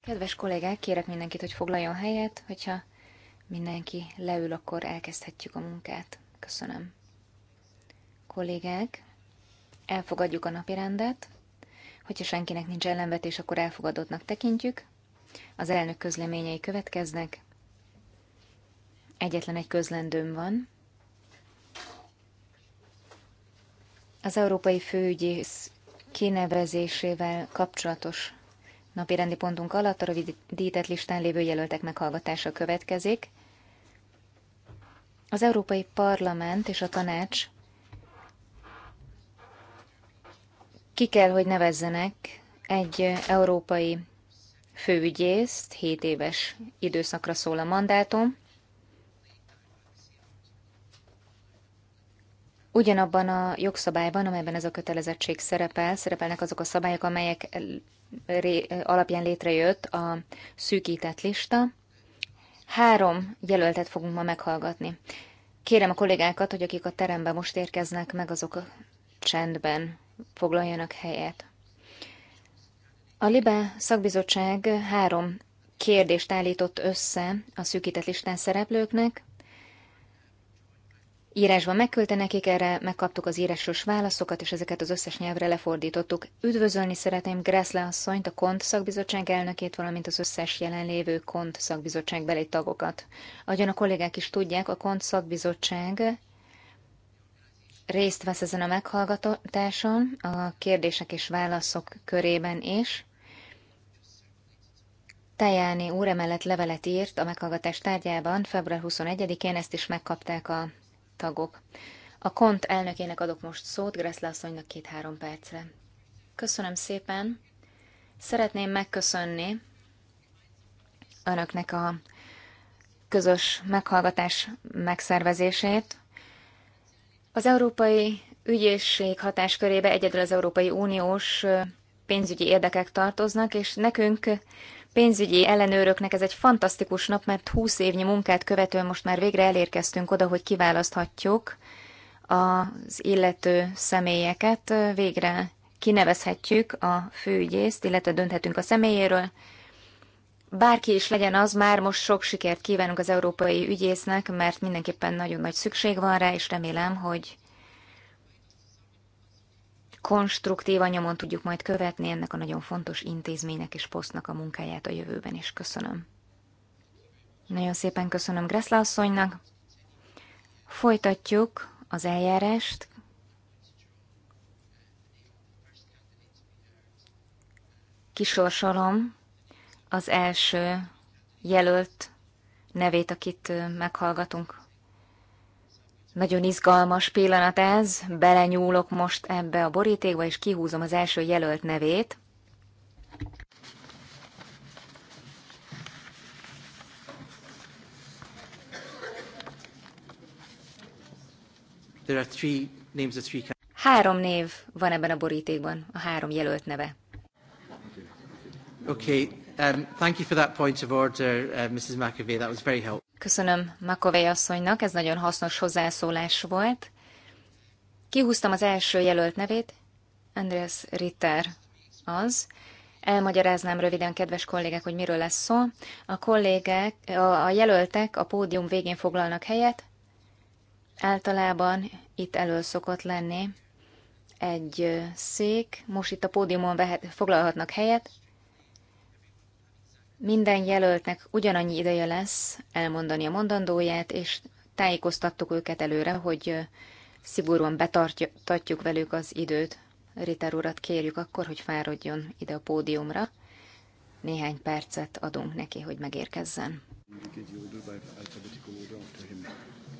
Kedves kollégák, kérek mindenkit, hogy foglaljon helyet, hogyha mindenki leül, akkor elkezdhetjük a munkát. Köszönöm. Kollégák, elfogadjuk a napirendet. Hogyha senkinek nincs ellenvetés, akkor elfogadottnak tekintjük. Az elnök közleményei következnek. Egyetlen egy közlendőm van. Az Európai Főügyész kinevezésével kapcsolatos napirendi pontunk alatt a rövidített listán lévő jelöltek meghallgatása következik. Az Európai Parlament és a Tanács ki kell, hogy nevezzenek egy európai főügyészt, 7 éves időszakra szól a mandátum, Ugyanabban a jogszabályban, amelyben ez a kötelezettség szerepel, szerepelnek azok a szabályok, amelyek alapján létrejött a szűkített lista. Három jelöltet fogunk ma meghallgatni. Kérem a kollégákat, hogy akik a teremben most érkeznek meg, azok a csendben foglaljanak helyet. A LIBE szakbizottság három kérdést állított össze a szűkített listán szereplőknek, írásban megküldte nekik, erre megkaptuk az írásos válaszokat, és ezeket az összes nyelvre lefordítottuk. Üdvözölni szeretném Gressle asszonyt, a KONT szakbizottság elnökét, valamint az összes jelenlévő KONT szakbizottság beli tagokat. Ahogyan a kollégák is tudják, a KONT szakbizottság részt vesz ezen a meghallgatáson, a kérdések és válaszok körében is. Tejáni úr emellett levelet írt a meghallgatás tárgyában február 21-én, ezt is megkapták a tagok. A KONT elnökének adok most szót, Greszle asszonynak két-három percre. Köszönöm szépen. Szeretném megköszönni önöknek a közös meghallgatás megszervezését. Az Európai Ügyészség hatáskörébe egyedül az Európai Uniós pénzügyi érdekek tartoznak, és nekünk pénzügyi ellenőröknek ez egy fantasztikus nap, mert 20 évnyi munkát követően most már végre elérkeztünk oda, hogy kiválaszthatjuk az illető személyeket. Végre kinevezhetjük a főügyészt, illetve dönthetünk a személyéről. Bárki is legyen az, már most sok sikert kívánunk az európai ügyésznek, mert mindenképpen nagyon nagy szükség van rá, és remélem, hogy konstruktívan nyomon tudjuk majd követni ennek a nagyon fontos intézménynek és posztnak a munkáját a jövőben is. Köszönöm. Nagyon szépen köszönöm Greszla asszonynak. Folytatjuk az eljárást. Kisorsolom az első jelölt nevét, akit meghallgatunk nagyon izgalmas pillanat ez, belenyúlok most ebbe a borítékba, és kihúzom az első jelölt nevét. There are three names of three... Három név van ebben a borítékban, a három jelölt neve. Okay, Um, thank you for that point of order, uh, Mrs. McAvey. That was very helpful. Köszönöm Makovej asszonynak, ez nagyon hasznos hozzászólás volt. Kihúztam az első jelölt nevét, Andreas Ritter az. Elmagyaráznám röviden, kedves kollégek, hogy miről lesz szó. A kollégek, a jelöltek a pódium végén foglalnak helyet. Általában itt elő szokott lenni egy szék, most itt a pódiumon vehet, foglalhatnak helyet, minden jelöltnek ugyanannyi ideje lesz elmondani a mondandóját, és tájékoztattuk őket előre, hogy szigorúan betartjuk velük az időt. Ritter urat kérjük akkor, hogy fáradjon ide a pódiumra. Néhány percet adunk neki, hogy megérkezzen.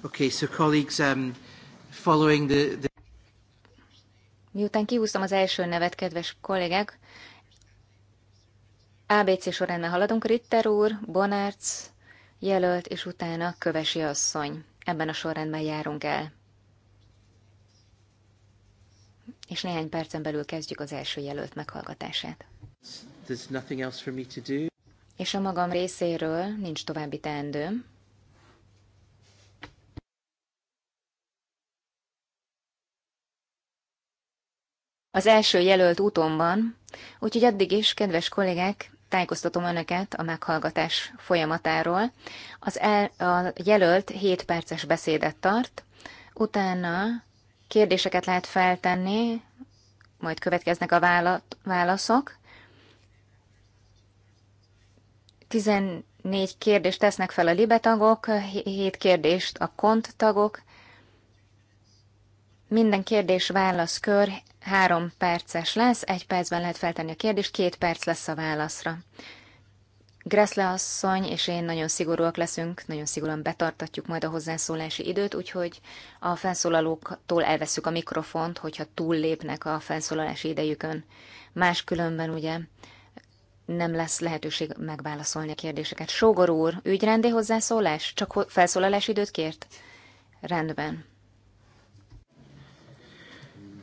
Okay, so colleagues, um, following the, the... Miután kihúztam az első nevet, kedves kollégák, ABC sorrendben haladunk, Ritter úr, Bonárc, jelölt, és utána Kövesi asszony. Ebben a sorrendben járunk el. És néhány percen belül kezdjük az első jelölt meghallgatását. És a magam részéről nincs további teendőm. Az első jelölt úton van, úgyhogy addig is, kedves kollégák, tájékoztatom Önöket a meghallgatás folyamatáról. Az el, a jelölt 7 perces beszédet tart, utána kérdéseket lehet feltenni, majd következnek a válaszok. 14 kérdést tesznek fel a libetagok, 7 kérdést a kont tagok. Minden kérdés válaszkör három perces lesz, egy percben lehet feltenni a kérdést, két perc lesz a válaszra. Gressle asszony és én nagyon szigorúak leszünk, nagyon szigorúan betartatjuk majd a hozzászólási időt, úgyhogy a felszólalóktól elveszük a mikrofont, hogyha túllépnek a felszólalási idejükön. Máskülönben ugye nem lesz lehetőség megválaszolni a kérdéseket. Sógor úr, ügyrendi hozzászólás? Csak felszólalási időt kért? Rendben.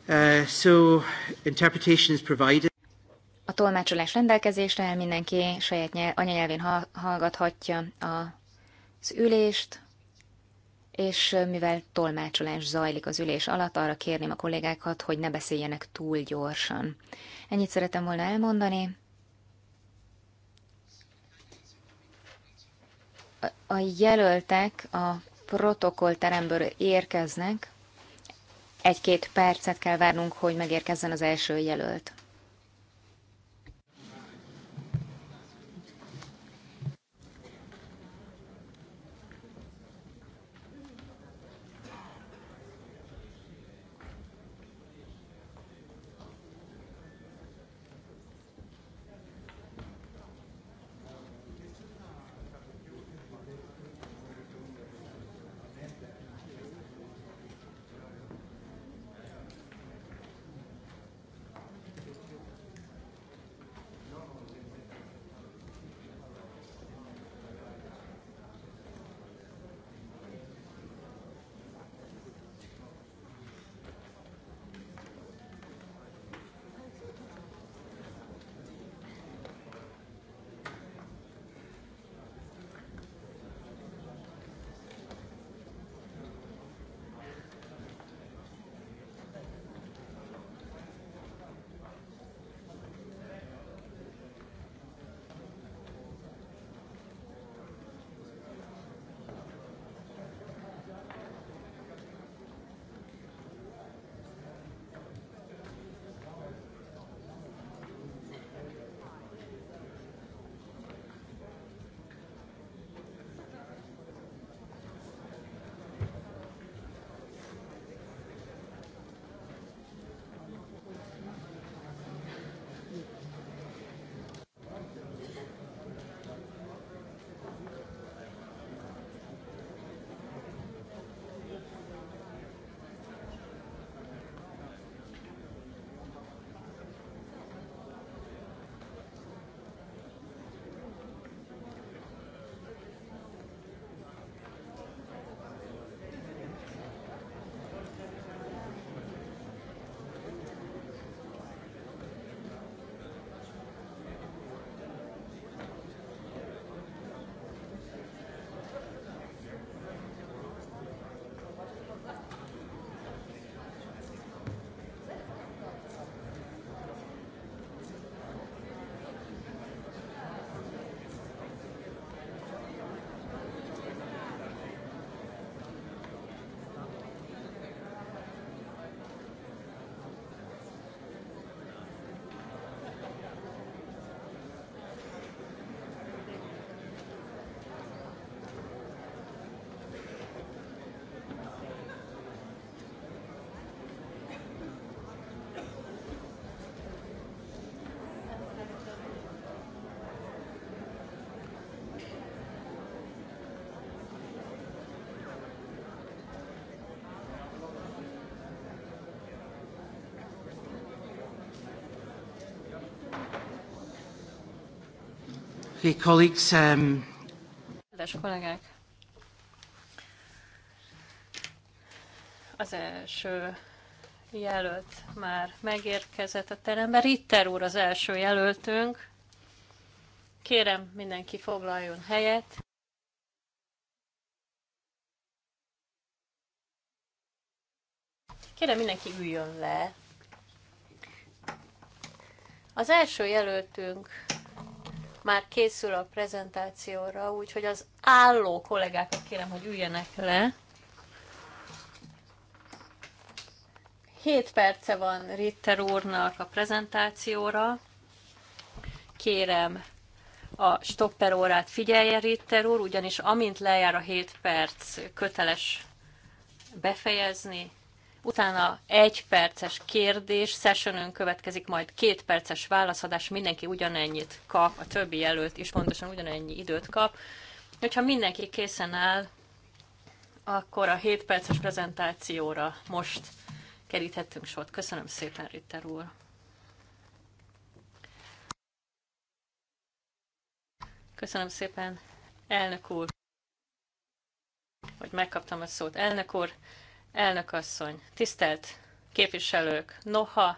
Uh, so, interpretation is provided. A tolmácsolás rendelkezésre mindenki saját nyelv, anyanyelvén hallgathatja a, az ülést, és mivel tolmácsolás zajlik az ülés alatt, arra kérném a kollégákat, hogy ne beszéljenek túl gyorsan. Ennyit szeretem volna elmondani. a jelöltek a protokollteremből érkeznek, egy-két percet kell várnunk, hogy megérkezzen az első jelölt. colleagues, um... Kedves kollégák! Az első jelölt már megérkezett a terembe. Ritter úr az első jelöltünk. Kérem, mindenki foglaljon helyet. Kérem, mindenki üljön le. Az első jelöltünk már készül a prezentációra, úgyhogy az álló kollégákat kérem, hogy üljenek le. 7 perce van Ritter úrnak a prezentációra. Kérem, a stopper órát figyelje Ritter úr, ugyanis amint lejár a 7 perc, köteles befejezni, utána egy perces kérdés, sessionön következik, majd két perces válaszadás, mindenki ugyanennyit kap, a többi jelölt is pontosan ugyanennyi időt kap. Hogyha mindenki készen áll, akkor a 7 perces prezentációra most keríthettünk sort. Köszönöm szépen, Ritter úr! Köszönöm szépen, elnök úr, hogy megkaptam a szót. Elnök úr, asszony, tisztelt képviselők, noha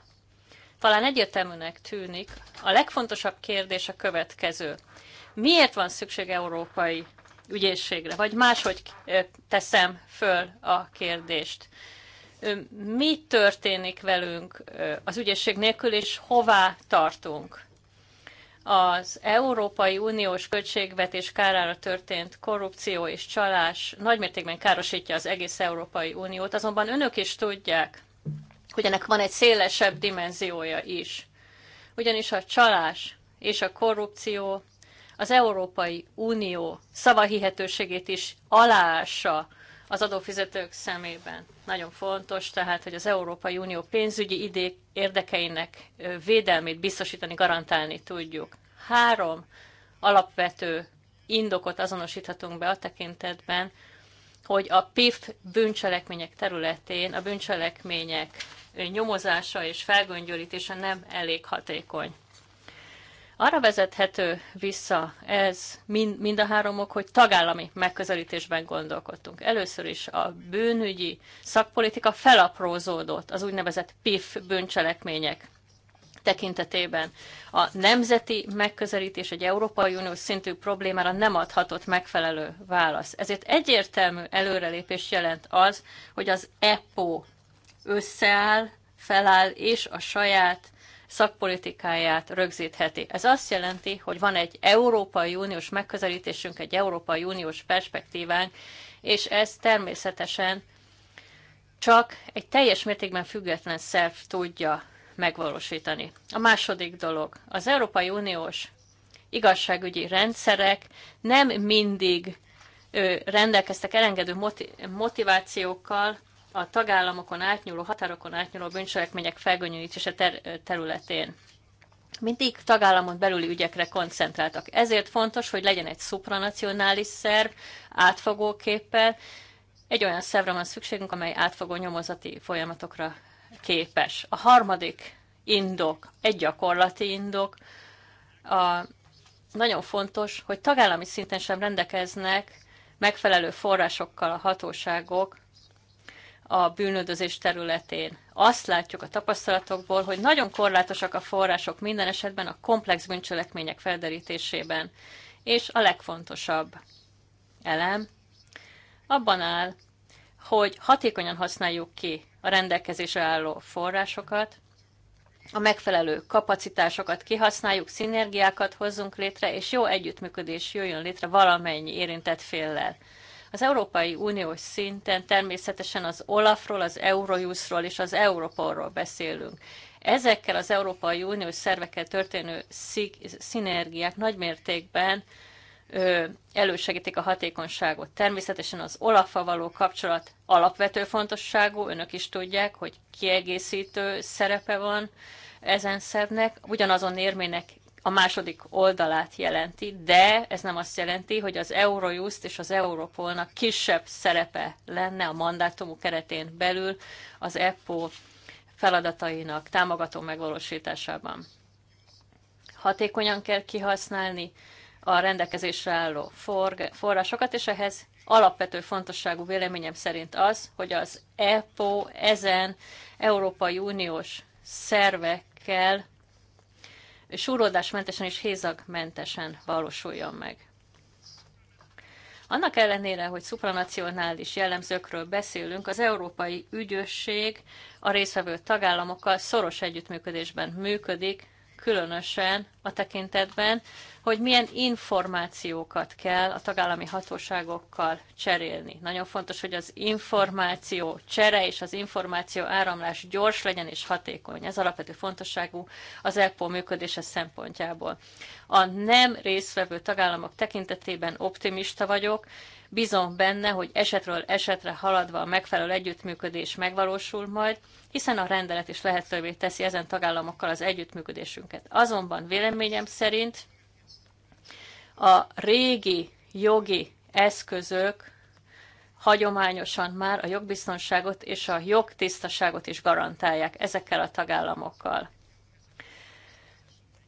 talán egyértelműnek tűnik, a legfontosabb kérdés a következő. Miért van szükség európai ügyészségre? Vagy máshogy eh, teszem föl a kérdést. Mi történik velünk eh, az ügyészség nélkül, és hová tartunk? az Európai Uniós költségvetés kárára történt korrupció és csalás nagymértékben károsítja az egész Európai Uniót, azonban önök is tudják, hogy ennek van egy szélesebb dimenziója is. Ugyanis a csalás és a korrupció az Európai Unió szavahihetőségét is aláássa, az adófizetők szemében. Nagyon fontos tehát, hogy az Európai Unió pénzügyi idék érdekeinek védelmét biztosítani, garantálni tudjuk. Három alapvető indokot azonosíthatunk be a tekintetben, hogy a PIF bűncselekmények területén a bűncselekmények nyomozása és felgöngyölítése nem elég hatékony. Arra vezethető vissza ez mind, mind a három ok, hogy tagállami megközelítésben gondolkodtunk. Először is a bűnügyi szakpolitika felaprózódott az úgynevezett PIF bűncselekmények tekintetében. A nemzeti megközelítés egy Európai Uniós szintű problémára nem adhatott megfelelő válasz. Ezért egyértelmű előrelépés jelent az, hogy az EPO összeáll, feláll és a saját szakpolitikáját rögzítheti. Ez azt jelenti, hogy van egy Európai Uniós megközelítésünk, egy Európai Uniós perspektívánk, és ez természetesen csak egy teljes mértékben független szerv tudja megvalósítani. A második dolog, az Európai Uniós igazságügyi rendszerek nem mindig rendelkeztek elengedő motivációkkal a tagállamokon átnyúló, határokon átnyúló bűncselekmények felgöngyölítése ter- területén mindig tagállamon belüli ügyekre koncentráltak. Ezért fontos, hogy legyen egy supranacionális szerv, átfogó képpel. Egy olyan szervre van szükségünk, amely átfogó nyomozati folyamatokra képes. A harmadik indok, egy gyakorlati indok, a, nagyon fontos, hogy tagállami szinten sem rendelkeznek megfelelő forrásokkal a hatóságok a bűnöldözés területén. Azt látjuk a tapasztalatokból, hogy nagyon korlátosak a források minden esetben a komplex bűncselekmények felderítésében. És a legfontosabb elem abban áll, hogy hatékonyan használjuk ki a rendelkezésre álló forrásokat, a megfelelő kapacitásokat kihasználjuk, szinergiákat hozzunk létre, és jó együttműködés jöjjön létre valamennyi érintett féllel. Az Európai Uniós szinten természetesen az Olafról, az Eurojustról és az Europolról beszélünk. Ezekkel az Európai Uniós szervekkel történő szinergiák nagymértékben elősegítik a hatékonyságot. Természetesen az olaf való kapcsolat alapvető fontosságú, önök is tudják, hogy kiegészítő szerepe van ezen szervnek, ugyanazon érmének a második oldalát jelenti, de ez nem azt jelenti, hogy az Eurojust és az Europolnak kisebb szerepe lenne a mandátumú keretén belül az EPO feladatainak támogató megvalósításában. Hatékonyan kell kihasználni a rendelkezésre álló forrásokat, és ehhez alapvető fontosságú véleményem szerint az, hogy az EPO ezen Európai Uniós szervekkel súródásmentesen és hézagmentesen valósuljon meg. Annak ellenére, hogy szupranacionális jellemzőkről beszélünk, az Európai Ügyösség a részvevő tagállamokkal szoros együttműködésben működik, különösen a tekintetben, hogy milyen információkat kell a tagállami hatóságokkal cserélni. Nagyon fontos, hogy az információ csere és az információ áramlás gyors legyen és hatékony. Ez alapvető fontosságú az EPO működése szempontjából. A nem résztvevő tagállamok tekintetében optimista vagyok, Bízom benne, hogy esetről esetre haladva a megfelelő együttműködés megvalósul majd, hiszen a rendelet is lehetővé teszi ezen tagállamokkal az együttműködésünket. Azonban véleményem szerint a régi jogi eszközök hagyományosan már a jogbiztonságot és a jogtisztaságot is garantálják ezekkel a tagállamokkal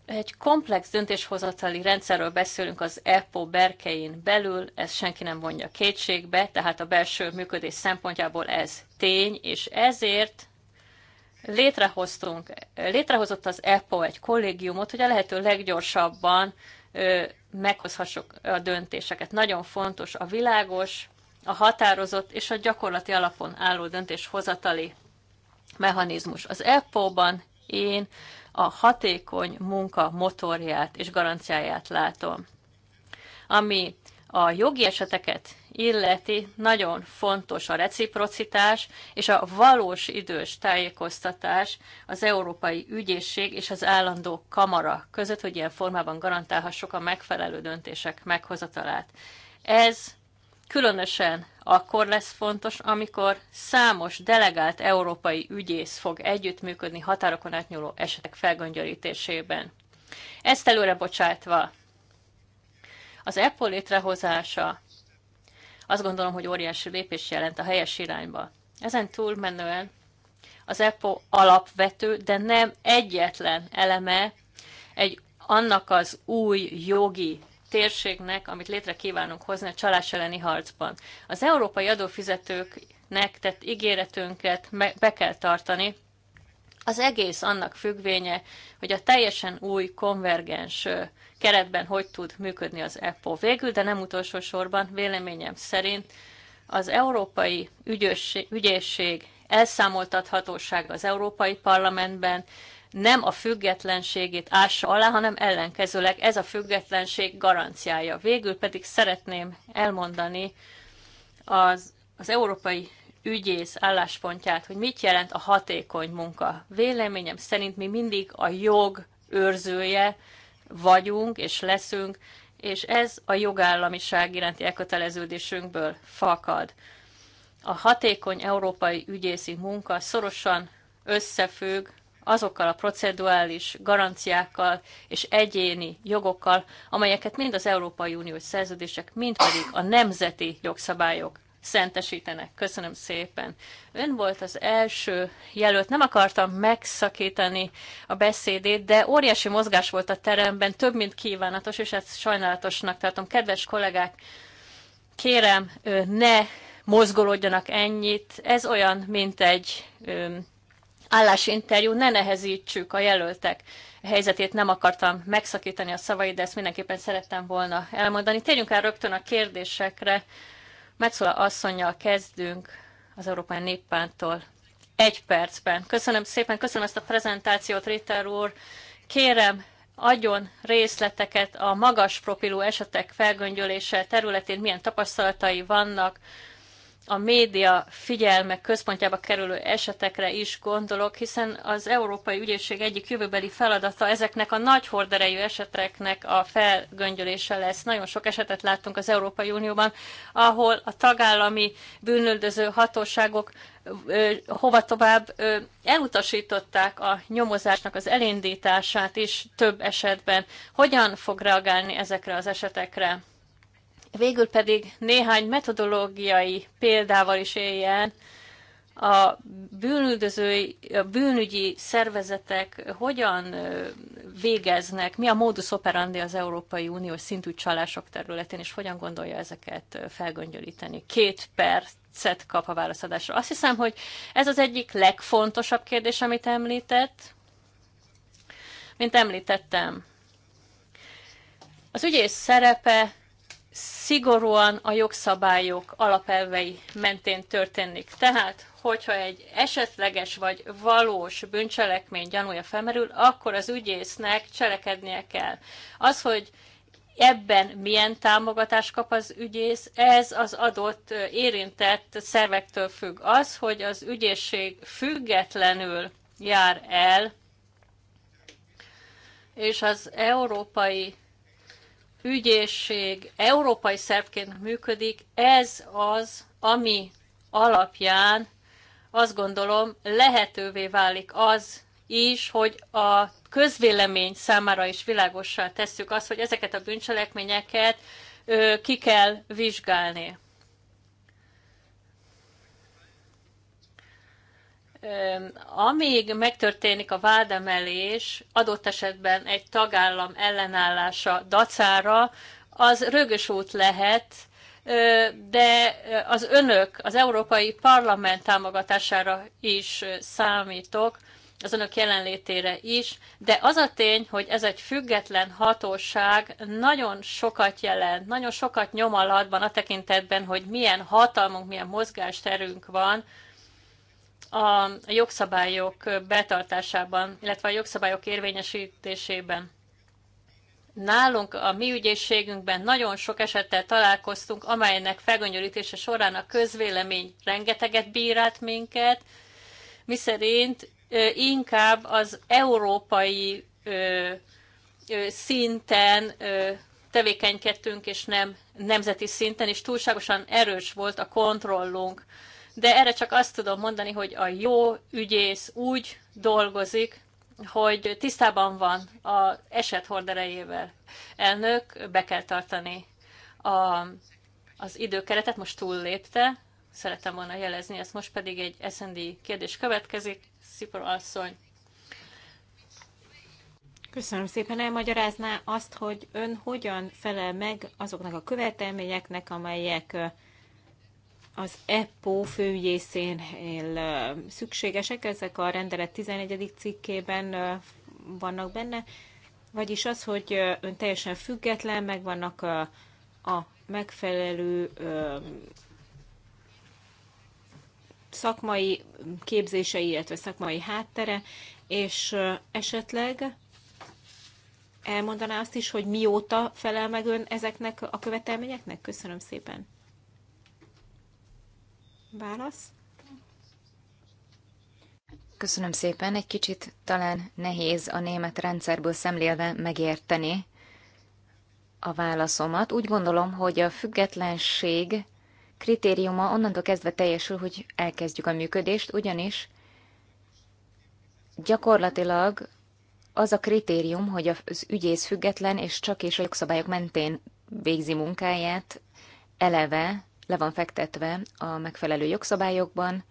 egy komplex döntéshozatali rendszerről beszélünk az EPO berkein belül, ezt senki nem vonja kétségbe, tehát a belső működés szempontjából ez tény, és ezért létrehoztunk, létrehozott az EPO egy kollégiumot, hogy a lehető leggyorsabban meghozhassuk a döntéseket. Nagyon fontos a világos, a határozott és a gyakorlati alapon álló döntéshozatali mechanizmus. Az EPO-ban én a hatékony munka motorját és garanciáját látom. Ami a jogi eseteket illeti, nagyon fontos a reciprocitás és a valós idős tájékoztatás az Európai Ügyészség és az állandó kamara között, hogy ilyen formában garantálhassuk a megfelelő döntések meghozatalát. Ez Különösen akkor lesz fontos, amikor számos delegált európai ügyész fog együttműködni határokon átnyúló esetek felgöngyörítésében. Ezt előre bocsátva, az EPO létrehozása azt gondolom, hogy óriási lépés jelent a helyes irányba. Ezen túlmenően az EPO alapvető, de nem egyetlen eleme egy annak az új jogi térségnek, amit létre kívánunk hozni a csalás elleni harcban. Az európai adófizetőknek tett ígéretünket be kell tartani, az egész annak függvénye, hogy a teljesen új konvergens keretben hogy tud működni az EPO. Végül, de nem utolsó sorban, véleményem szerint az Európai ügyesség Ügyészség elszámoltathatósága az Európai Parlamentben, nem a függetlenségét ássa alá, hanem ellenkezőleg ez a függetlenség garanciája. Végül pedig szeretném elmondani az, az európai ügyész álláspontját, hogy mit jelent a hatékony munka. Véleményem szerint mi mindig a jog őrzője vagyunk és leszünk, és ez a jogállamiság iránti elköteleződésünkből fakad. A hatékony európai ügyészi munka szorosan összefügg azokkal a proceduális garanciákkal és egyéni jogokkal, amelyeket mind az Európai Uniós szerződések, mind pedig a nemzeti jogszabályok szentesítenek. Köszönöm szépen. Ön volt az első jelölt. Nem akartam megszakítani a beszédét, de óriási mozgás volt a teremben, több mint kívánatos, és ezt sajnálatosnak tartom. Kedves kollégák, kérem, ne mozgolódjanak ennyit. Ez olyan, mint egy állásinterjú, ne nehezítsük a jelöltek helyzetét, nem akartam megszakítani a szavait, de ezt mindenképpen szerettem volna elmondani. Térjünk el rögtön a kérdésekre. Metszola asszonyjal kezdünk az Európai néppántól. Egy percben. Köszönöm szépen, köszönöm ezt a prezentációt, Ritter úr. Kérem, adjon részleteket a magas profilú esetek felgöngyölése területén, milyen tapasztalatai vannak, a média figyelme központjába kerülő esetekre is gondolok, hiszen az Európai Ügyészség egyik jövőbeli feladata ezeknek a nagy horderejű eseteknek a felgöngyölése lesz. Nagyon sok esetet láttunk az Európai Unióban, ahol a tagállami bűnöldöző hatóságok hova tovább elutasították a nyomozásnak az elindítását is több esetben. Hogyan fog reagálni ezekre az esetekre? Végül pedig néhány metodológiai példával is éljen, a bűnüldözői, a bűnügyi szervezetek hogyan végeznek, mi a modus operandi az Európai Uniós szintű csalások területén, és hogyan gondolja ezeket felgöngyölíteni? Két percet kap a válaszadásra. Azt hiszem, hogy ez az egyik legfontosabb kérdés, amit említett. Mint említettem, az ügyész szerepe szigorúan a jogszabályok alapelvei mentén történik. Tehát, hogyha egy esetleges vagy valós bűncselekmény gyanúja felmerül, akkor az ügyésznek cselekednie kell. Az, hogy ebben milyen támogatást kap az ügyész, ez az adott érintett szervektől függ. Az, hogy az ügyészség függetlenül jár el, és az európai ügyészség európai szervként működik, ez az, ami alapján azt gondolom lehetővé válik az is, hogy a közvélemény számára is világossá tesszük azt, hogy ezeket a bűncselekményeket ki kell vizsgálni. amíg megtörténik a vádemelés, adott esetben egy tagállam ellenállása dacára, az rögös út lehet, de az önök, az Európai Parlament támogatására is számítok, az önök jelenlétére is, de az a tény, hogy ez egy független hatóság nagyon sokat jelent, nagyon sokat nyom van a tekintetben, hogy milyen hatalmunk, milyen mozgásterünk van, a jogszabályok betartásában, illetve a jogszabályok érvényesítésében. Nálunk, a mi ügyészségünkben nagyon sok esettel találkoztunk, amelynek felgöngyölítése során a közvélemény rengeteget bírált minket, miszerint inkább az európai szinten tevékenykedtünk, és nem nemzeti szinten, és túlságosan erős volt a kontrollunk de erre csak azt tudom mondani, hogy a jó ügyész úgy dolgozik, hogy tisztában van az eset horderejével. Elnök, be kell tartani a, az időkeretet, most túllépte, szerettem volna jelezni, ezt most pedig egy S&D kérdés következik. Szipor asszony. Köszönöm szépen, elmagyarázná azt, hogy ön hogyan felel meg azoknak a követelményeknek, amelyek az EPPO főügyészénél eh, szükségesek, ezek a rendelet 11. cikkében eh, vannak benne, vagyis az, hogy eh, ön teljesen független, meg vannak a, a megfelelő szakmai képzései, illetve szakmai háttere, és esetleg elmondaná azt is, hogy mióta felel meg ön ezeknek a követelményeknek? Köszönöm szépen. Válasz? Köszönöm szépen. Egy kicsit talán nehéz a német rendszerből szemlélve megérteni a válaszomat. Úgy gondolom, hogy a függetlenség kritériuma onnantól kezdve teljesül, hogy elkezdjük a működést, ugyanis gyakorlatilag az a kritérium, hogy az ügyész független és csak és a jogszabályok mentén végzi munkáját, eleve le van fektetve a megfelelő jogszabályokban.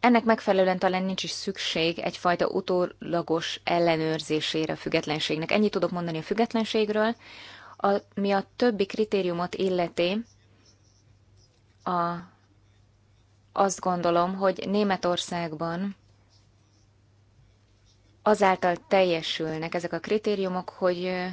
Ennek megfelelően talán nincs is szükség egyfajta utólagos ellenőrzésére a függetlenségnek. Ennyit tudok mondani a függetlenségről. ami a többi kritériumot illeti, a, azt gondolom, hogy Németországban azáltal teljesülnek ezek a kritériumok, hogy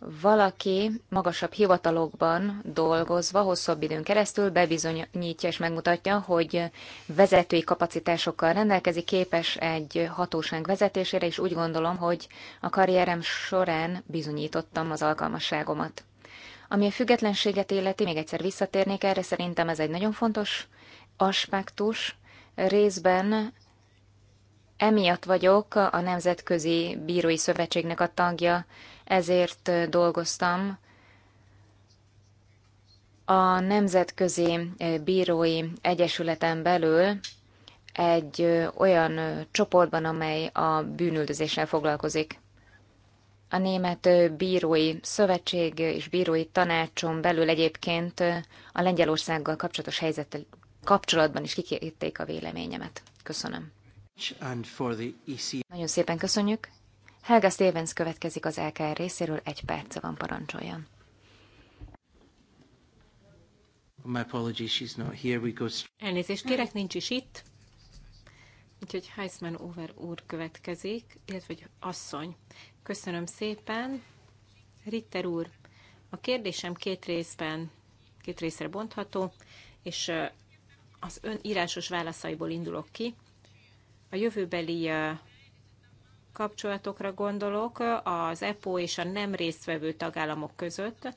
valaki magasabb hivatalokban dolgozva hosszabb időn keresztül bebizonyítja és megmutatja, hogy vezetői kapacitásokkal rendelkezik, képes egy hatóság vezetésére, és úgy gondolom, hogy a karrierem során bizonyítottam az alkalmasságomat. Ami a függetlenséget illeti, még egyszer visszatérnék erre, szerintem ez egy nagyon fontos aspektus. Részben emiatt vagyok a Nemzetközi Bírói Szövetségnek a tagja, ezért dolgoztam a Nemzetközi Bírói Egyesületen belül egy olyan csoportban, amely a bűnüldözéssel foglalkozik. A Német Bírói Szövetség és Bírói Tanácson belül egyébként a Lengyelországgal kapcsolatos helyzettel kapcsolatban is kikérték a véleményemet. Köszönöm. E Nagyon szépen köszönjük. Helga Stevens következik az LKR részéről, egy perce van, parancsoljon. My apologies, she's not here. We go... Elnézést kérek, nincs is itt. Úgyhogy Heisman Over úr következik, illetve hogy asszony. Köszönöm szépen. Ritter úr, a kérdésem két részben, két részre bontható, és az ön írásos válaszaiból indulok ki. A jövőbeli kapcsolatokra gondolok az EPO és a nem résztvevő tagállamok között,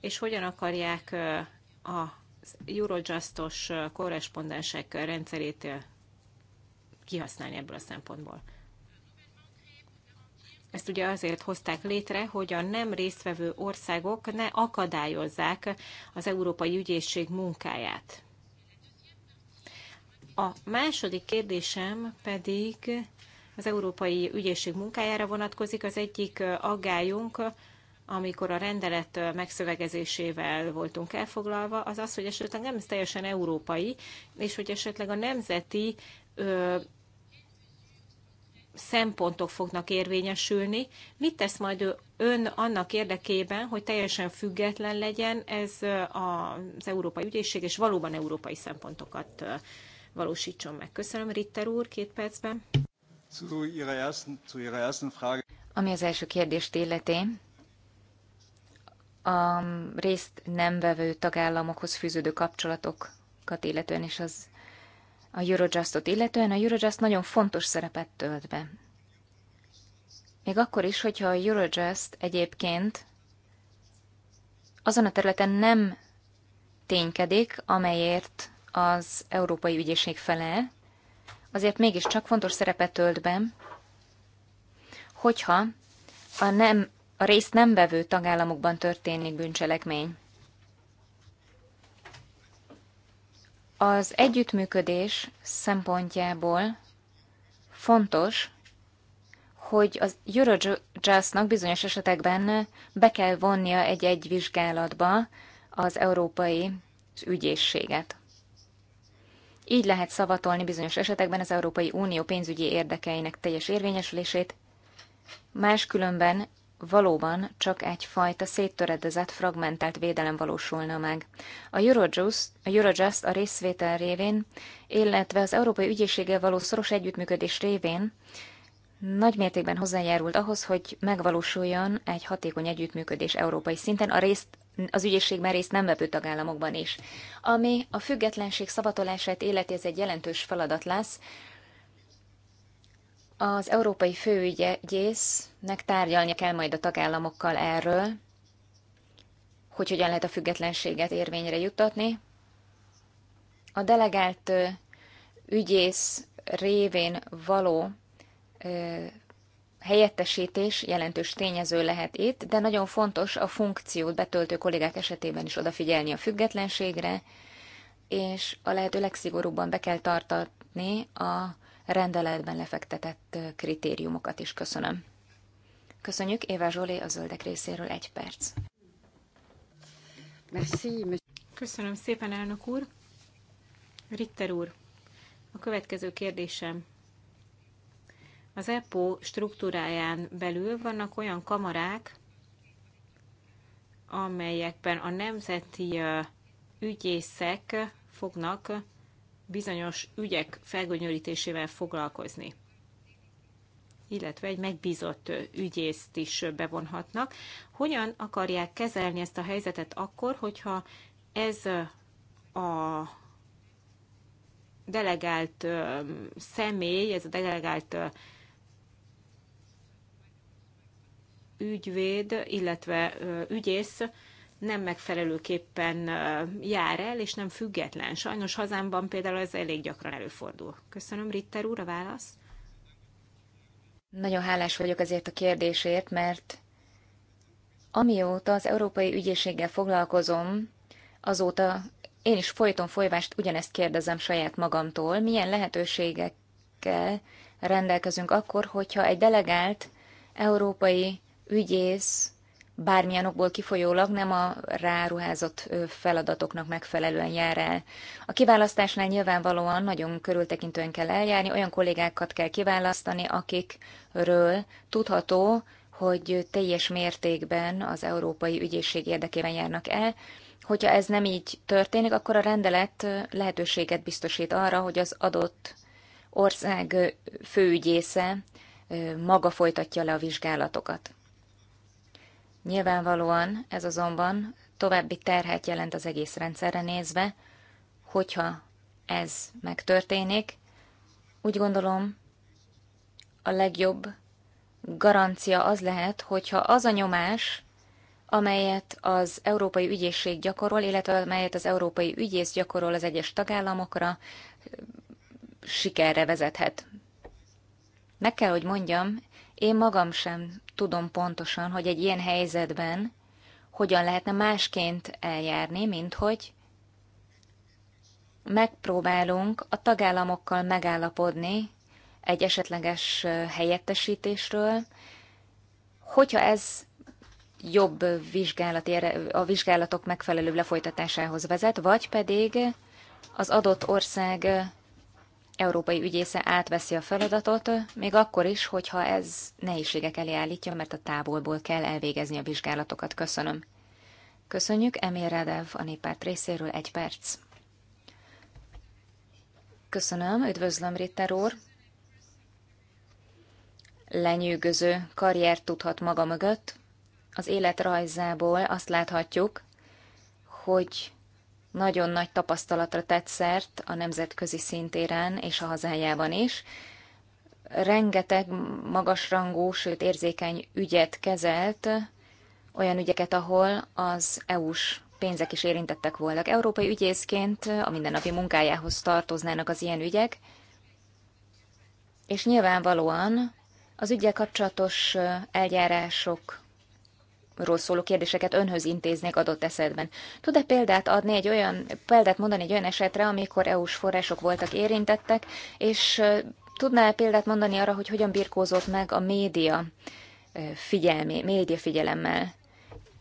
és hogyan akarják a Eurojustos korrespondensek rendszerét kihasználni ebből a szempontból. Ezt ugye azért hozták létre, hogy a nem résztvevő országok ne akadályozzák az Európai Ügyészség munkáját. A második kérdésem pedig az Európai Ügyészség munkájára vonatkozik. Az egyik aggályunk, amikor a rendelet megszövegezésével voltunk elfoglalva, az az, hogy esetleg nem ez teljesen európai, és hogy esetleg a nemzeti ö, szempontok fognak érvényesülni. Mit tesz majd ön annak érdekében, hogy teljesen független legyen ez az Európai Ügyészség, és valóban európai szempontokat valósítson meg? Köszönöm, Ritter úr, két percben. Ami az első kérdést illeti, a részt nem vevő tagállamokhoz fűződő kapcsolatokat illetően és az a Eurojustot illetően, a Eurojust nagyon fontos szerepet tölt be. Még akkor is, hogyha a Eurojust egyébként azon a területen nem ténykedik, amelyért az Európai Ügyészség felel, azért mégiscsak fontos szerepet tölt be, hogyha a, nem, a részt nem vevő tagállamokban történik bűncselekmény. Az együttműködés szempontjából fontos, hogy az Eurojustnak bizonyos esetekben be kell vonnia egy-egy vizsgálatba az európai ügyészséget. Így lehet szavatolni bizonyos esetekben az Európai Unió pénzügyi érdekeinek teljes érvényesülését, máskülönben valóban csak egyfajta széttöredezett, fragmentált védelem valósulna meg. A Eurojust, a Eurojust a részvétel révén, illetve az Európai Ügyészséggel való szoros együttműködés révén nagy mértékben hozzájárult ahhoz, hogy megvalósuljon egy hatékony együttműködés európai szinten a, részt, az ügyészség már részt nem vevő tagállamokban is. Ami a függetlenség szavatolását életi, ez egy jelentős feladat lesz. Az európai főügyésznek tárgyalnia kell majd a tagállamokkal erről, hogy hogyan lehet a függetlenséget érvényre juttatni. A delegált ügyész révén való helyettesítés jelentős tényező lehet itt, de nagyon fontos a funkciót betöltő kollégák esetében is odafigyelni a függetlenségre, és a lehető legszigorúbban be kell tartatni a rendeletben lefektetett kritériumokat is. Köszönöm. Köszönjük, Éva Zsolé a Zöldek részéről egy perc. Merci. Köszönöm szépen, elnök úr. Ritter úr, a következő kérdésem az EPO struktúráján belül vannak olyan kamarák, amelyekben a nemzeti ügyészek fognak bizonyos ügyek felgonyolítésével foglalkozni illetve egy megbízott ügyészt is bevonhatnak. Hogyan akarják kezelni ezt a helyzetet akkor, hogyha ez a delegált személy, ez a delegált ügyvéd, illetve ügyész nem megfelelőképpen jár el, és nem független. Sajnos hazámban például ez elég gyakran előfordul. Köszönöm, Ritter úr, a válasz. Nagyon hálás vagyok ezért a kérdésért, mert amióta az Európai Ügyészséggel foglalkozom, azóta én is folyton folyvást ugyanezt kérdezem saját magamtól, milyen lehetőségekkel rendelkezünk akkor, hogyha egy delegált európai ügyész bármilyen okból kifolyólag nem a ráruházott feladatoknak megfelelően jár el. A kiválasztásnál nyilvánvalóan nagyon körültekintően kell eljárni, olyan kollégákat kell kiválasztani, akikről tudható, hogy teljes mértékben az európai ügyészség érdekében járnak el. Hogyha ez nem így történik, akkor a rendelet lehetőséget biztosít arra, hogy az adott ország főügyésze maga folytatja le a vizsgálatokat. Nyilvánvalóan ez azonban további terhet jelent az egész rendszerre nézve, hogyha ez megtörténik. Úgy gondolom, a legjobb garancia az lehet, hogyha az a nyomás, amelyet az Európai Ügyészség gyakorol, illetve amelyet az Európai Ügyész gyakorol az egyes tagállamokra, sikerre vezethet. Meg kell, hogy mondjam, én magam sem tudom pontosan, hogy egy ilyen helyzetben hogyan lehetne másként eljárni, mint hogy megpróbálunk a tagállamokkal megállapodni egy esetleges helyettesítésről, hogyha ez jobb vizsgálati, a vizsgálatok megfelelő lefolytatásához vezet, vagy pedig az adott ország európai ügyésze átveszi a feladatot, még akkor is, hogyha ez nehézségek elé állítja, mert a távolból kell elvégezni a vizsgálatokat. Köszönöm. Köszönjük, Emil Radev a néppárt részéről egy perc. Köszönöm, üdvözlöm Ritter úr. Lenyűgöző karrier tudhat maga mögött. Az életrajzából azt láthatjuk, hogy nagyon nagy tapasztalatra tett szert a nemzetközi szintéren és a hazájában is. Rengeteg magasrangú, sőt érzékeny ügyet kezelt, olyan ügyeket, ahol az EU-s pénzek is érintettek voltak. Európai ügyészként a mindennapi munkájához tartoznának az ilyen ügyek, és nyilvánvalóan az ügyel kapcsolatos eljárások ról szóló kérdéseket önhöz intéznék adott esetben. Tud-e példát adni egy olyan, példát mondani egy olyan esetre, amikor EU-s források voltak érintettek, és tudná-e példát mondani arra, hogy hogyan birkózott meg a média figyelmi, média figyelemmel?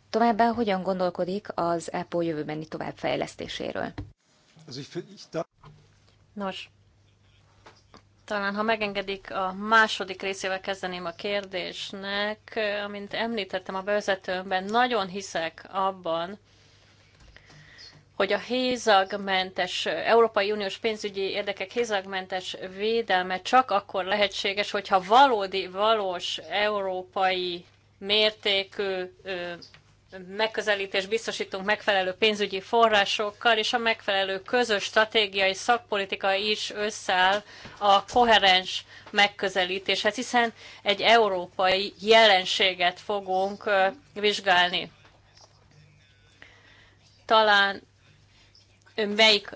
Továbbá hogyan gondolkodik az EPO jövőbeni továbbfejlesztéséről? Nos, talán, ha megengedik, a második részével kezdeném a kérdésnek. Amint említettem a bevezetőmben, nagyon hiszek abban, hogy a hézagmentes, Európai Uniós pénzügyi érdekek hézagmentes védelme csak akkor lehetséges, hogyha valódi, valós európai mértékű megközelítést biztosítunk megfelelő pénzügyi forrásokkal, és a megfelelő közös stratégiai szakpolitika is összeáll a koherens megközelítéshez, hiszen egy európai jelenséget fogunk vizsgálni. Talán melyik,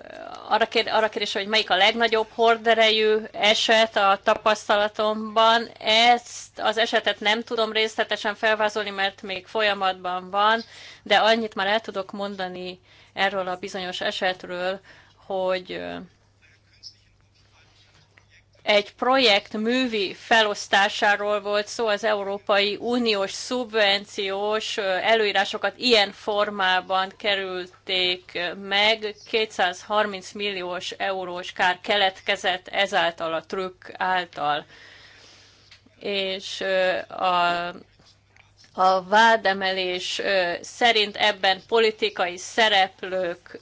arra, kér, arra kérdés, hogy melyik a legnagyobb horderejű eset a tapasztalatomban. Ezt az esetet nem tudom részletesen felvázolni, mert még folyamatban van, de annyit már el tudok mondani erről a bizonyos esetről, hogy egy projekt művi felosztásáról volt szó, az Európai Uniós szubvenciós előírásokat ilyen formában kerülték meg, 230 milliós eurós kár keletkezett ezáltal a trükk által. És a, a vádemelés szerint ebben politikai szereplők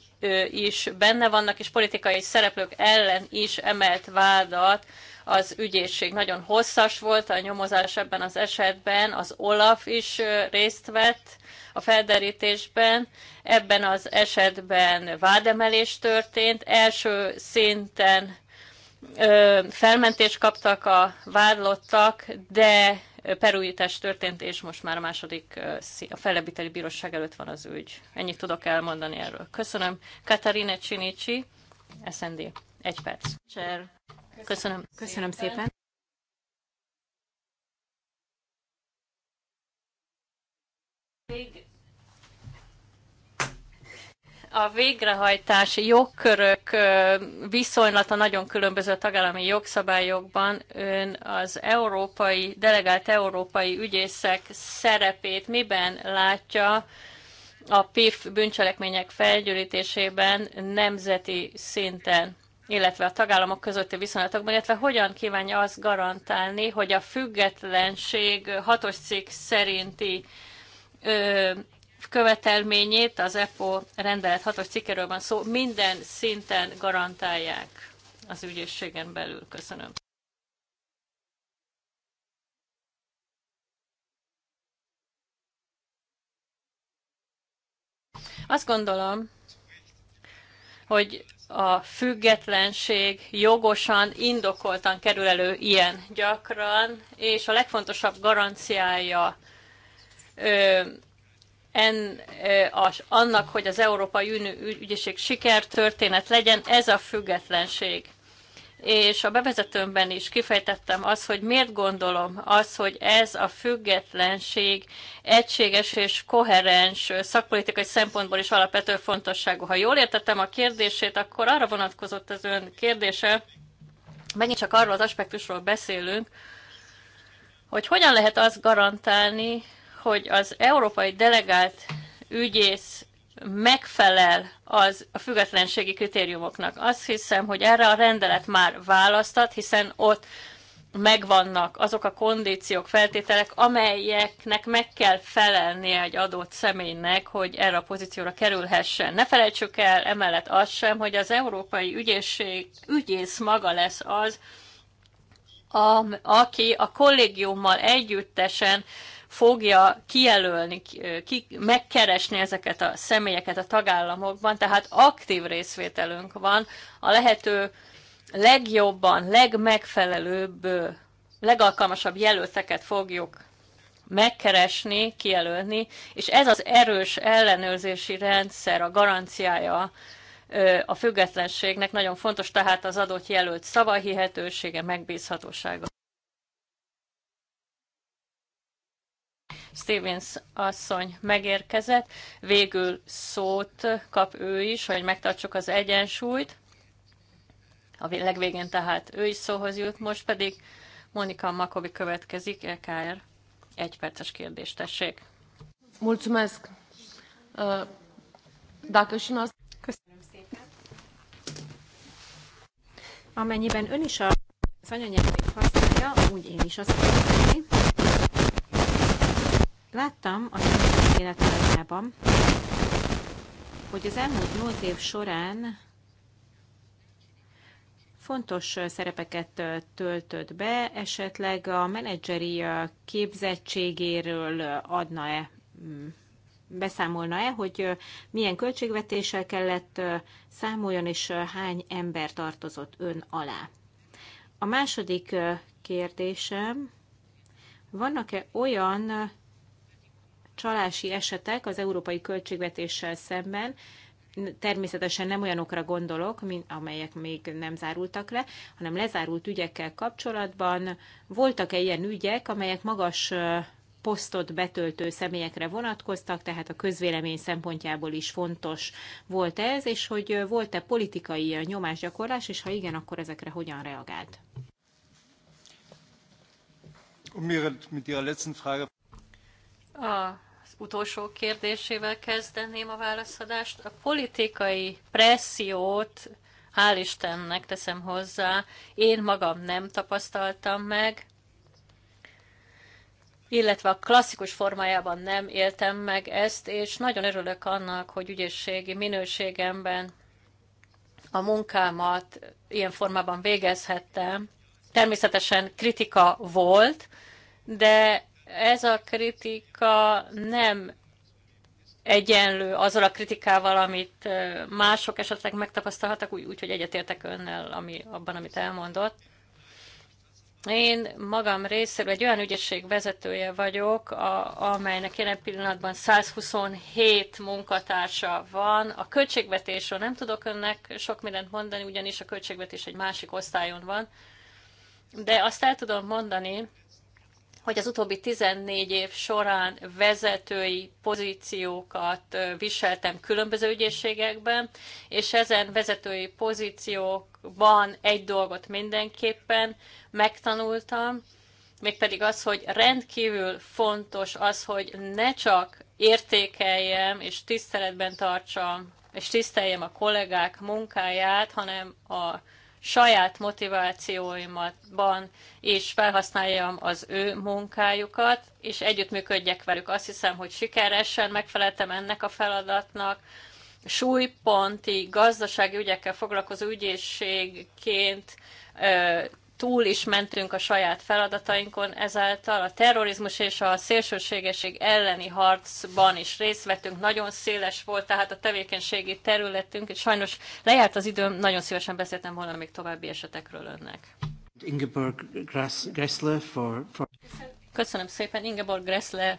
is benne vannak, és politikai szereplők ellen is emelt vádat az ügyészség. Nagyon hosszas volt a nyomozás ebben az esetben, az Olaf is részt vett a felderítésben, ebben az esetben vádemelés történt, első szinten felmentést kaptak a vádlottak, de perújítás történt, és most már a második, a felebíteli bíróság előtt van az ügy. Ennyit tudok elmondani erről. Köszönöm. Katarina Csinicsi, SND. Egy perc. Köszönöm. Köszönöm szépen. Még a végrehajtási jogkörök viszonylata nagyon különböző a tagállami jogszabályokban. Ön az európai, delegált európai ügyészek szerepét miben látja a PIF bűncselekmények felgyűlítésében nemzeti szinten? illetve a tagállamok közötti viszonylatokban, illetve hogyan kívánja azt garantálni, hogy a függetlenség hatos cikk szerinti ö, követelményét, az EPO rendelet hatos cikkéről van szó, minden szinten garantálják az ügyészségen belül. Köszönöm. Azt gondolom, hogy a függetlenség jogosan, indokoltan kerül elő ilyen gyakran, és a legfontosabb garanciája en, az, annak, hogy az Európai Unió Ügyészség sikertörténet legyen, ez a függetlenség. És a bevezetőmben is kifejtettem azt, hogy miért gondolom az, hogy ez a függetlenség egységes és koherens szakpolitikai szempontból is alapvető fontosságú. Ha jól értettem a kérdését, akkor arra vonatkozott az ön kérdése, megint csak arról az aspektusról beszélünk, hogy hogyan lehet azt garantálni, hogy az európai delegált ügyész megfelel az a függetlenségi kritériumoknak. Azt hiszem, hogy erre a rendelet már választat, hiszen ott megvannak azok a kondíciók, feltételek, amelyeknek meg kell felelnie egy adott személynek, hogy erre a pozícióra kerülhessen. Ne felejtsük el emellett azt sem, hogy az európai ügyészség, ügyész maga lesz az, a, aki a kollégiummal együttesen fogja kijelölni, ki, megkeresni ezeket a személyeket a tagállamokban, tehát aktív részvételünk van a lehető legjobban, legmegfelelőbb, legalkalmasabb jelölteket fogjuk megkeresni, kijelölni, és ez az erős ellenőrzési rendszer, a garanciája a függetlenségnek nagyon fontos, tehát az adott jelölt szavahihetősége, megbízhatósága. Stevens asszony megérkezett, végül szót kap ő is, hogy megtartsuk az egyensúlyt. A legvégén tehát ő is szóhoz jut, most pedig Monika Makovi következik, EKR. Egy perces kérdés, tessék. Mulțumesc. Dacă și noastră... Köszönöm szépen. Amennyiben ön is az anyanyelvét használja, úgy én is azt Láttam a elmúlt életrajzában, hogy az elmúlt nyolc év során fontos szerepeket töltött be, esetleg a menedzseri képzettségéről adna-e, mm, beszámolna-e, hogy milyen költségvetéssel kellett számoljon, és hány ember tartozott ön alá. A második kérdésem, vannak-e olyan csalási esetek az európai költségvetéssel szemben, természetesen nem olyanokra gondolok, mint amelyek még nem zárultak le, hanem lezárult ügyekkel kapcsolatban voltak-e ilyen ügyek, amelyek magas posztot betöltő személyekre vonatkoztak, tehát a közvélemény szempontjából is fontos volt ez, és hogy volt-e politikai nyomásgyakorlás, és ha igen, akkor ezekre hogyan reagált? Um, a utolsó kérdésével kezdeném a válaszadást. A politikai pressziót, hál' Istennek teszem hozzá, én magam nem tapasztaltam meg, illetve a klasszikus formájában nem éltem meg ezt, és nagyon örülök annak, hogy ügyességi minőségemben a munkámat ilyen formában végezhettem. Természetesen kritika volt, de ez a kritika nem egyenlő azzal a kritikával, amit mások esetleg megtapasztalhatnak, úgyhogy úgy, úgy egyetértek önnel ami, abban, amit elmondott. Én magam részéről egy olyan ügyesség vezetője vagyok, a, amelynek jelen pillanatban 127 munkatársa van. A költségvetésről nem tudok önnek sok mindent mondani, ugyanis a költségvetés egy másik osztályon van. De azt el tudom mondani, hogy az utóbbi 14 év során vezetői pozíciókat viseltem különböző ügyészségekben, és ezen vezetői pozíciókban egy dolgot mindenképpen megtanultam, mégpedig az, hogy rendkívül fontos az, hogy ne csak értékeljem és tiszteletben tartsam, és tiszteljem a kollégák munkáját, hanem a saját motivációimban és felhasználjam az ő munkájukat, és együttműködjek velük. Azt hiszem, hogy sikeresen megfeleltem ennek a feladatnak. Súlyponti gazdasági ügyekkel foglalkozó ügyészségként túl is mentünk a saját feladatainkon, ezáltal a terrorizmus és a szélsőségeség elleni harcban is részt vettünk. Nagyon széles volt tehát a tevékenységi területünk, és sajnos lejárt az időm, nagyon szívesen beszéltem volna még további esetekről önnek. Ingeborg Gressler for, for... Köszönöm szépen, Ingeborg Gressler.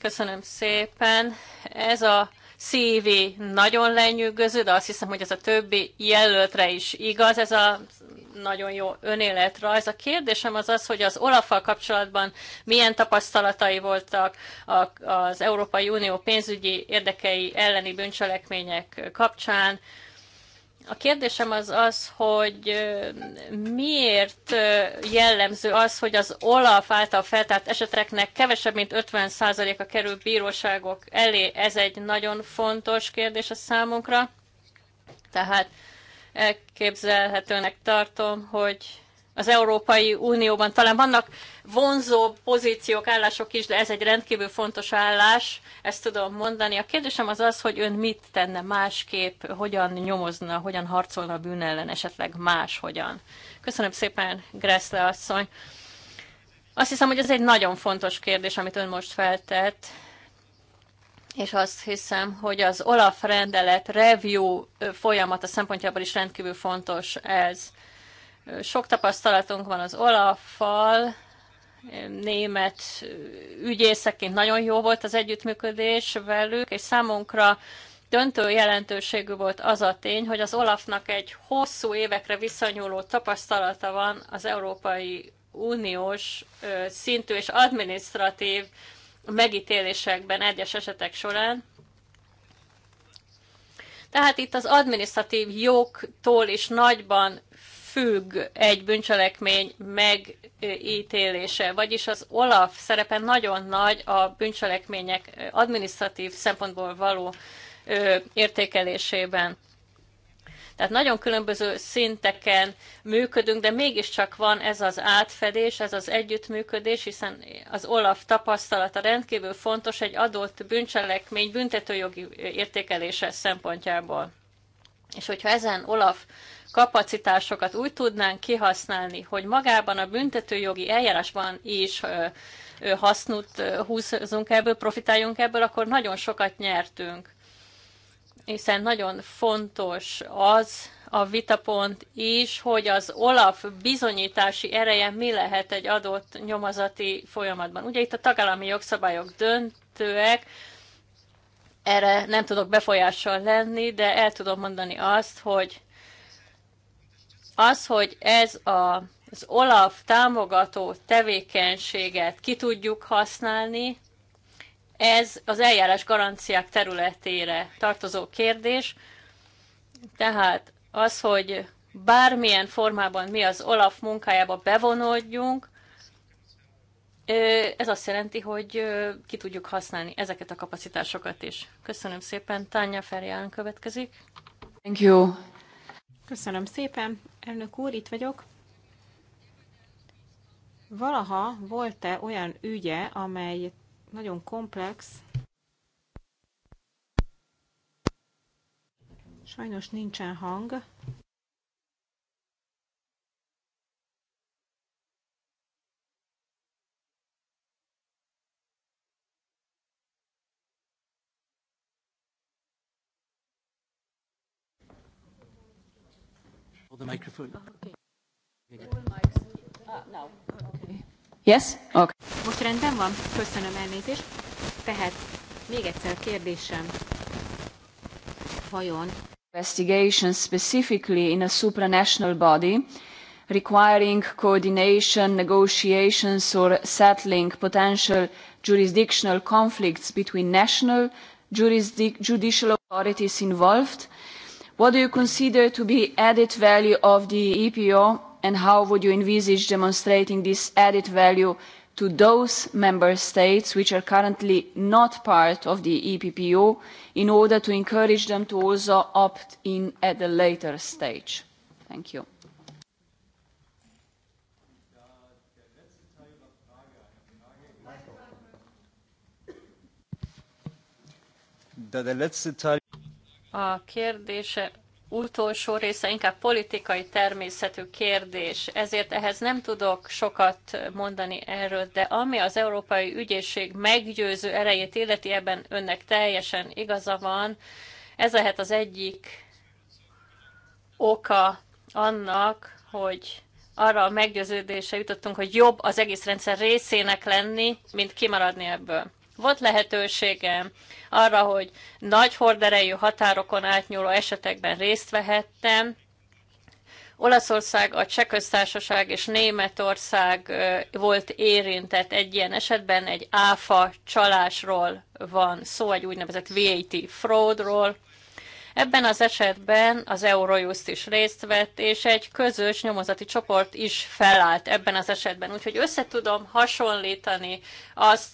Köszönöm szépen. Ez a CV nagyon lenyűgöző, de azt hiszem, hogy ez a többi jelöltre is igaz, ez a nagyon jó önéletrajz. a kérdésem az az, hogy az olaf kapcsolatban milyen tapasztalatai voltak az Európai Unió pénzügyi érdekei elleni bűncselekmények kapcsán, a kérdésem az az, hogy miért jellemző az, hogy az OLAF által feltárt eseteknek kevesebb, mint 50%-a kerül bíróságok elé? Ez egy nagyon fontos kérdés a számunkra. Tehát elképzelhetőnek tartom, hogy az Európai Unióban. Talán vannak vonzó pozíciók, állások is, de ez egy rendkívül fontos állás, ezt tudom mondani. A kérdésem az az, hogy ön mit tenne másképp, hogyan nyomozna, hogyan harcolna a bűn ellen, esetleg máshogyan. Köszönöm szépen, Gressle asszony. Azt hiszem, hogy ez egy nagyon fontos kérdés, amit ön most feltett, és azt hiszem, hogy az Olaf rendelet review folyamata szempontjából is rendkívül fontos ez sok tapasztalatunk van az Olaffal, német ügyészeként nagyon jó volt az együttműködés velük, és számunkra döntő jelentőségű volt az a tény, hogy az Olafnak egy hosszú évekre visszanyúló tapasztalata van az Európai Uniós szintű és administratív megítélésekben egyes esetek során. Tehát itt az administratív jogtól is nagyban függ egy bűncselekmény megítélése, vagyis az OLAF szerepe nagyon nagy a bűncselekmények administratív szempontból való értékelésében. Tehát nagyon különböző szinteken működünk, de mégiscsak van ez az átfedés, ez az együttműködés, hiszen az OLAF tapasztalata rendkívül fontos egy adott bűncselekmény büntetőjogi értékelése szempontjából. És hogyha ezen OLAF kapacitásokat úgy tudnánk kihasználni, hogy magában a büntetőjogi eljárásban is hasznot húzunk ebből, profitáljunk ebből, akkor nagyon sokat nyertünk. Hiszen nagyon fontos az a vitapont is, hogy az OLAF bizonyítási ereje mi lehet egy adott nyomozati folyamatban. Ugye itt a tagállami jogszabályok döntőek, erre nem tudok befolyással lenni, de el tudom mondani azt, hogy az, hogy ez a, az OLAF támogató tevékenységet ki tudjuk használni, ez az eljárás garanciák területére tartozó kérdés. Tehát az, hogy bármilyen formában mi az OLAF munkájába bevonódjunk, ez azt jelenti, hogy ki tudjuk használni ezeket a kapacitásokat is. Köszönöm szépen. Tanya Ferján következik. Thank you. Köszönöm szépen. Elnök úr, itt vagyok. Valaha volt-e olyan ügye, amely nagyon komplex? Sajnos nincsen hang. For the microphone. Oh, okay. Ah, okay. Yes? Okay. Most rendben van? Köszönöm elnézést. Tehát még egyszer a kérdésem. Vajon investigation specifically in a supranational body requiring coordination, negotiations or settling potential jurisdictional conflicts between national jurisdic judicial authorities involved what do you consider to be added value of the epo and how would you envisage demonstrating this added value to those member states which are currently not part of the eppo in order to encourage them to also opt in at a later stage? thank you. A kérdése utolsó része inkább politikai természetű kérdés, ezért ehhez nem tudok sokat mondani erről, de ami az Európai Ügyészség meggyőző erejét illeti, ebben önnek teljesen igaza van, ez lehet az egyik oka annak, hogy arra a meggyőződése jutottunk, hogy jobb az egész rendszer részének lenni, mint kimaradni ebből. Volt lehetőségem arra, hogy nagy horderejű határokon átnyúló esetekben részt vehettem, Olaszország, a Cseh Köztársaság és Németország volt érintett egy ilyen esetben, egy áfa csalásról van szó, egy úgynevezett VAT fraudról. Ebben az esetben az Eurojust is részt vett, és egy közös nyomozati csoport is felállt ebben az esetben. Úgyhogy összetudom hasonlítani azt,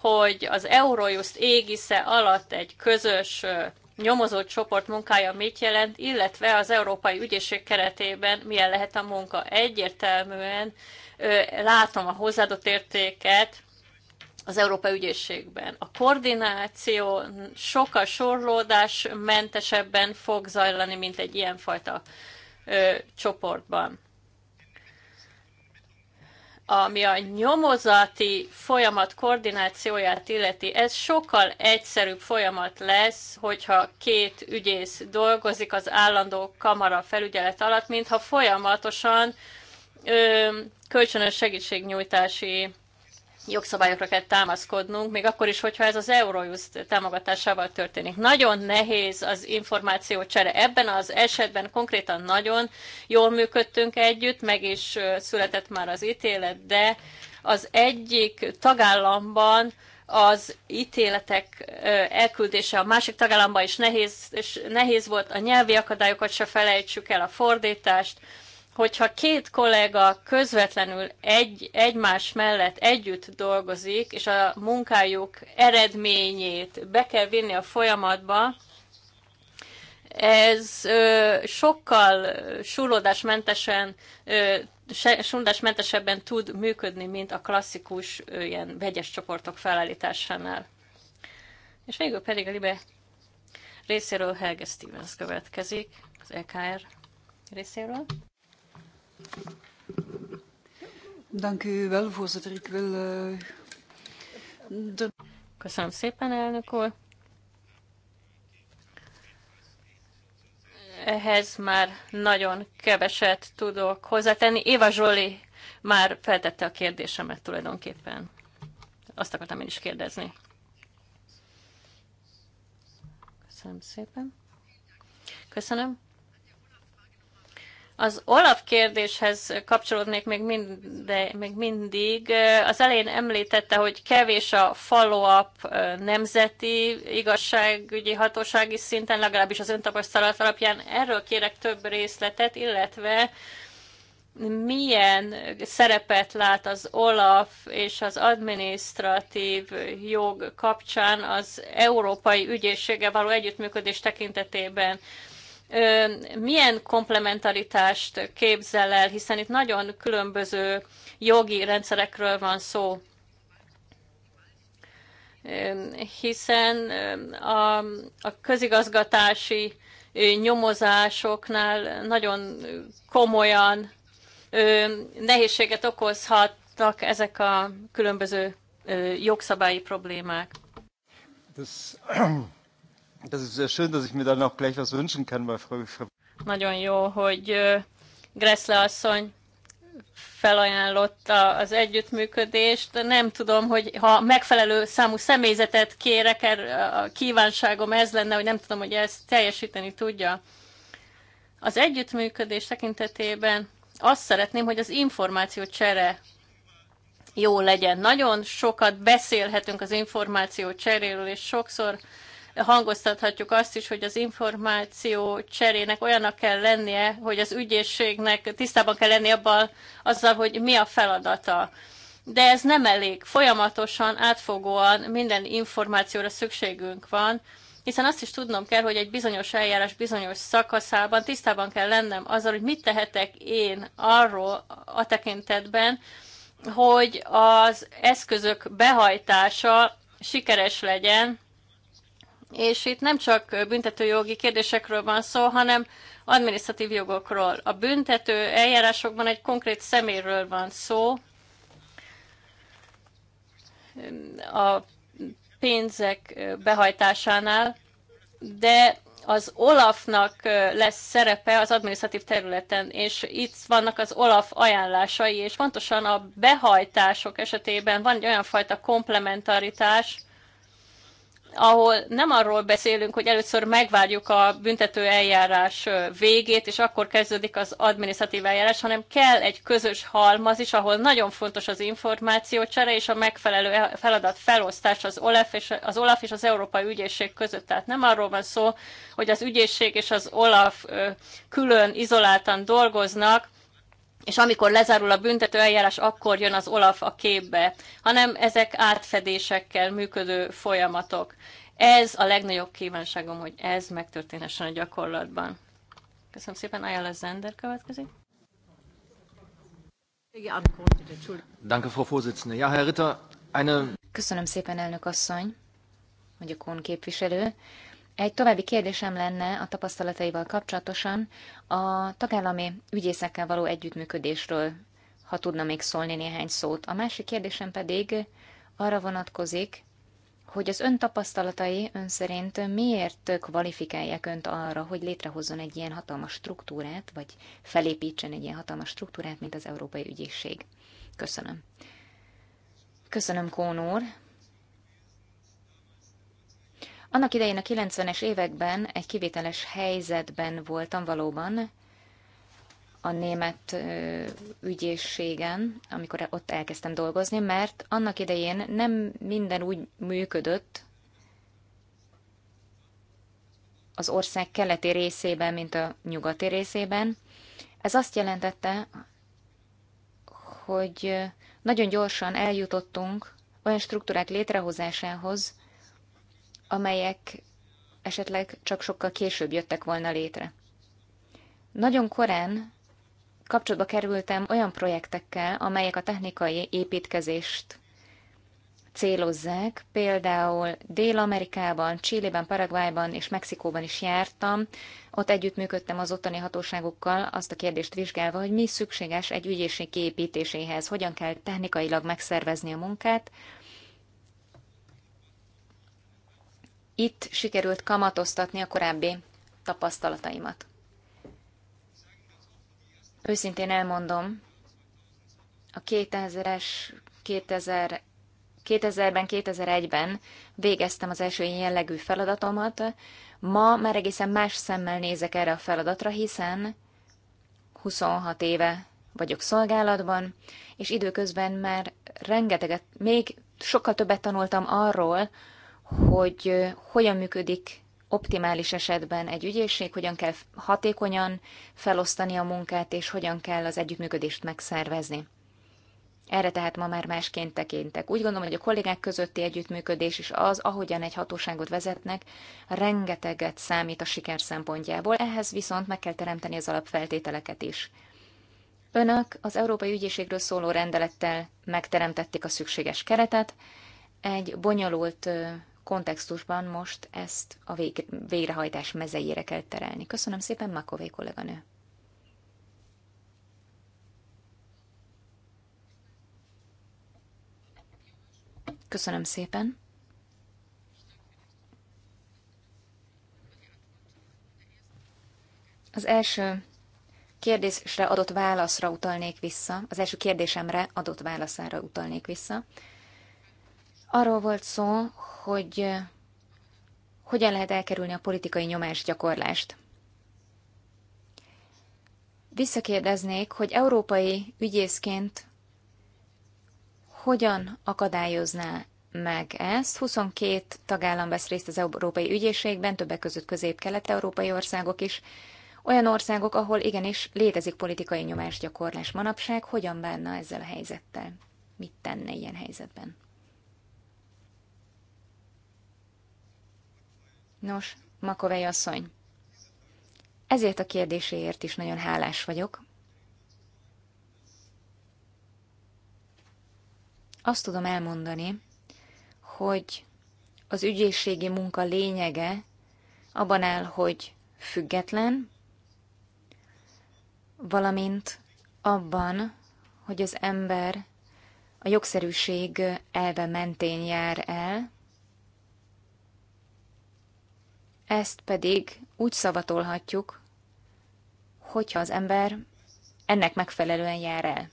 hogy az Eurojust égisze alatt egy közös nyomozott csoport munkája mit jelent, illetve az Európai Ügyészség keretében milyen lehet a munka. Egyértelműen látom a hozzáadott értéket az Európai Ügyészségben. A koordináció sokkal mentesebben fog zajlani, mint egy ilyenfajta ö, csoportban ami a nyomozati folyamat koordinációját illeti, ez sokkal egyszerűbb folyamat lesz, hogyha két ügyész dolgozik az állandó kamara felügyelet alatt, mintha folyamatosan ö, kölcsönös segítségnyújtási jogszabályokra kell támaszkodnunk, még akkor is, hogyha ez az Eurojust támogatásával történik. Nagyon nehéz az információ csere. Ebben az esetben konkrétan nagyon jól működtünk együtt, meg is született már az ítélet, de az egyik tagállamban az ítéletek elküldése a másik tagállamban is nehéz, és nehéz volt, a nyelvi akadályokat se felejtsük el, a fordítást, hogyha két kollega közvetlenül egy, egymás mellett együtt dolgozik, és a munkájuk eredményét be kell vinni a folyamatba, ez ö, sokkal súlódásmentesen, ö, súlódásmentesebben tud működni, mint a klasszikus ö, ilyen vegyes csoportok felállításánál. És végül pedig a Libe részéről Helge Stevens következik, az EKR részéről. Dank u wel, voorzitter. Ik wil... Uh, Köszönöm szépen, elnök úr. Ehhez már nagyon keveset tudok hozzátenni. Éva Zsoli már feltette a kérdésemet tulajdonképpen. Azt akartam én is kérdezni. Köszönöm szépen. Köszönöm. Az Olaf kérdéshez kapcsolódnék még, mind, még mindig. Az elején említette, hogy kevés a follow-up nemzeti igazságügyi hatósági szinten, legalábbis az öntapasztalat alapján. Erről kérek több részletet, illetve milyen szerepet lát az OLAF és az adminisztratív jog kapcsán az európai ügyészséggel való együttműködés tekintetében milyen komplementaritást képzel el, hiszen itt nagyon különböző jogi rendszerekről van szó hiszen a, a közigazgatási nyomozásoknál nagyon komolyan nehézséget okozhatnak ezek a különböző jogszabályi problémák. This Das ist sehr schön, dass ich mir dann auch gleich was wünschen kann bei Frau Nagyon jó, hogy Gressle asszony felajánlotta az együttműködést. Nem tudom, hogy ha megfelelő számú személyzetet kérek, er, a kívánságom ez lenne, hogy nem tudom, hogy ezt teljesíteni tudja. Az együttműködés tekintetében azt szeretném, hogy az információ csere jó legyen. Nagyon sokat beszélhetünk az információ cseréről, és sokszor hangoztathatjuk azt is, hogy az információ cserének olyanak kell lennie, hogy az ügyészségnek tisztában kell lennie abban, azzal, hogy mi a feladata. De ez nem elég. Folyamatosan, átfogóan minden információra szükségünk van, hiszen azt is tudnom kell, hogy egy bizonyos eljárás bizonyos szakaszában tisztában kell lennem azzal, hogy mit tehetek én arról a tekintetben, hogy az eszközök behajtása sikeres legyen, és itt nem csak büntetőjogi kérdésekről van szó, hanem adminisztratív jogokról. A büntető eljárásokban egy konkrét szeméről van szó, a pénzek behajtásánál, de az Olafnak lesz szerepe az adminisztratív területen, és itt vannak az Olaf ajánlásai, és pontosan a behajtások esetében van egy olyan fajta komplementaritás, ahol nem arról beszélünk, hogy először megvárjuk a büntető eljárás végét, és akkor kezdődik az adminisztratív eljárás, hanem kell egy közös halmaz is, ahol nagyon fontos az információcsere és a megfelelő e- feladat felosztás az OLAF és az, OLAF és az Európai Ügyészség között. Tehát nem arról van szó, hogy az ügyészség és az OLAF külön, izoláltan dolgoznak, és amikor lezárul a büntető eljárás, akkor jön az OLAF a képbe, hanem ezek átfedésekkel működő folyamatok. Ez a legnagyobb kívánságom, hogy ez megtörténhessen a gyakorlatban. Köszönöm szépen, Ayala Zender következik. Köszönöm szépen, elnök asszony, hogy a kon képviselő. Egy további kérdésem lenne a tapasztalataival kapcsolatosan a tagállami ügyészekkel való együttműködésről, ha tudna még szólni néhány szót. A másik kérdésem pedig arra vonatkozik, hogy az ön tapasztalatai ön szerint miért kvalifikálják önt arra, hogy létrehozzon egy ilyen hatalmas struktúrát, vagy felépítsen egy ilyen hatalmas struktúrát, mint az Európai Ügyészség. Köszönöm. Köszönöm, Kón annak idején a 90-es években egy kivételes helyzetben voltam valóban a német ügyészségen, amikor ott elkezdtem dolgozni, mert annak idején nem minden úgy működött az ország keleti részében, mint a nyugati részében. Ez azt jelentette, hogy nagyon gyorsan eljutottunk olyan struktúrák létrehozásához, amelyek esetleg csak sokkal később jöttek volna létre. Nagyon korán kapcsolatba kerültem olyan projektekkel, amelyek a technikai építkezést célozzák. Például Dél-Amerikában, Csillében, Paraguayban és Mexikóban is jártam. Ott együttműködtem az ottani hatóságokkal, azt a kérdést vizsgálva, hogy mi szükséges egy ügyészség kiépítéséhez, hogyan kell technikailag megszervezni a munkát, Itt sikerült kamatoztatni a korábbi tapasztalataimat. Őszintén elmondom, a 2000-es, 2000, 2000-ben, 2001-ben végeztem az első ilyen jellegű feladatomat. Ma már egészen más szemmel nézek erre a feladatra, hiszen 26 éve vagyok szolgálatban, és időközben már rengeteget, még sokkal többet tanultam arról, hogy hogyan működik optimális esetben egy ügyészség, hogyan kell hatékonyan felosztani a munkát, és hogyan kell az együttműködést megszervezni. Erre tehát ma már másként tekintek. Úgy gondolom, hogy a kollégák közötti együttműködés is az, ahogyan egy hatóságot vezetnek, rengeteget számít a siker szempontjából, ehhez viszont meg kell teremteni az alapfeltételeket is. Önök az Európai Ügyészségről szóló rendelettel megteremtették a szükséges keretet, egy bonyolult kontextusban most ezt a végrehajtás mezejére kell terelni. Köszönöm szépen, Makové kolléganő. Köszönöm szépen. Az első kérdésre adott válaszra utalnék vissza, az első kérdésemre adott válaszára utalnék vissza. Arról volt szó, hogy eh, hogyan lehet elkerülni a politikai nyomás gyakorlást. Visszakérdeznék, hogy európai ügyészként hogyan akadályozná meg ezt. 22 tagállam vesz részt az Európai Ügyészségben, többek között közép-kelet-európai országok is. Olyan országok, ahol igenis létezik politikai nyomásgyakorlás manapság, hogyan bánna ezzel a helyzettel? Mit tenne ilyen helyzetben? Nos, Makovej asszony, ezért a kérdéséért is nagyon hálás vagyok. Azt tudom elmondani, hogy az ügyészségi munka lényege abban áll, hogy független, valamint abban, hogy az ember a jogszerűség elve mentén jár el, Ezt pedig úgy szavatolhatjuk, hogyha az ember ennek megfelelően jár el.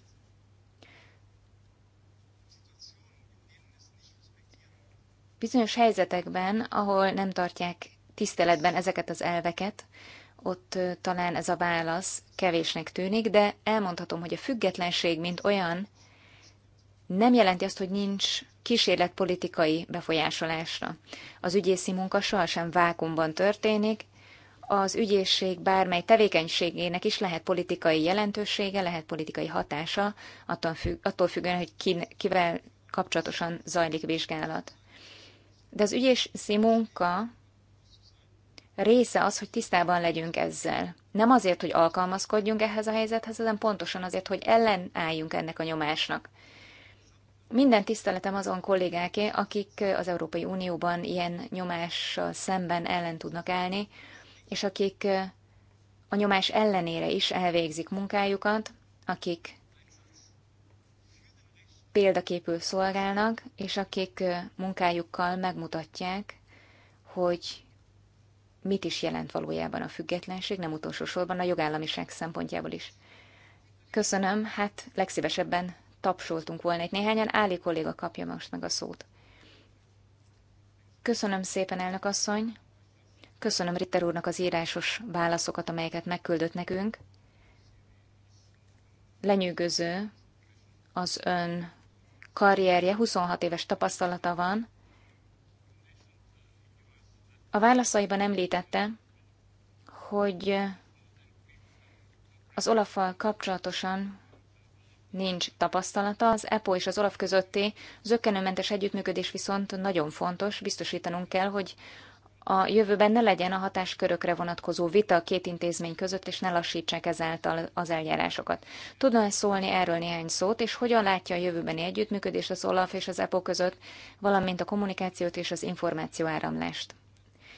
Bizonyos helyzetekben, ahol nem tartják tiszteletben ezeket az elveket, ott talán ez a válasz kevésnek tűnik, de elmondhatom, hogy a függetlenség, mint olyan, nem jelenti azt, hogy nincs kísérletpolitikai befolyásolásra. Az ügyészi munka sohasem vákumban történik, az ügyészség bármely tevékenységének is lehet politikai jelentősége, lehet politikai hatása, attól, függ, attól függően, hogy ki, kivel kapcsolatosan zajlik vizsgálat. De az ügyészi munka része az, hogy tisztában legyünk ezzel. Nem azért, hogy alkalmazkodjunk ehhez a helyzethez, hanem pontosan azért, hogy ellenálljunk ennek a nyomásnak. Minden tiszteletem azon kollégáké, akik az Európai Unióban ilyen nyomással szemben ellen tudnak állni, és akik a nyomás ellenére is elvégzik munkájukat, akik példaképül szolgálnak, és akik munkájukkal megmutatják, hogy mit is jelent valójában a függetlenség, nem utolsó sorban a jogállamiság szempontjából is. Köszönöm, hát legszívesebben tapsoltunk volna egy néhányan. Áli kolléga kapja most meg a szót. Köszönöm szépen, elnök asszony. Köszönöm Ritter úrnak az írásos válaszokat, amelyeket megküldött nekünk. Lenyűgöző az ön karrierje, 26 éves tapasztalata van. A válaszaiban említette, hogy az olaf kapcsolatosan nincs tapasztalata. Az EPO és az OLAF közötti zöggenőmentes együttműködés viszont nagyon fontos. Biztosítanunk kell, hogy a jövőben ne legyen a hatáskörökre vonatkozó vita a két intézmény között, és ne lassítsák ezáltal az eljárásokat. Tudna-e szólni erről néhány szót, és hogyan látja a jövőbeni együttműködést az OLAF és az EPO között, valamint a kommunikációt és az információ áramlást?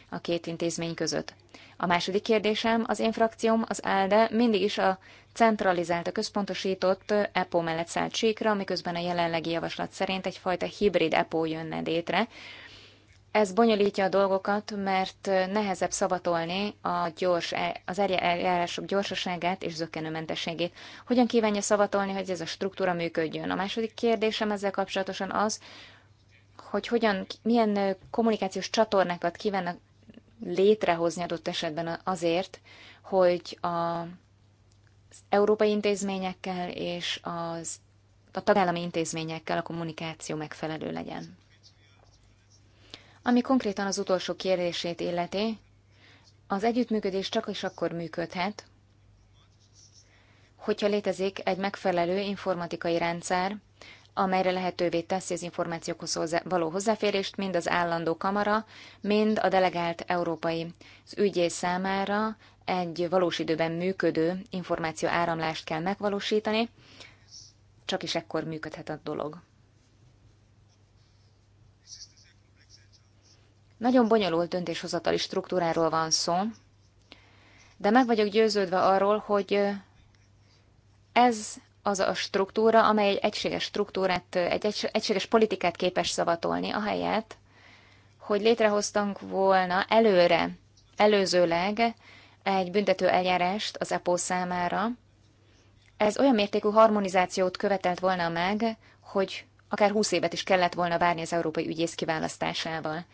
a két intézmény között. A második kérdésem, az én frakcióm, az elde mindig is a centralizált, a központosított EPO mellett szállt síkra, miközben a jelenlegi javaslat szerint egyfajta hibrid EPO jönne létre. Ez bonyolítja a dolgokat, mert nehezebb szavatolni a gyors, e- az eljárások gyorsaságát és zökkenőmentességét. Hogyan kívánja szavatolni, hogy ez a struktúra működjön? A második kérdésem ezzel kapcsolatosan az, hogy hogyan, milyen kommunikációs csatornákat kívánnak létrehozni adott esetben azért, hogy a az európai intézményekkel és az, a tagállami intézményekkel a kommunikáció megfelelő legyen. Ami konkrétan az utolsó kérdését illeti, az együttműködés csak is akkor működhet, hogyha létezik egy megfelelő informatikai rendszer, amelyre lehetővé teszi az információkhoz hozzá, való hozzáférést mind az állandó kamara, mind a delegált európai az ügyész számára egy valós időben működő információ áramlást kell megvalósítani, csak is ekkor működhet a dolog. Nagyon bonyolult döntéshozatali struktúráról van szó, de meg vagyok győződve arról, hogy ez az a struktúra, amely egy egységes struktúrát, egy egységes politikát képes szavatolni, ahelyett, hogy létrehoztunk volna előre, előzőleg egy büntető eljárást az EPO számára. Ez olyan mértékű harmonizációt követelt volna meg, hogy akár 20 évet is kellett volna várni az európai ügyész kiválasztásával.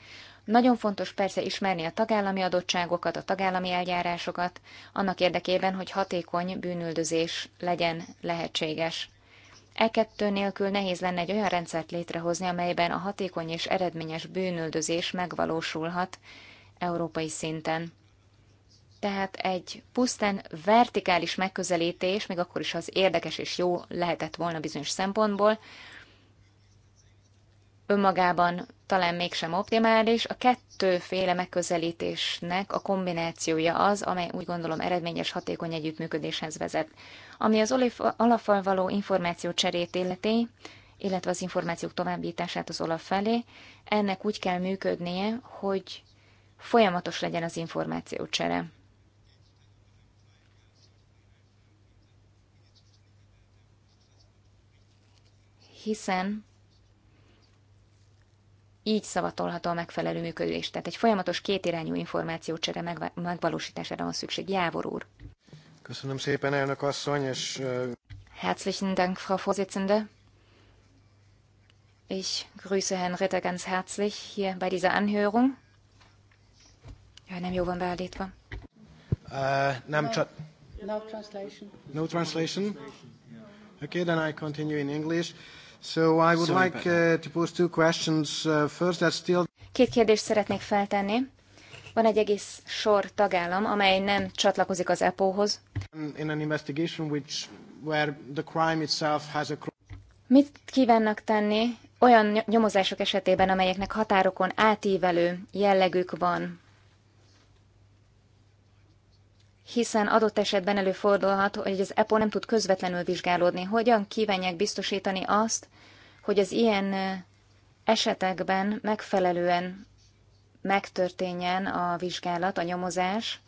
Nagyon fontos persze ismerni a tagállami adottságokat, a tagállami eljárásokat, annak érdekében, hogy hatékony bűnüldözés legyen lehetséges. e kettő nélkül nehéz lenne egy olyan rendszert létrehozni, amelyben a hatékony és eredményes bűnüldözés megvalósulhat európai szinten. Tehát egy pusztán vertikális megközelítés, még akkor is az érdekes és jó lehetett volna bizonyos szempontból, önmagában talán mégsem optimális. A kettőféle megközelítésnek a kombinációja az, amely úgy gondolom eredményes, hatékony együttműködéshez vezet. Ami az alapfal való információ cserét illeti, illetve az információk továbbítását az olaf felé, ennek úgy kell működnie, hogy folyamatos legyen az információ csere. Hiszen így szavatolható a megfelelő működés. Tehát egy folyamatos kétirányú információcsere megvalósítására van szükség. Jávor úr. Köszönöm szépen, elnök asszony, és... Herzlichen Dank, Frau Vorsitzende. Ich grüße Herrn Ritter ganz herzlich hier bei dieser Anhörung. Ja, nem jó van beállítva. Uh, nem csak... No, no translation. No translation? Okay, then I continue in English. Két kérdést szeretnék feltenni. Van egy egész sor tagállam, amely nem csatlakozik az EPO-hoz. Mit kívánnak tenni olyan nyomozások esetében, amelyeknek határokon átívelő jellegük van? hiszen adott esetben előfordulhat, hogy az EPO nem tud közvetlenül vizsgálódni. Hogyan kívánják biztosítani azt, hogy az ilyen esetekben megfelelően megtörténjen a vizsgálat, a nyomozás,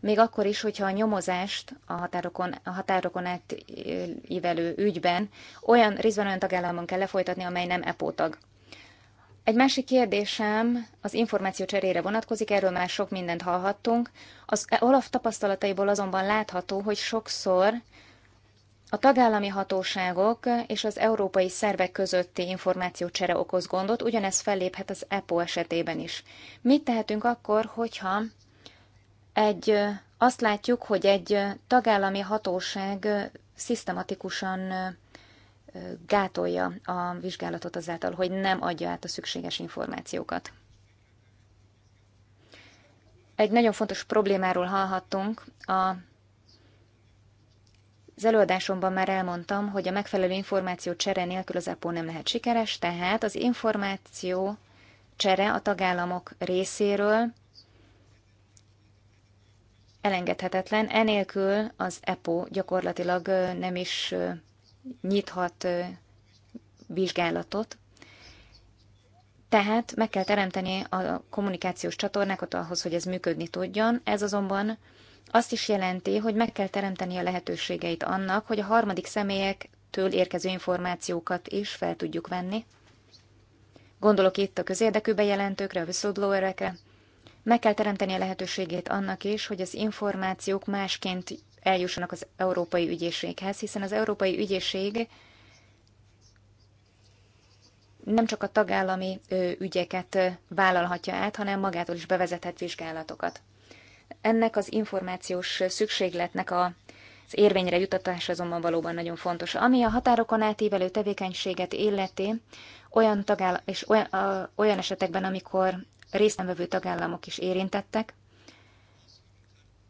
még akkor is, hogyha a nyomozást a határokon, a határokon átívelő ügyben olyan részben olyan tagállamon kell lefolytatni, amely nem EPO tag. Egy másik kérdésem az információ cserére vonatkozik, erről már sok mindent hallhattunk. Az Olaf tapasztalataiból azonban látható, hogy sokszor a tagállami hatóságok és az európai szervek közötti információcsere okoz gondot, ugyanez felléphet az EPO esetében is. Mit tehetünk akkor, hogyha egy, azt látjuk, hogy egy tagállami hatóság szisztematikusan gátolja a vizsgálatot azáltal, hogy nem adja át a szükséges információkat. Egy nagyon fontos problémáról hallhattunk. A, az előadásomban már elmondtam, hogy a megfelelő információ csere nélkül az EPO nem lehet sikeres, tehát az információ csere a tagállamok részéről elengedhetetlen, enélkül az EPO gyakorlatilag nem is nyithat vizsgálatot. Tehát meg kell teremteni a kommunikációs csatornákat ahhoz, hogy ez működni tudjon. Ez azonban azt is jelenti, hogy meg kell teremteni a lehetőségeit annak, hogy a harmadik személyektől érkező információkat is fel tudjuk venni. Gondolok itt a közérdekű bejelentőkre, a whistleblowerekre. Meg kell teremteni a lehetőségét annak is, hogy az információk másként eljussanak az Európai Ügyészséghez, hiszen az Európai Ügyészség nem csak a tagállami ügyeket vállalhatja át, hanem magától is bevezethet vizsgálatokat. Ennek az információs szükségletnek a az érvényre jutatás azonban valóban nagyon fontos. Ami a határokon átívelő tevékenységet illeti, olyan tagáll- és olyan, a, olyan esetekben, amikor résztvevő tagállamok is érintettek,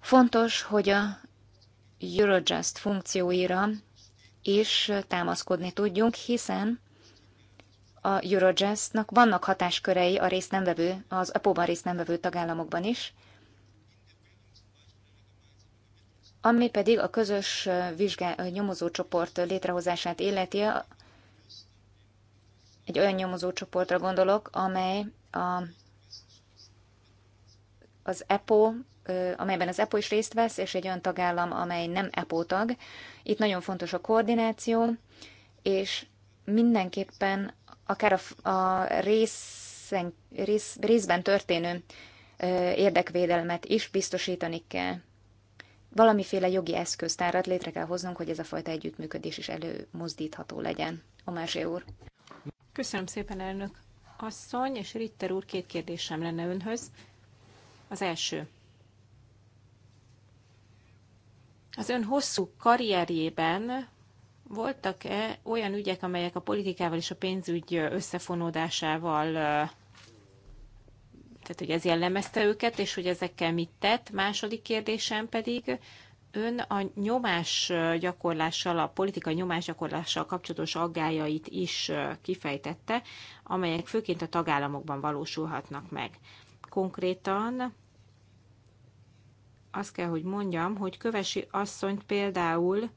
fontos, hogy a Eurojust funkcióira is támaszkodni tudjunk, hiszen a Eurojustnak vannak hatáskörei a részt nem vevő, az EPO-ban részt nem vevő tagállamokban is, ami pedig a közös vizsgá- nyomozócsoport létrehozását illeti, egy olyan nyomozócsoportra gondolok, amely a az EPO, amelyben az EPO is részt vesz, és egy olyan tagállam, amely nem EPO tag. Itt nagyon fontos a koordináció, és mindenképpen akár a, a részen, rész, részben történő érdekvédelmet is biztosítani kell. Valamiféle jogi eszköztárat létre kell hoznunk, hogy ez a fajta együttműködés is előmozdítható legyen. Omásé úr. Köszönöm szépen, elnök asszony, és Ritter úr, két kérdésem lenne önhöz. Az első. Az ön hosszú karrierjében voltak-e olyan ügyek, amelyek a politikával és a pénzügy összefonódásával, tehát hogy ez jellemezte őket, és hogy ezekkel mit tett? Második kérdésem pedig, ön a nyomás gyakorlással, a politikai nyomás gyakorlással kapcsolatos aggájait is kifejtette, amelyek főként a tagállamokban valósulhatnak meg konkrétan azt kell, hogy mondjam, hogy Kövesi asszonyt például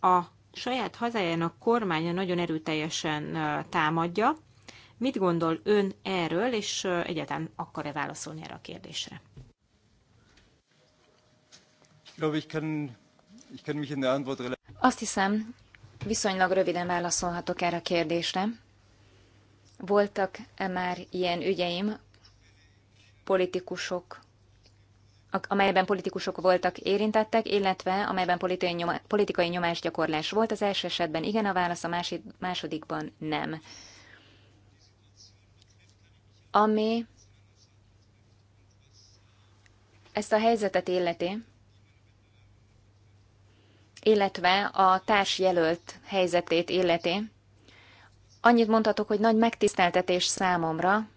a saját hazájának kormánya nagyon erőteljesen támadja. Mit gondol ön erről, és egyáltalán akar-e válaszolni erre a kérdésre? Azt hiszem, viszonylag röviden válaszolhatok erre a kérdésre. Voltak-e már ilyen ügyeim, politikusok amelyben politikusok voltak érintettek, illetve amelyben politikai, nyoma, politikai nyomásgyakorlás volt. Az első esetben igen a válasz, a másik, másodikban nem. Ami ezt a helyzetet illeti, illetve a társjelölt helyzetét illeti, annyit mondhatok, hogy nagy megtiszteltetés számomra,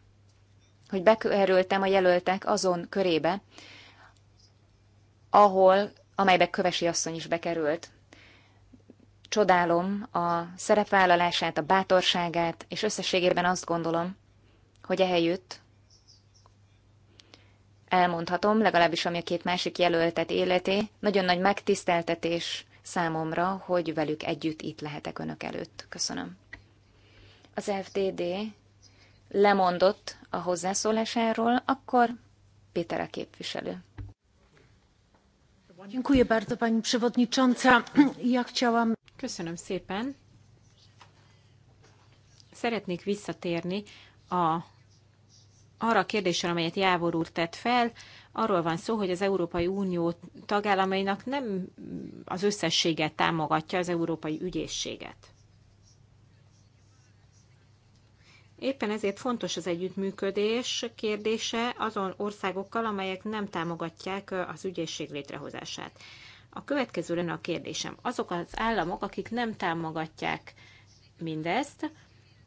hogy bekerültem a jelöltek azon körébe, ahol, amelybe Kövesi asszony is bekerült. Csodálom a szerepvállalását, a bátorságát, és összességében azt gondolom, hogy ehelyütt elmondhatom, legalábbis ami a két másik jelöltet életé, nagyon nagy megtiszteltetés számomra, hogy velük együtt itt lehetek önök előtt. Köszönöm. Az FDD lemondott a hozzászólásáról, akkor Péter a képviselő. Köszönöm szépen. Szeretnék visszatérni a, arra a kérdésre, amelyet Jávor úr tett fel. Arról van szó, hogy az Európai Unió tagállamainak nem az összességet támogatja az Európai Ügyészséget. Éppen ezért fontos az együttműködés kérdése azon országokkal, amelyek nem támogatják az ügyészség létrehozását. A következő lenne a kérdésem. Azok az államok, akik nem támogatják mindezt,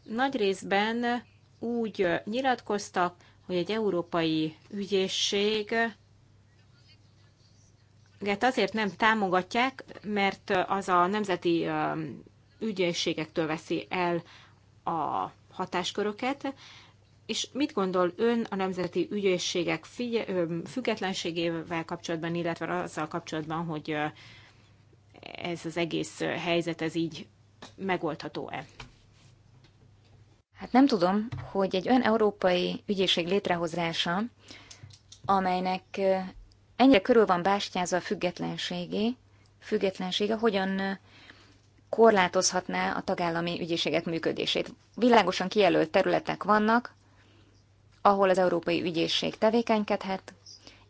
nagy részben úgy nyilatkoztak, hogy egy európai ügyészség hát azért nem támogatják, mert az a nemzeti ügyészségektől veszi el a hatásköröket, és mit gondol ön a nemzeti ügyészségek függetlenségével kapcsolatban, illetve azzal kapcsolatban, hogy ez az egész helyzet, ez így megoldható-e? Hát nem tudom, hogy egy olyan európai ügyészség létrehozása, amelynek ennyire körül van bástyázva a függetlenségé, függetlensége, hogyan korlátozhatná a tagállami ügyészségek működését. Világosan kijelölt területek vannak, ahol az Európai Ügyészség tevékenykedhet,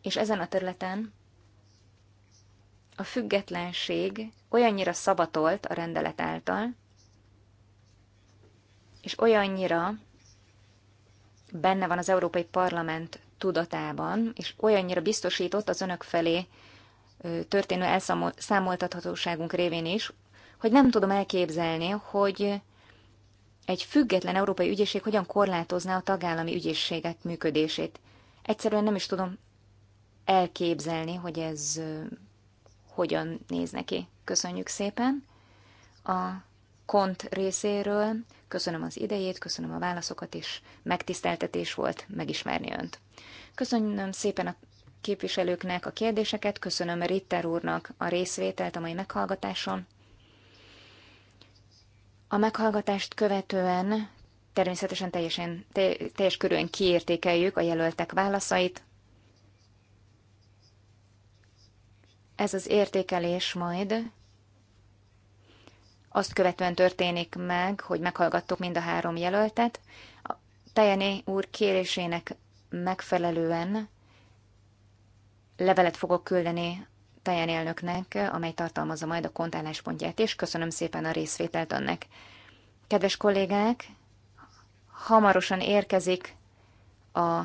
és ezen a területen a függetlenség olyannyira szabatolt a rendelet által, és olyannyira benne van az Európai Parlament tudatában, és olyannyira biztosított az önök felé történő elszámoltathatóságunk révén is, hogy nem tudom elképzelni, hogy egy független európai ügyészség hogyan korlátozná a tagállami ügyészségek működését. Egyszerűen nem is tudom elképzelni, hogy ez hogyan néz neki. Köszönjük szépen! A kont részéről köszönöm az idejét, köszönöm a válaszokat, és megtiszteltetés volt megismerni önt. Köszönöm szépen a képviselőknek a kérdéseket, köszönöm Ritter úrnak a részvételt a mai meghallgatáson. A meghallgatást követően természetesen teljesen, te, teljes körülön kiértékeljük a jelöltek válaszait. Ez az értékelés majd azt követően történik meg, hogy meghallgattuk mind a három jelöltet. A Tejené úr kérésének megfelelően levelet fogok küldeni Tajan elnöknek, amely tartalmazza majd a kont álláspontját is. Köszönöm szépen a részvételt önnek. Kedves kollégák, hamarosan érkezik a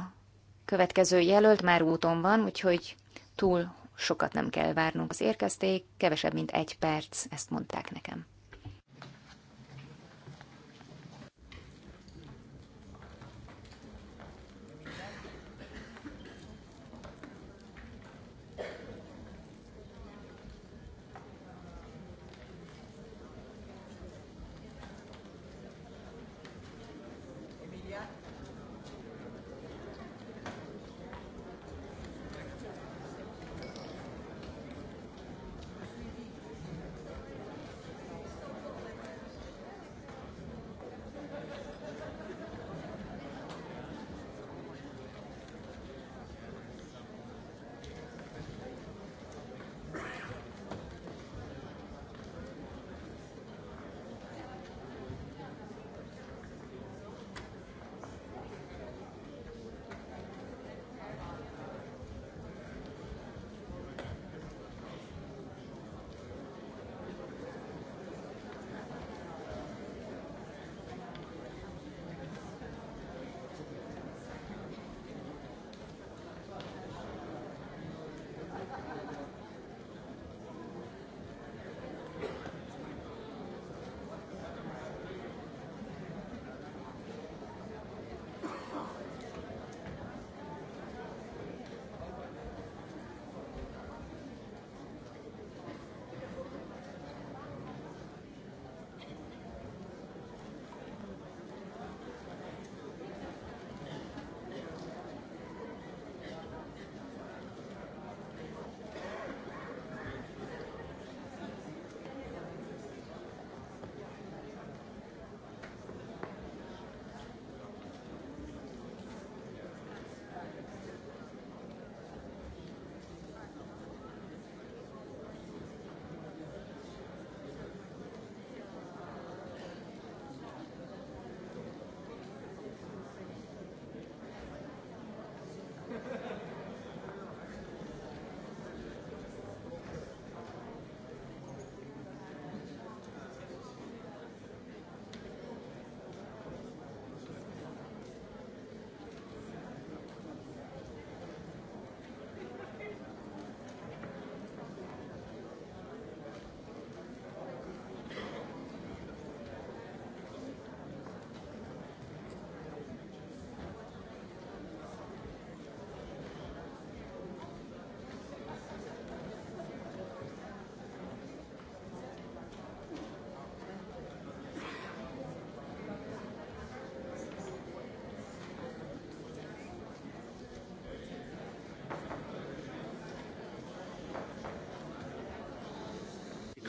következő jelölt, már úton van, úgyhogy túl sokat nem kell várnunk az érkezték, kevesebb, mint egy perc, ezt mondták nekem.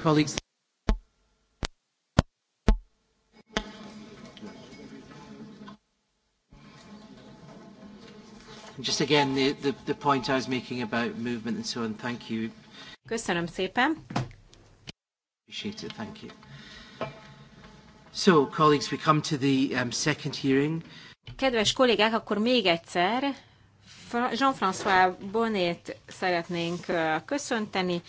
colleagues Just again, the, the, the point I was making about movement and so on, thank you. Köszönöm szépen. Appreciate it, thank you. So, colleagues, we come to the um, second hearing. Kedves kollégák, akkor még egyszer Jean-François Bonnet szeretnénk köszönteni,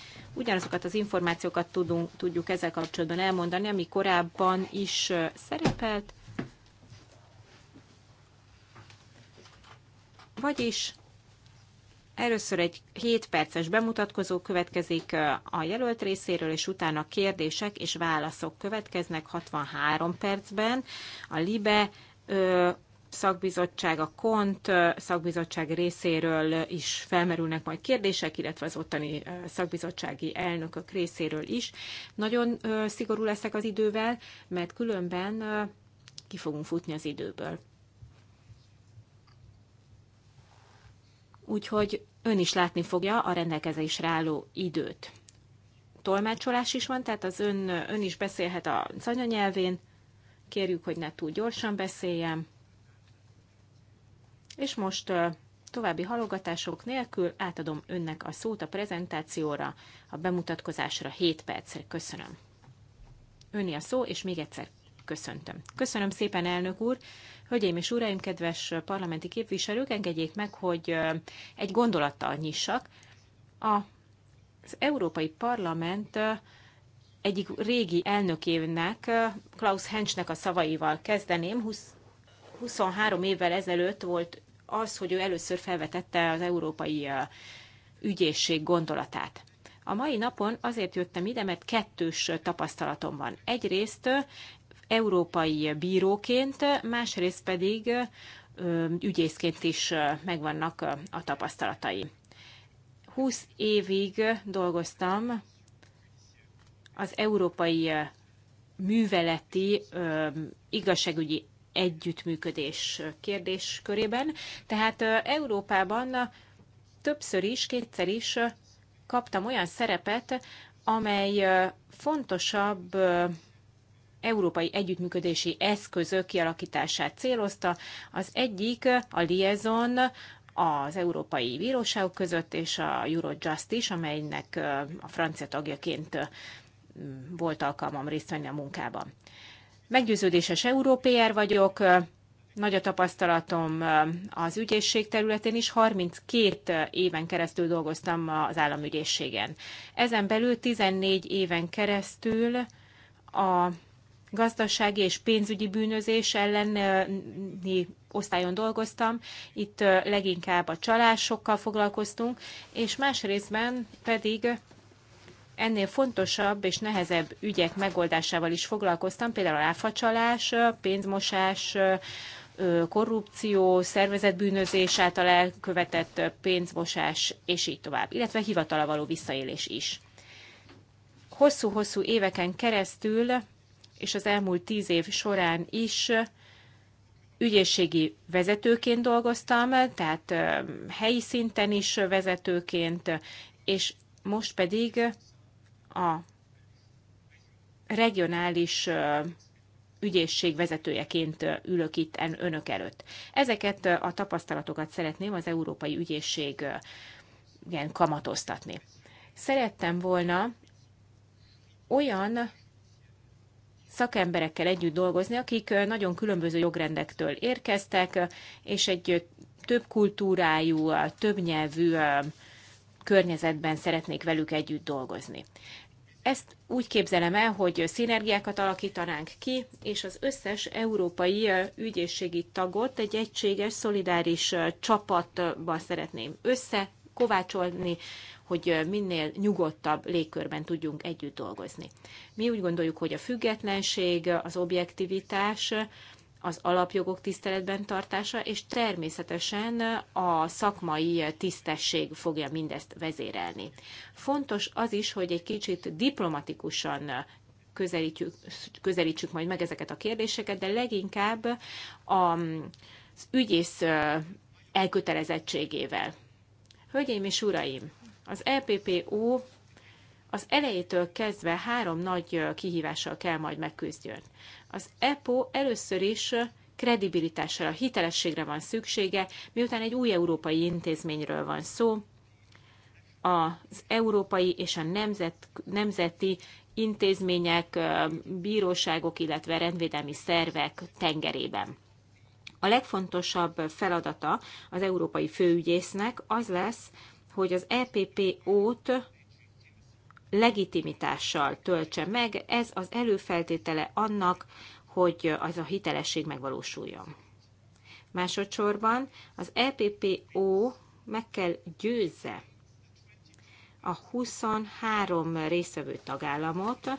ugyanazokat az információkat tudunk, tudjuk ezzel kapcsolatban elmondani, ami korábban is szerepelt, vagyis Először egy 7 perces bemutatkozó következik a jelölt részéről, és utána kérdések és válaszok következnek 63 percben. A LIBE szakbizottság, a KONT szakbizottság részéről is felmerülnek majd kérdések, illetve az ottani szakbizottsági elnökök részéről is. Nagyon szigorú leszek az idővel, mert különben ki fogunk futni az időből. Úgyhogy ön is látni fogja a rendelkezésre álló időt. Tolmácsolás is van, tehát az ön, ön is beszélhet a anyanyelvén. Kérjük, hogy ne túl gyorsan beszéljem és most további halogatások nélkül átadom önnek a szót a prezentációra, a bemutatkozásra 7 percre. Köszönöm. Önni a szó, és még egyszer köszöntöm. Köszönöm szépen, elnök úr! Hölgyeim és uraim, kedves parlamenti képviselők, engedjék meg, hogy egy gondolattal nyissak. Az Európai Parlament egyik régi elnökének, Klaus Henschnek a szavaival kezdeném, 20 23 évvel ezelőtt volt az, hogy ő először felvetette az európai ügyészség gondolatát. A mai napon azért jöttem ide, mert kettős tapasztalatom van. Egyrészt európai bíróként, másrészt pedig ügyészként is megvannak a tapasztalatai. 20 évig dolgoztam az európai műveleti igazságügyi együttműködés kérdéskörében. Tehát Európában többször is, kétszer is kaptam olyan szerepet, amely fontosabb európai együttműködési eszközök kialakítását célozta. Az egyik a liaison az Európai Bíróságok között és a Eurojust is, amelynek a francia tagjaként volt alkalmam részt venni a munkában. Meggyőződéses európér vagyok, nagy a tapasztalatom az ügyészség területén is, 32 éven keresztül dolgoztam az államügyészségen. Ezen belül 14 éven keresztül a gazdasági és pénzügyi bűnözés elleni osztályon dolgoztam, itt leginkább a csalásokkal foglalkoztunk, és másrésztben pedig ennél fontosabb és nehezebb ügyek megoldásával is foglalkoztam, például áfacsalás, pénzmosás, korrupció, szervezetbűnözés által elkövetett pénzmosás, és így tovább, illetve hivatala való visszaélés is. Hosszú-hosszú éveken keresztül, és az elmúlt tíz év során is ügyészségi vezetőként dolgoztam, tehát helyi szinten is vezetőként, és most pedig a regionális ügyészség vezetőjeként ülök itt önök előtt. Ezeket a tapasztalatokat szeretném az Európai Ügyészség igen, kamatoztatni. Szerettem volna olyan szakemberekkel együtt dolgozni, akik nagyon különböző jogrendektől érkeztek, és egy több kultúrájú, több nyelvű környezetben szeretnék velük együtt dolgozni. Ezt úgy képzelem el, hogy szinergiákat alakítanánk ki, és az összes európai ügyészségi tagot egy egységes, szolidáris csapatba szeretném összekovácsolni, hogy minél nyugodtabb légkörben tudjunk együtt dolgozni. Mi úgy gondoljuk, hogy a függetlenség, az objektivitás az alapjogok tiszteletben tartása, és természetesen a szakmai tisztesség fogja mindezt vezérelni. Fontos az is, hogy egy kicsit diplomatikusan közelítjük, közelítsük majd meg ezeket a kérdéseket, de leginkább az ügyész elkötelezettségével. Hölgyeim és uraim, az LPPO e az elejétől kezdve három nagy kihívással kell majd megküzdjön. Az EPO először is kredibilitásra, hitelességre van szüksége, miután egy új európai intézményről van szó, az európai és a nemzet, nemzeti intézmények, bíróságok, illetve rendvédelmi szervek tengerében. A legfontosabb feladata az európai főügyésznek az lesz, hogy az EPPO-t legitimitással töltse meg, ez az előfeltétele annak, hogy az a hitelesség megvalósuljon. Másodszorban az EPPO meg kell győzze a 23 részvevő tagállamot,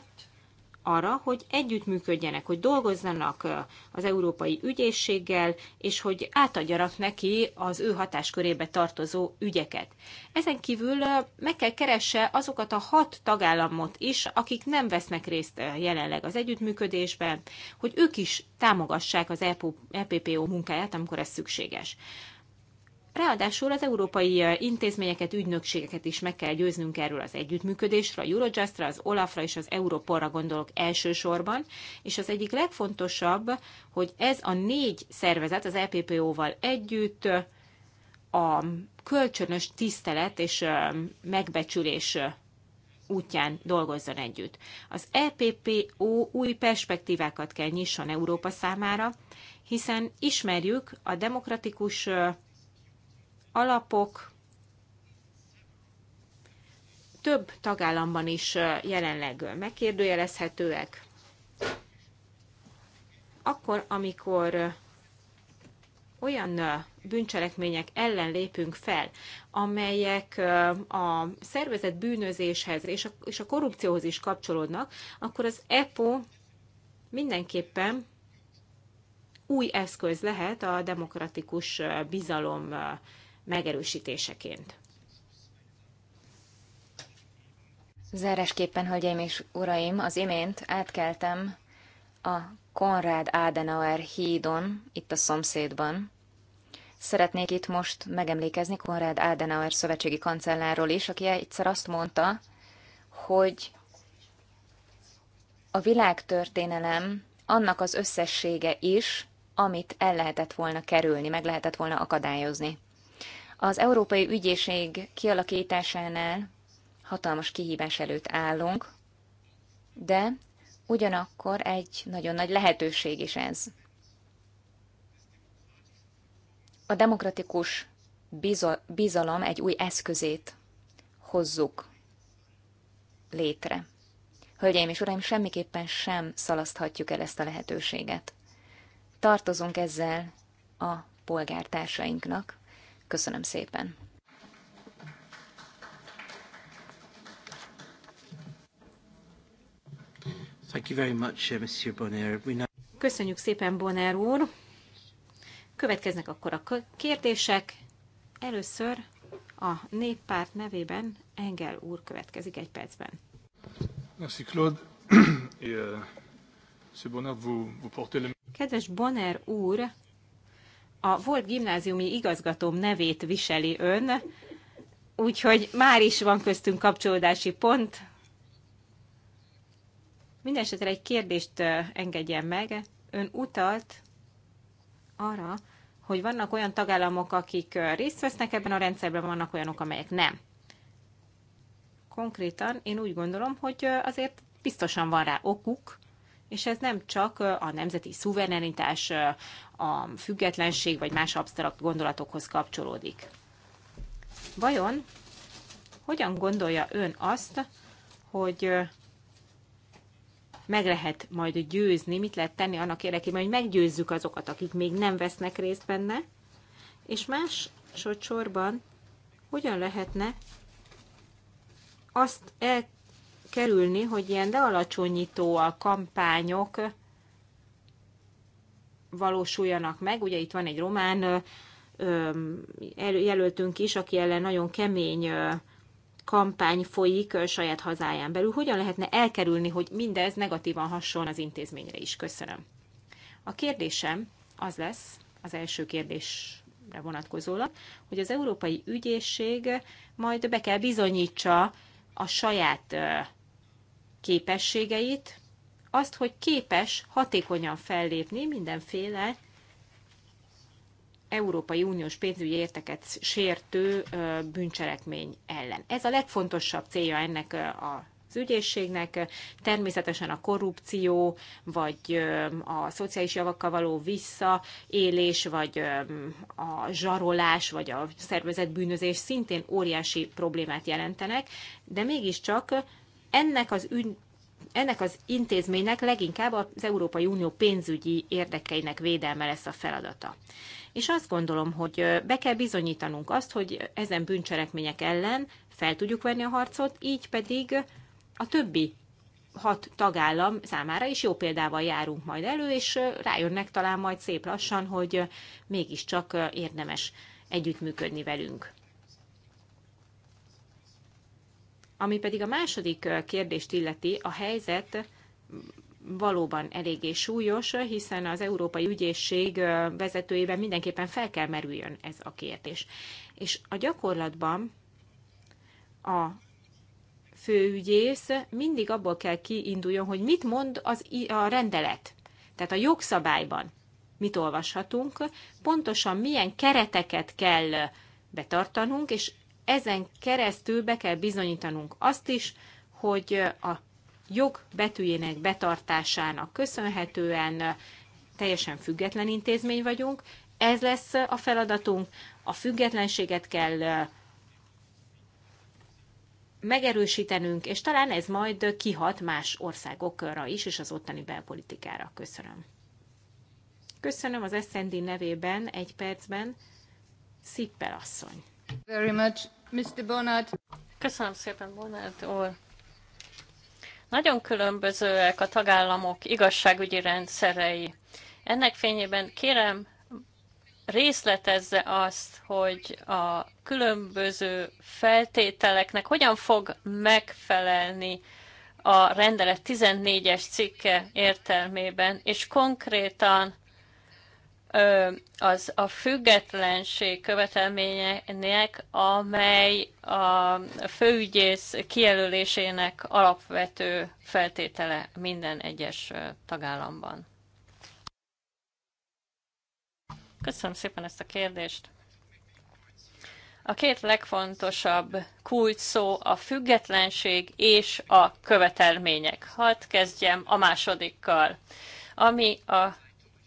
arra, hogy együttműködjenek, hogy dolgozzanak az Európai Ügyészséggel, és hogy átadjanak neki az ő hatáskörébe tartozó ügyeket. Ezen kívül meg kell keresse azokat a hat tagállamot is, akik nem vesznek részt jelenleg az együttműködésben, hogy ők is támogassák az EPPO munkáját, amikor ez szükséges. Ráadásul az európai intézményeket, ügynökségeket is meg kell győznünk erről az együttműködésre, a Eurojustra, az Olafra és az Europolra gondolok elsősorban, és az egyik legfontosabb, hogy ez a négy szervezet az EPPO-val együtt a kölcsönös tisztelet és megbecsülés útján dolgozzon együtt. Az EPPO új perspektívákat kell nyisson Európa számára, hiszen ismerjük a demokratikus alapok több tagállamban is jelenleg megkérdőjelezhetőek. Akkor, amikor olyan bűncselekmények ellen lépünk fel, amelyek a szervezet bűnözéshez és a, és a korrupcióhoz is kapcsolódnak, akkor az EPO mindenképpen új eszköz lehet a demokratikus bizalom megerősítéseként. Zárásképpen, hölgyeim és uraim, az imént átkeltem a Konrad Adenauer hídon, itt a szomszédban. Szeretnék itt most megemlékezni Konrad Adenauer szövetségi kancelláról is, aki egyszer azt mondta, hogy a világtörténelem annak az összessége is, amit el lehetett volna kerülni, meg lehetett volna akadályozni. Az Európai Ügyészség kialakításánál hatalmas kihívás előtt állunk, de ugyanakkor egy nagyon nagy lehetőség is ez. A demokratikus bizalom egy új eszközét hozzuk létre. Hölgyeim és uraim, semmiképpen sem szalaszthatjuk el ezt a lehetőséget. Tartozunk ezzel a polgártársainknak, Köszönöm szépen! Thank you very much, uh, Monsieur Bonner. We now... Köszönjük szépen, Bonner úr! Következnek akkor a kérdések. Először a néppárt nevében Engel úr következik egy percben. Merci Claude. Euh, vous le. Kedves Bonner úr, a volt gimnáziumi igazgatóm nevét viseli ön, úgyhogy már is van köztünk kapcsolódási pont. Mindenesetre egy kérdést engedjen meg. Ön utalt arra, hogy vannak olyan tagállamok, akik részt vesznek ebben a rendszerben, vannak olyanok, amelyek nem. Konkrétan én úgy gondolom, hogy azért biztosan van rá okuk, és ez nem csak a nemzeti szuverenitás, a függetlenség vagy más absztrakt gondolatokhoz kapcsolódik. Vajon hogyan gondolja ön azt, hogy meg lehet majd győzni, mit lehet tenni annak érdekében, hogy meggyőzzük azokat, akik még nem vesznek részt benne, és más sorban hogyan lehetne azt el kerülni, hogy ilyen lealacsonyító a kampányok valósuljanak meg. Ugye itt van egy román jelöltünk is, aki ellen nagyon kemény kampány folyik saját hazáján belül. Hogyan lehetne elkerülni, hogy mindez negatívan hasson az intézményre is? Köszönöm. A kérdésem az lesz, az első kérdésre vonatkozólag, hogy az Európai Ügyészség majd be kell bizonyítsa a saját képességeit, azt, hogy képes hatékonyan fellépni mindenféle Európai Uniós pénzügyi érteket sértő bűncselekmény ellen. Ez a legfontosabb célja ennek a az ügyészségnek, természetesen a korrupció, vagy a szociális javakkal való visszaélés, vagy a zsarolás, vagy a szervezetbűnözés szintén óriási problémát jelentenek, de mégiscsak ennek az ügy, ennek az intézménynek leginkább az Európai Unió pénzügyi érdekeinek védelme lesz a feladata. És azt gondolom, hogy be kell bizonyítanunk azt, hogy ezen bűncselekmények ellen fel tudjuk venni a harcot, így pedig a többi hat tagállam számára is jó példával járunk majd elő, és rájönnek talán majd szép lassan, hogy mégiscsak érdemes együttműködni velünk. Ami pedig a második kérdést illeti, a helyzet valóban eléggé súlyos, hiszen az Európai Ügyészség vezetőjében mindenképpen fel kell merüljön ez a kérdés. És a gyakorlatban a főügyész mindig abból kell kiinduljon, hogy mit mond az, a rendelet, tehát a jogszabályban mit olvashatunk, pontosan milyen kereteket kell betartanunk, és ezen keresztül be kell bizonyítanunk azt is, hogy a jog betűjének betartásának köszönhetően teljesen független intézmény vagyunk. Ez lesz a feladatunk. A függetlenséget kell megerősítenünk, és talán ez majd kihat más országokra is, és az ottani belpolitikára. Köszönöm. Köszönöm az SZND nevében egy percben. Szippel asszony. Very much, Mr. Bonard. Köszönöm szépen, Bonard úr. Nagyon különbözőek a tagállamok igazságügyi rendszerei. Ennek fényében kérem, részletezze azt, hogy a különböző feltételeknek hogyan fog megfelelni a rendelet 14-es cikke értelmében, és konkrétan az a függetlenség követelmények, amely a főügyész kijelölésének alapvető feltétele minden egyes tagállamban. Köszönöm szépen ezt a kérdést. A két legfontosabb kulcs szó a függetlenség és a követelmények. Hadd kezdjem a másodikkal. Ami a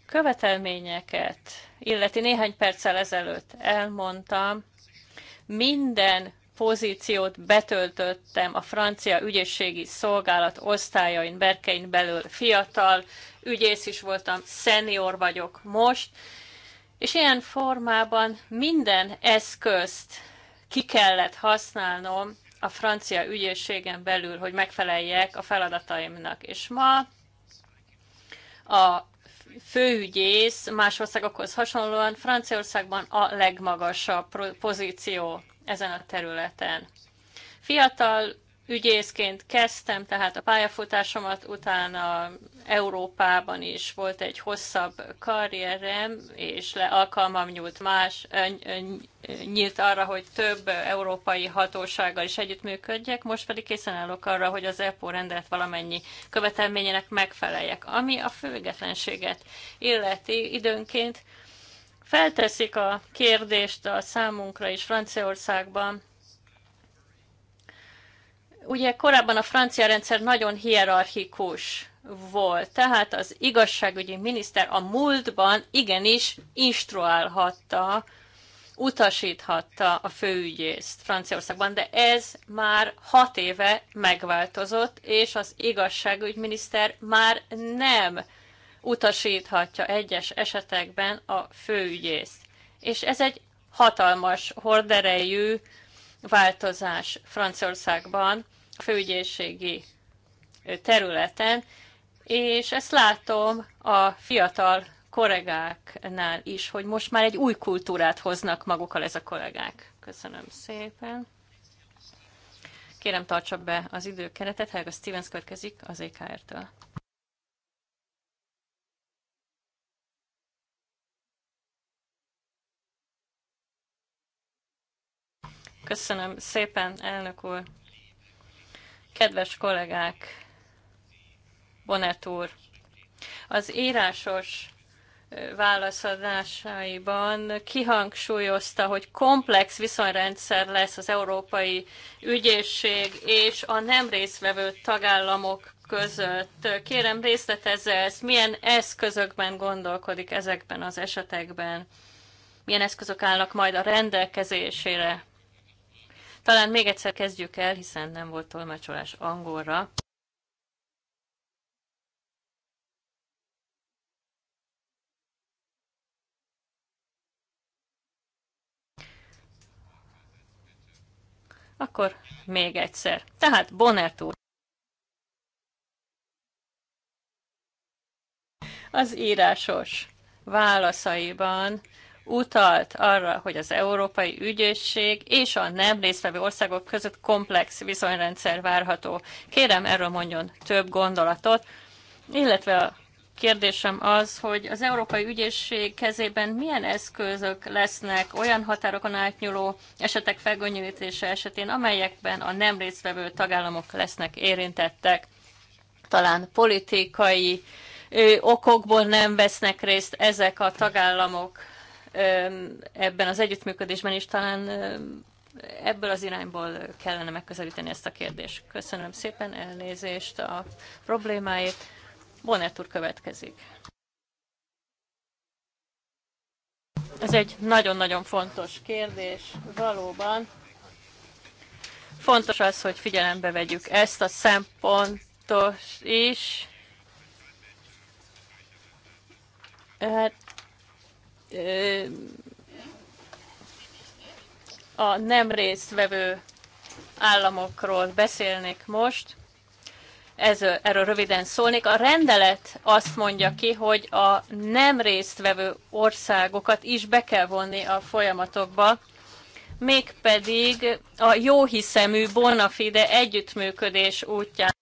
követelményeket illeti néhány perccel ezelőtt elmondtam, minden pozíciót betöltöttem a francia ügyészségi szolgálat osztályain, berkein belül fiatal, ügyész is voltam, szenior vagyok most, és ilyen formában minden eszközt ki kellett használnom a francia ügyészségen belül, hogy megfeleljek a feladataimnak. És ma a főügyész más országokhoz hasonlóan Franciaországban a legmagasabb pozíció ezen a területen. Fiatal ügyészként kezdtem, tehát a pályafutásomat utána Európában is volt egy hosszabb karrierem, és le alkalmam nyúlt más, nyílt arra, hogy több európai hatósággal is együttműködjek, most pedig készen állok arra, hogy az EPO rendelt valamennyi követelményének megfeleljek, ami a függetlenséget illeti időnként. Felteszik a kérdést a számunkra is Franciaországban, Ugye korábban a francia rendszer nagyon hierarchikus volt, tehát az igazságügyi miniszter a múltban igenis instruálhatta, utasíthatta a főügyészt Franciaországban, de ez már hat éve megváltozott, és az igazságügyminiszter már nem utasíthatja egyes esetekben a főügyészt. És ez egy hatalmas horderejű változás Franciaországban, a főügyészségi területen, és ezt látom a fiatal kollégáknál is, hogy most már egy új kultúrát hoznak magukkal ez a kollégák. Köszönöm szépen. Kérem, tartsa be az időkeretet. Helga Stevens következik az EKR-től. Köszönöm szépen, elnök úr. Kedves kollégák, Bonet úr, az írásos válaszadásaiban kihangsúlyozta, hogy komplex viszonyrendszer lesz az európai ügyészség és a nem résztvevő tagállamok között. Kérem részletezze ezt, milyen eszközökben gondolkodik ezekben az esetekben, milyen eszközök állnak majd a rendelkezésére talán még egyszer kezdjük el, hiszen nem volt tolmácsolás angolra. Akkor még egyszer. Tehát Bonert úr. Az írásos válaszaiban utalt arra, hogy az Európai Ügyészség és a nem résztvevő országok között komplex viszonyrendszer várható. Kérem, erről mondjon több gondolatot, illetve a kérdésem az, hogy az Európai Ügyészség kezében milyen eszközök lesznek olyan határokon átnyúló esetek felgöngyölítése esetén, amelyekben a nem résztvevő tagállamok lesznek érintettek. Talán politikai okokból nem vesznek részt ezek a tagállamok ebben az együttműködésben is talán ebből az irányból kellene megközelíteni ezt a kérdést. Köszönöm szépen, elnézést a problémáért. Bonnert úr következik. Ez egy nagyon-nagyon fontos kérdés, valóban. Fontos az, hogy figyelembe vegyük ezt a szempontos is. Hát a nem résztvevő államokról beszélnék most. Ez, erről röviden szólnék. A rendelet azt mondja ki, hogy a nem résztvevő országokat is be kell vonni a folyamatokba, mégpedig a jóhiszemű bonafide együttműködés útján.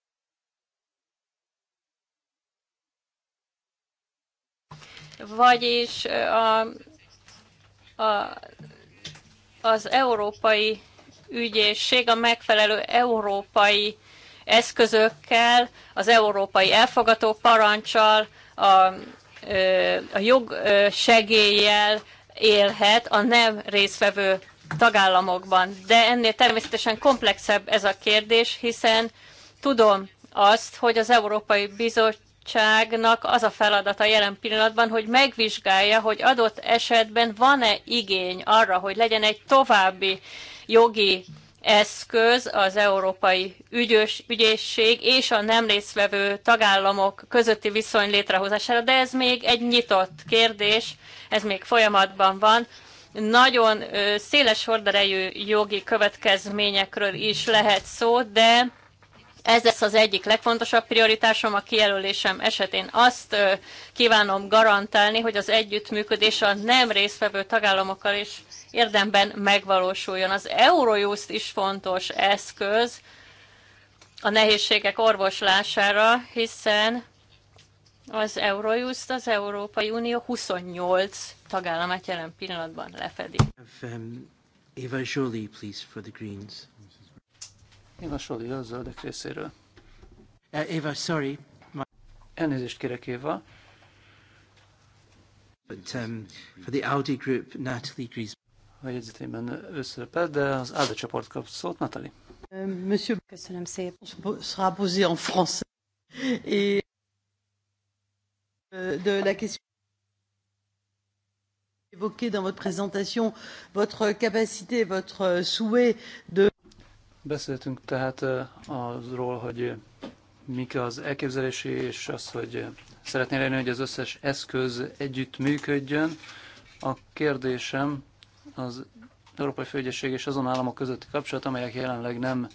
Vagyis a, a, az európai ügyészség a megfelelő európai eszközökkel, az európai elfogató parancsal, a, a jogsegéllyel élhet a nem részvevő tagállamokban. De ennél természetesen komplexebb ez a kérdés, hiszen tudom azt, hogy az Európai Bizottság bizottságnak az a feladata jelen pillanatban, hogy megvizsgálja, hogy adott esetben van-e igény arra, hogy legyen egy további jogi eszköz az Európai Ügyös, Ügyészség és a nem részvevő tagállamok közötti viszony létrehozására, de ez még egy nyitott kérdés, ez még folyamatban van. Nagyon széles horderejű jogi következményekről is lehet szó, de ez lesz az egyik legfontosabb prioritásom a kijelölésem esetén. Azt kívánom garantálni, hogy az együttműködés a nem résztvevő tagállamokkal is érdemben megvalósuljon. Az Eurojust is fontos eszköz a nehézségek orvoslására, hiszen az Eurojust az Európai Unió 28 tagállamát jelen pillanatban lefedi. Um, Eva Jolie, please, for the Greens. Éva Soli a zöldek részéről. Éva, uh, sorry. Elnézést kérek, Éva. But um, for the Audi group, Natalie Griesbeck. A jegyzetében összerepel, de az Alde csoport kap szót, Natalie. Um, monsieur, köszönöm szépen. Sera posé en français. Et euh, de la question évoquée dans votre présentation, votre capacité, votre souhait de Beszéltünk tehát azról, hogy mik az elképzelési, és az, hogy szeretnél lenni, hogy az összes eszköz együtt működjön. A kérdésem az Európai Főügyesség és azon államok közötti kapcsolat, amelyek jelenleg nem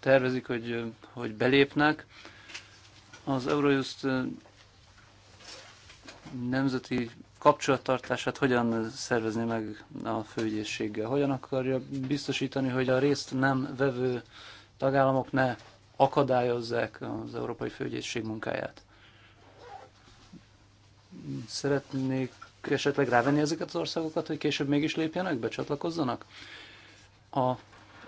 tervezik, hogy, hogy belépnek. Az Eurojust nemzeti kapcsolattartását hogyan szervezni meg a főügyészséggel? Hogyan akarja biztosítani, hogy a részt nem vevő tagállamok ne akadályozzák az Európai Főügyészség munkáját? Szeretnék esetleg rávenni ezeket az országokat, hogy később mégis lépjenek be, csatlakozzanak? A,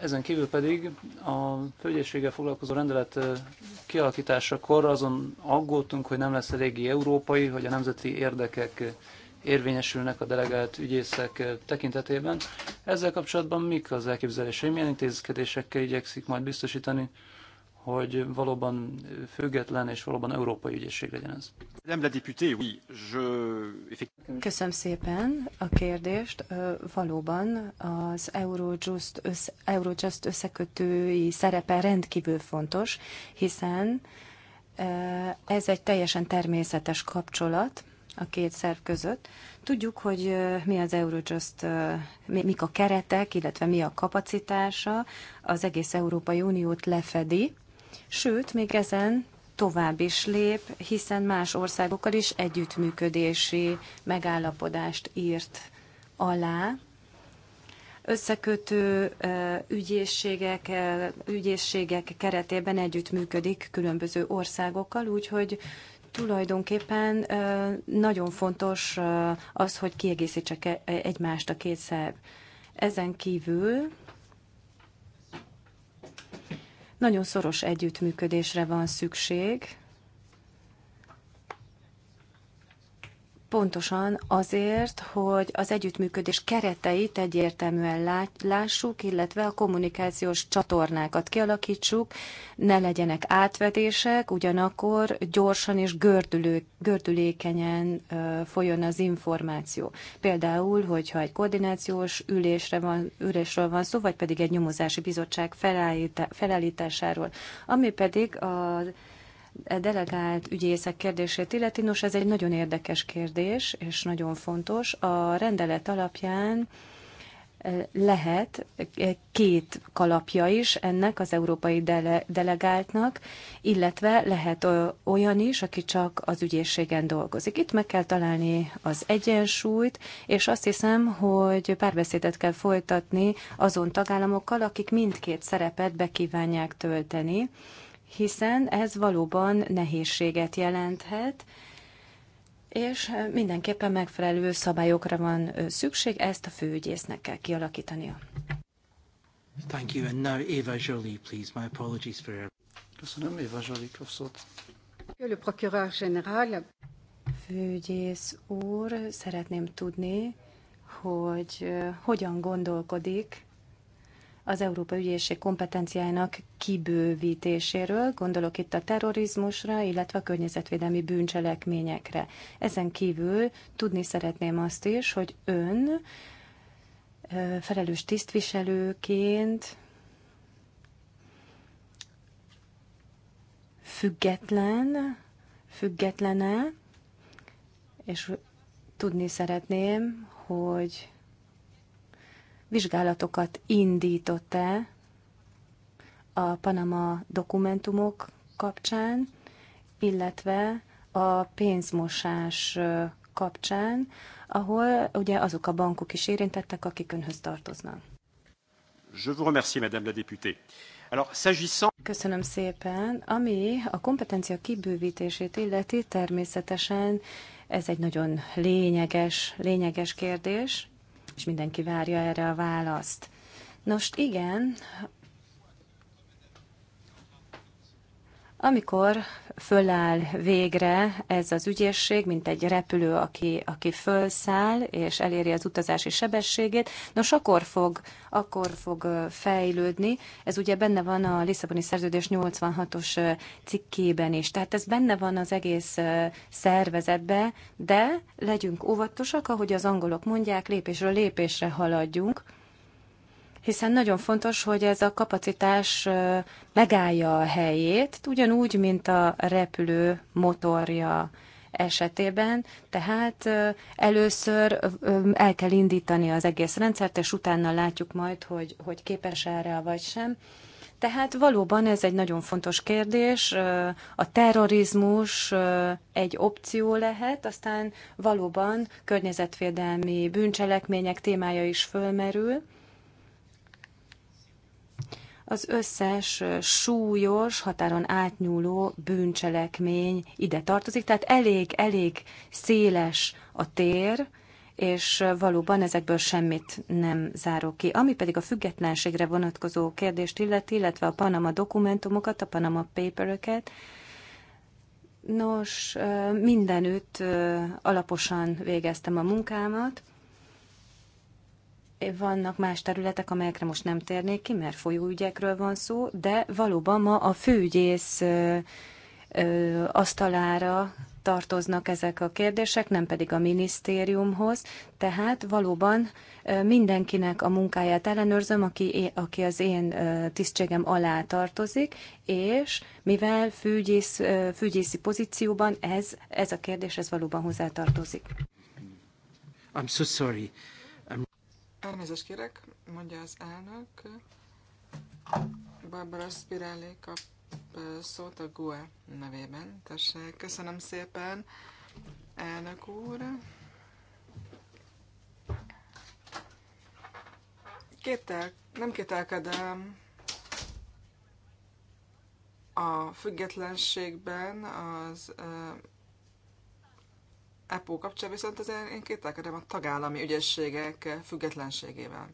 ezen kívül pedig a főgyészséggel foglalkozó rendelet kialakításakor azon aggódtunk, hogy nem lesz eléggé európai, hogy a nemzeti érdekek érvényesülnek a delegált ügyészek eh, tekintetében. Ezzel kapcsolatban mik az elképzelései, milyen intézkedésekkel igyekszik majd biztosítani, hogy valóban független és valóban európai ügyészség legyen ez? Köszönöm szépen a kérdést. Valóban az Eurojust, össze, Eurojust összekötői szerepe rendkívül fontos, hiszen ez egy teljesen természetes kapcsolat, a két szerv között. Tudjuk, hogy mi az Eurojust, mik a keretek, illetve mi a kapacitása, az egész Európai Uniót lefedi, sőt, még ezen tovább is lép, hiszen más országokkal is együttműködési megállapodást írt alá, összekötő ügyészségek, ügyészségek keretében együttműködik különböző országokkal, úgyhogy Tulajdonképpen nagyon fontos az, hogy kiegészítsek e, e, egymást a két szerv. Ezen kívül nagyon szoros együttműködésre van szükség pontosan azért, hogy az együttműködés kereteit egyértelműen lássuk, illetve a kommunikációs csatornákat kialakítsuk, ne legyenek átvedések, ugyanakkor gyorsan és gördülő, gördülékenyen folyjon az információ. Például, hogyha egy koordinációs ülésre van, ülésről van szó, vagy pedig egy nyomozási bizottság felállításáról, ami pedig a E, delegált ügyészek kérdését illeti, nos ez egy nagyon érdekes kérdés, és nagyon fontos. A rendelet alapján e, lehet e, két kalapja is ennek az európai dele- delegáltnak, illetve lehet olyan is, aki csak az ügyészségen dolgozik. Itt meg kell találni az egyensúlyt, és azt hiszem, hogy párbeszédet kell folytatni azon tagállamokkal, akik mindkét szerepet bekívánják tölteni hiszen ez valóban nehézséget jelenthet, és mindenképpen megfelelő szabályokra van szükség, ezt a főügyésznek kell kialakítania. Thank you, and now Eva Jolie, please. My apologies for her. Köszönöm, Eva Zsali Kropszot. Le procureur général. főügyész úr, szeretném tudni, hogy hogyan gondolkodik az Európai Ügyészség kompetenciájának kibővítéséről, gondolok itt a terrorizmusra, illetve a környezetvédelmi bűncselekményekre. Ezen kívül tudni szeretném azt is, hogy ön felelős tisztviselőként független, függetlene, és tudni szeretném, hogy vizsgálatokat indított e a Panama dokumentumok kapcsán, illetve a pénzmosás kapcsán, ahol ugye azok a bankok is érintettek, akik önhöz tartoznak. Je vous remercie, Madame la députée. Köszönöm szépen. Ami a kompetencia kibővítését illeti, természetesen ez egy nagyon lényeges, lényeges kérdés és mindenki várja erre a választ. Nos, igen, Amikor föláll végre ez az ügyészség, mint egy repülő, aki, aki fölszáll és eléri az utazási sebességét, nos, akkor fog, akkor fog fejlődni. Ez ugye benne van a Lisszaboni Szerződés 86-os cikkében is. Tehát ez benne van az egész szervezetbe, de legyünk óvatosak, ahogy az angolok mondják, lépésről lépésre haladjunk hiszen nagyon fontos, hogy ez a kapacitás megállja a helyét, ugyanúgy, mint a repülő motorja esetében, tehát először el kell indítani az egész rendszert, és utána látjuk majd, hogy, hogy képes erre vagy sem. Tehát valóban ez egy nagyon fontos kérdés. A terrorizmus egy opció lehet, aztán valóban környezetvédelmi bűncselekmények témája is fölmerül az összes súlyos, határon átnyúló bűncselekmény ide tartozik, tehát elég, elég széles a tér, és valóban ezekből semmit nem zárok ki. Ami pedig a függetlenségre vonatkozó kérdést illeti, illetve a Panama dokumentumokat, a Panama paperöket, nos, mindenütt alaposan végeztem a munkámat, vannak más területek, amelyekre most nem térnék ki, mert folyóügyekről van szó, de valóban ma a főügyész asztalára tartoznak ezek a kérdések, nem pedig a minisztériumhoz. Tehát valóban mindenkinek a munkáját ellenőrzöm, aki, aki az én tisztségem alá tartozik, és mivel fűgyész, fűgyészi pozícióban ez, ez a kérdés, ez valóban hozzá tartozik. I'm so sorry. I'm... Elnézést kérek, mondja az elnök. Barbara Spirelli kap szót a GUE nevében. Tessék, köszönöm szépen, elnök úr. Kétel, nem kételkedem a függetlenségben, az EPO kapcsán viszont ezen én kételkedem a tagállami ügyességek függetlenségével.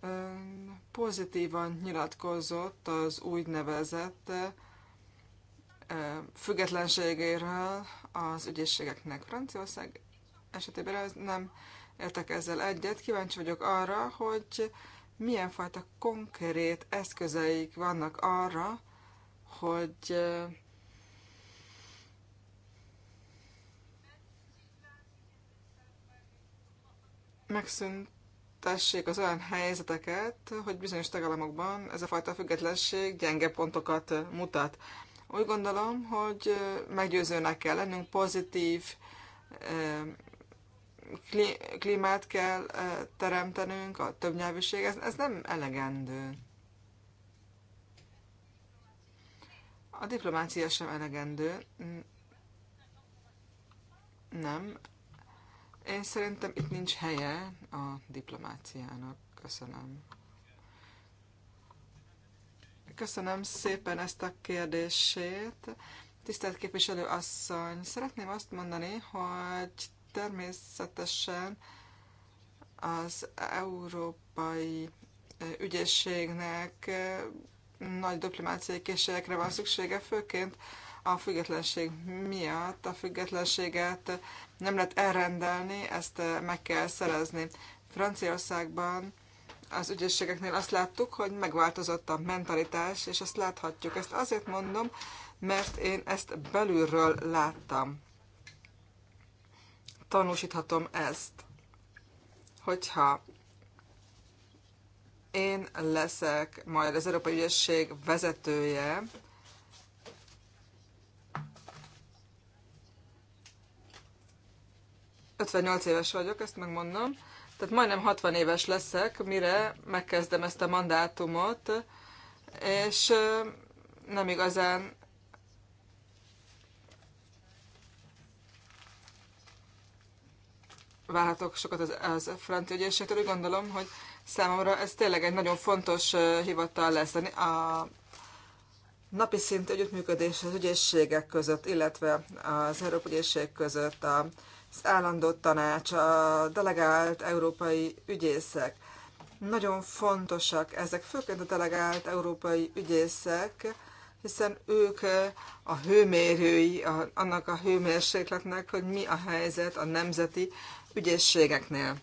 Ön pozitívan nyilatkozott az úgynevezett függetlenségéről az ügyészségeknek. Franciaország esetében ez nem értek ezzel egyet. Kíváncsi vagyok arra, hogy milyen fajta konkrét eszközeik vannak arra, hogy megszüntessék az olyan helyzeteket, hogy bizonyos tagállamokban ez a fajta függetlenség gyenge pontokat mutat. Úgy gondolom, hogy meggyőzőnek kell lennünk, pozitív klímát kell teremtenünk, a többnyelvűség, ez, ez nem elegendő. A diplomácia sem elegendő. Nem, én szerintem itt nincs helye a diplomáciának. Köszönöm. Köszönöm szépen ezt a kérdését. Tisztelt képviselő asszony, szeretném azt mondani, hogy természetesen az európai ügyészségnek nagy diplomáciai készségekre van szüksége, főként a függetlenség miatt. A függetlenséget nem lehet elrendelni, ezt eh, meg kell szerezni. Franciaországban az ügyességeknél azt láttuk, hogy megváltozott a mentalitás, és ezt láthatjuk. Ezt azért mondom, mert én ezt belülről láttam. Tanúsíthatom ezt, hogyha én leszek majd az Európai Ügyesség vezetője, 58 éves vagyok, ezt megmondom, tehát majdnem 60 éves leszek, mire megkezdem ezt a mandátumot, és nem igazán várhatok sokat az, az francia ügyészségtől. Úgy gondolom, hogy számomra ez tényleg egy nagyon fontos hivatal lesz. A napi szintű együttműködés az ügyészségek között, illetve az Európa Ügyészség között, a az állandó tanács, a delegált európai ügyészek. Nagyon fontosak ezek, főként a delegált európai ügyészek, hiszen ők a hőmérői, a, annak a hőmérsékletnek, hogy mi a helyzet a nemzeti ügyészségeknél.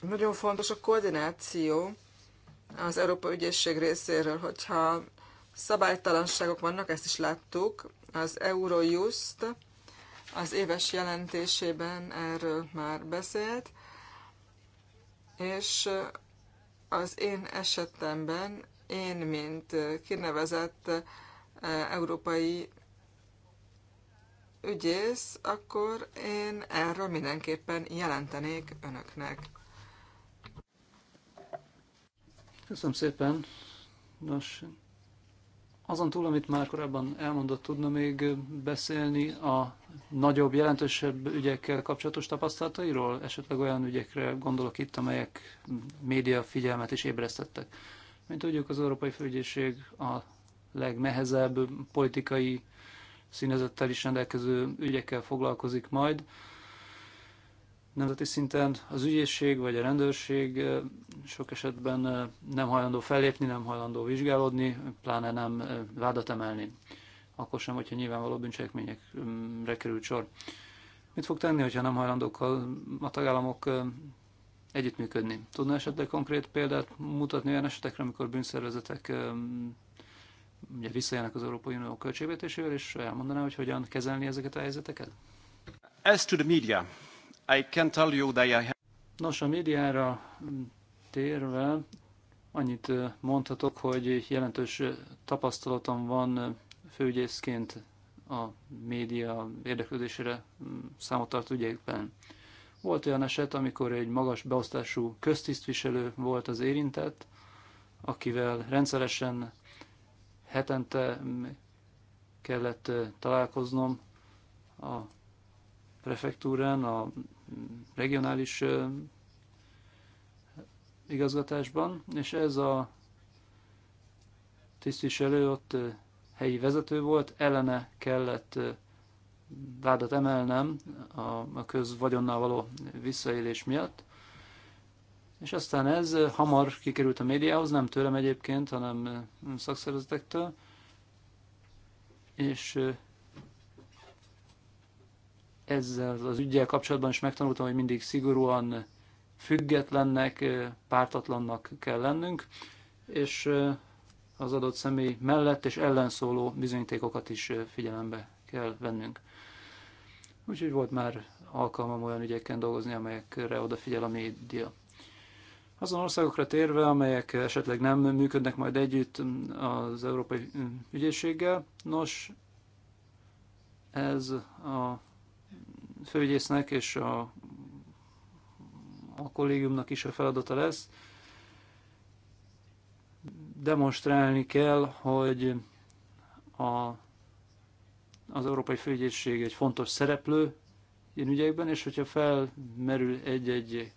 Nagyon fontos a koordináció az Európa Ügyészség részéről, hogyha szabálytalanságok vannak, ezt is láttuk, az Eurojust az éves jelentésében erről már beszélt, és az én esetemben én, mint kinevezett eh, európai ügyész, akkor én erről mindenképpen jelentenék önöknek. Köszönöm szépen. Nos, azon túl, amit már korábban elmondott, tudna még beszélni a nagyobb, jelentősebb ügyekkel kapcsolatos tapasztalatairól? Esetleg olyan ügyekre gondolok itt, amelyek média figyelmet is ébresztettek. Mint tudjuk, az Európai Főügyészség a legnehezebb politikai színezettel is rendelkező ügyekkel foglalkozik majd. Nemzeti szinten az ügyészség vagy a rendőrség sok esetben nem hajlandó fellépni, nem hajlandó vizsgálódni, pláne nem vádat emelni. Akkor sem, hogyha nyilvánvaló bűncselekményekre kerül sor. Mit fog tenni, hogyha nem hajlandók a tagállamok együttműködni? Tudna esetleg konkrét példát mutatni olyan esetekre, amikor bűnszervezetek ugye visszajönnek az Európai Unió költségvetésével, és elmondaná, hogy hogyan kezelni ezeket a helyzeteket? As to the media. I can tell you that I have... Nos, a médiára térve annyit mondhatok, hogy jelentős tapasztalatom van főügyészként a média érdeklődésére számotart ügyekben. Volt olyan eset, amikor egy magas beosztású köztisztviselő volt az érintett, akivel rendszeresen hetente kellett találkoznom a prefektúrán, a regionális igazgatásban, és ez a tisztviselő ott helyi vezető volt, ellene kellett vádat emelnem a közvagyonnal való visszaélés miatt, és aztán ez hamar kikerült a médiához, nem tőlem egyébként, hanem szakszervezetektől, és ezzel az ügyel kapcsolatban is megtanultam, hogy mindig szigorúan függetlennek, pártatlannak kell lennünk, és az adott személy mellett és ellenszóló bizonyítékokat is figyelembe kell vennünk. Úgyhogy volt már alkalmam olyan ügyekkel dolgozni, amelyekre odafigyel a média. Azon országokra térve, amelyek esetleg nem működnek majd együtt az Európai Ügyészséggel, nos, ez a főgyésznek és a, a kollégiumnak is a feladata lesz. Demonstrálni kell, hogy a, az Európai Főgyészség egy fontos szereplő ilyen ügyekben, és hogyha felmerül egy-egy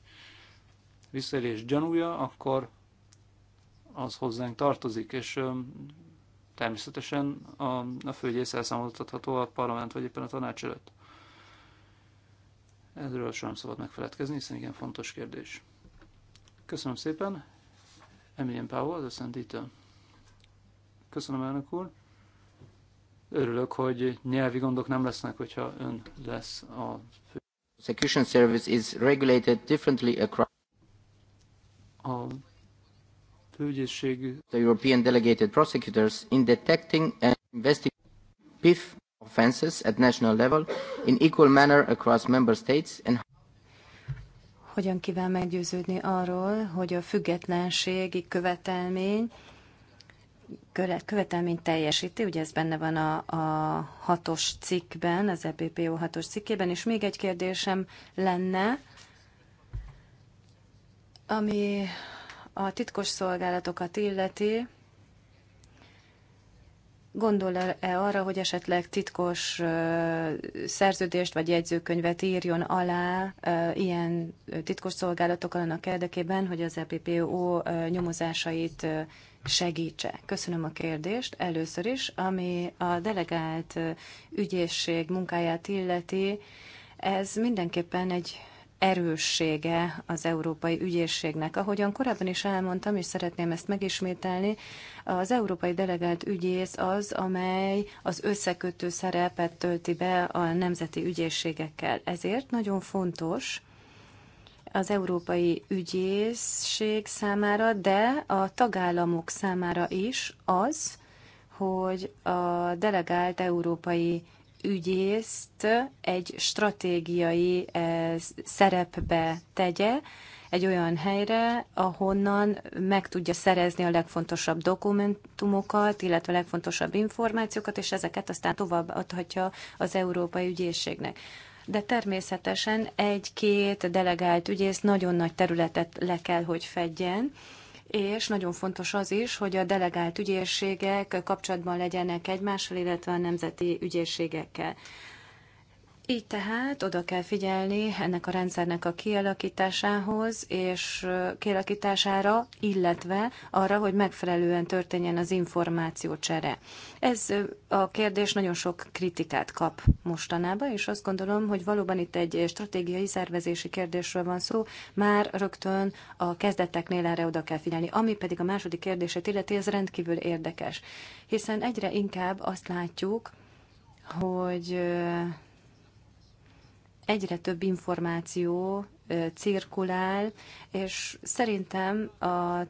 visszaélés gyanúja, akkor az hozzánk tartozik, és természetesen a, a főgyész elszámoltatható a parlament vagy éppen a tanács előtt. Erről sem szabad megfeledkezni, hiszen igen fontos kérdés. Köszönöm szépen. Emilien Powell, az Szentítől. Köszönöm, elnök úr. Örülök, hogy nyelvi gondok nem lesznek, hogyha ön lesz a fő. Execution service is regulated differently across a főügyészség the European Delegated Prosecutors in detecting and investigating PIF offenses at national level in equal manner across member states and hogyan kíván meggyőződni arról, hogy a függetlenségi követelmény követelmény teljesíti, ugye ez benne van a, a hatos cikkben, az EPPO hatos cikkében, és még egy kérdésem lenne, ami a titkos szolgálatokat illeti, Gondol-e arra, hogy esetleg titkos szerződést vagy jegyzőkönyvet írjon alá ilyen titkos szolgálatok annak érdekében, hogy az EPPO nyomozásait segítse? Köszönöm a kérdést először is, ami a delegált ügyészség munkáját illeti. Ez mindenképpen egy erőssége az Európai Ügyészségnek. Ahogyan korábban is elmondtam, és szeretném ezt megismételni, az Európai Delegált Ügyész az, amely az összekötő szerepet tölti be a nemzeti ügyészségekkel. Ezért nagyon fontos, az európai ügyészség számára, de a tagállamok számára is az, hogy a delegált európai ügyészt egy stratégiai eh, szerepbe tegye, egy olyan helyre, ahonnan meg tudja szerezni a legfontosabb dokumentumokat, illetve a legfontosabb információkat, és ezeket aztán tovább adhatja az Európai Ügyészségnek. De természetesen egy-két delegált ügyész nagyon nagy területet le kell, hogy fedjen, és nagyon fontos az is, hogy a delegált ügyészségek kapcsolatban legyenek egymással, illetve a nemzeti ügyészségekkel. Így tehát oda kell figyelni ennek a rendszernek a kialakításához és kialakítására, illetve arra, hogy megfelelően történjen az információcsere. Ez a kérdés nagyon sok kritikát kap mostanában, és azt gondolom, hogy valóban itt egy stratégiai szervezési kérdésről van szó, már rögtön a kezdeteknél erre oda kell figyelni. Ami pedig a második kérdését illeti, ez rendkívül érdekes, hiszen egyre inkább azt látjuk, hogy egyre több információ cirkulál, és szerintem a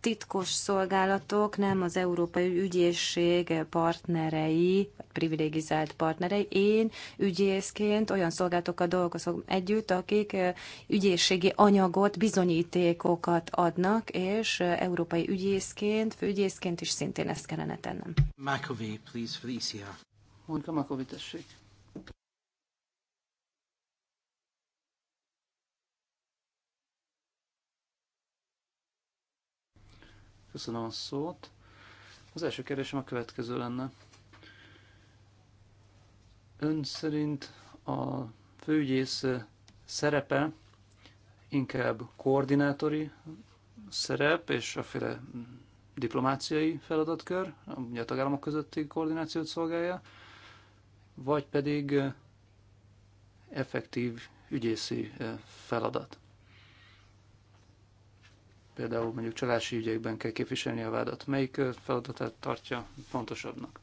titkos szolgálatok nem az Európai Ügyészség partnerei, vagy privilegizált partnerei. Én ügyészként olyan szolgálatokkal dolgozom együtt, akik ügyészségi anyagot, bizonyítékokat adnak, és európai ügyészként, főügyészként is szintén ezt kellene tennem. Makové, please, for the ECR. Monika Makové, tessék. Köszönöm a szót. Az első kérdésem a következő lenne. Ön szerint a főügyész szerepe inkább koordinátori szerep és a féle diplomáciai feladatkör, ugye a tagállamok közötti koordinációt szolgálja, vagy pedig effektív ügyészi eh, feladat például mondjuk csalási ügyekben kell képviselni a vádat, melyik feladatát tartja fontosabbnak?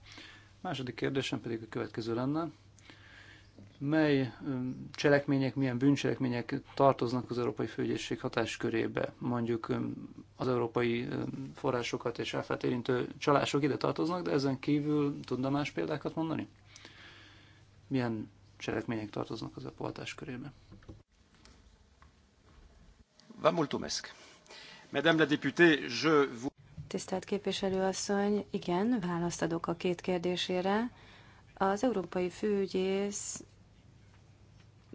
Második kérdésem pedig a következő lenne. Mely cselekmények, milyen bűncselekmények tartoznak az Európai Főügyészség hatáskörébe? Mondjuk az európai forrásokat és áfát érintő csalások ide tartoznak, de ezen kívül tudna más példákat mondani? Milyen cselekmények tartoznak az EPO hatáskörébe? Vă mulțumesc! Madame la députée, je vous... Tisztelt képviselőasszony, igen, választ adok a két kérdésére. Az európai főügyész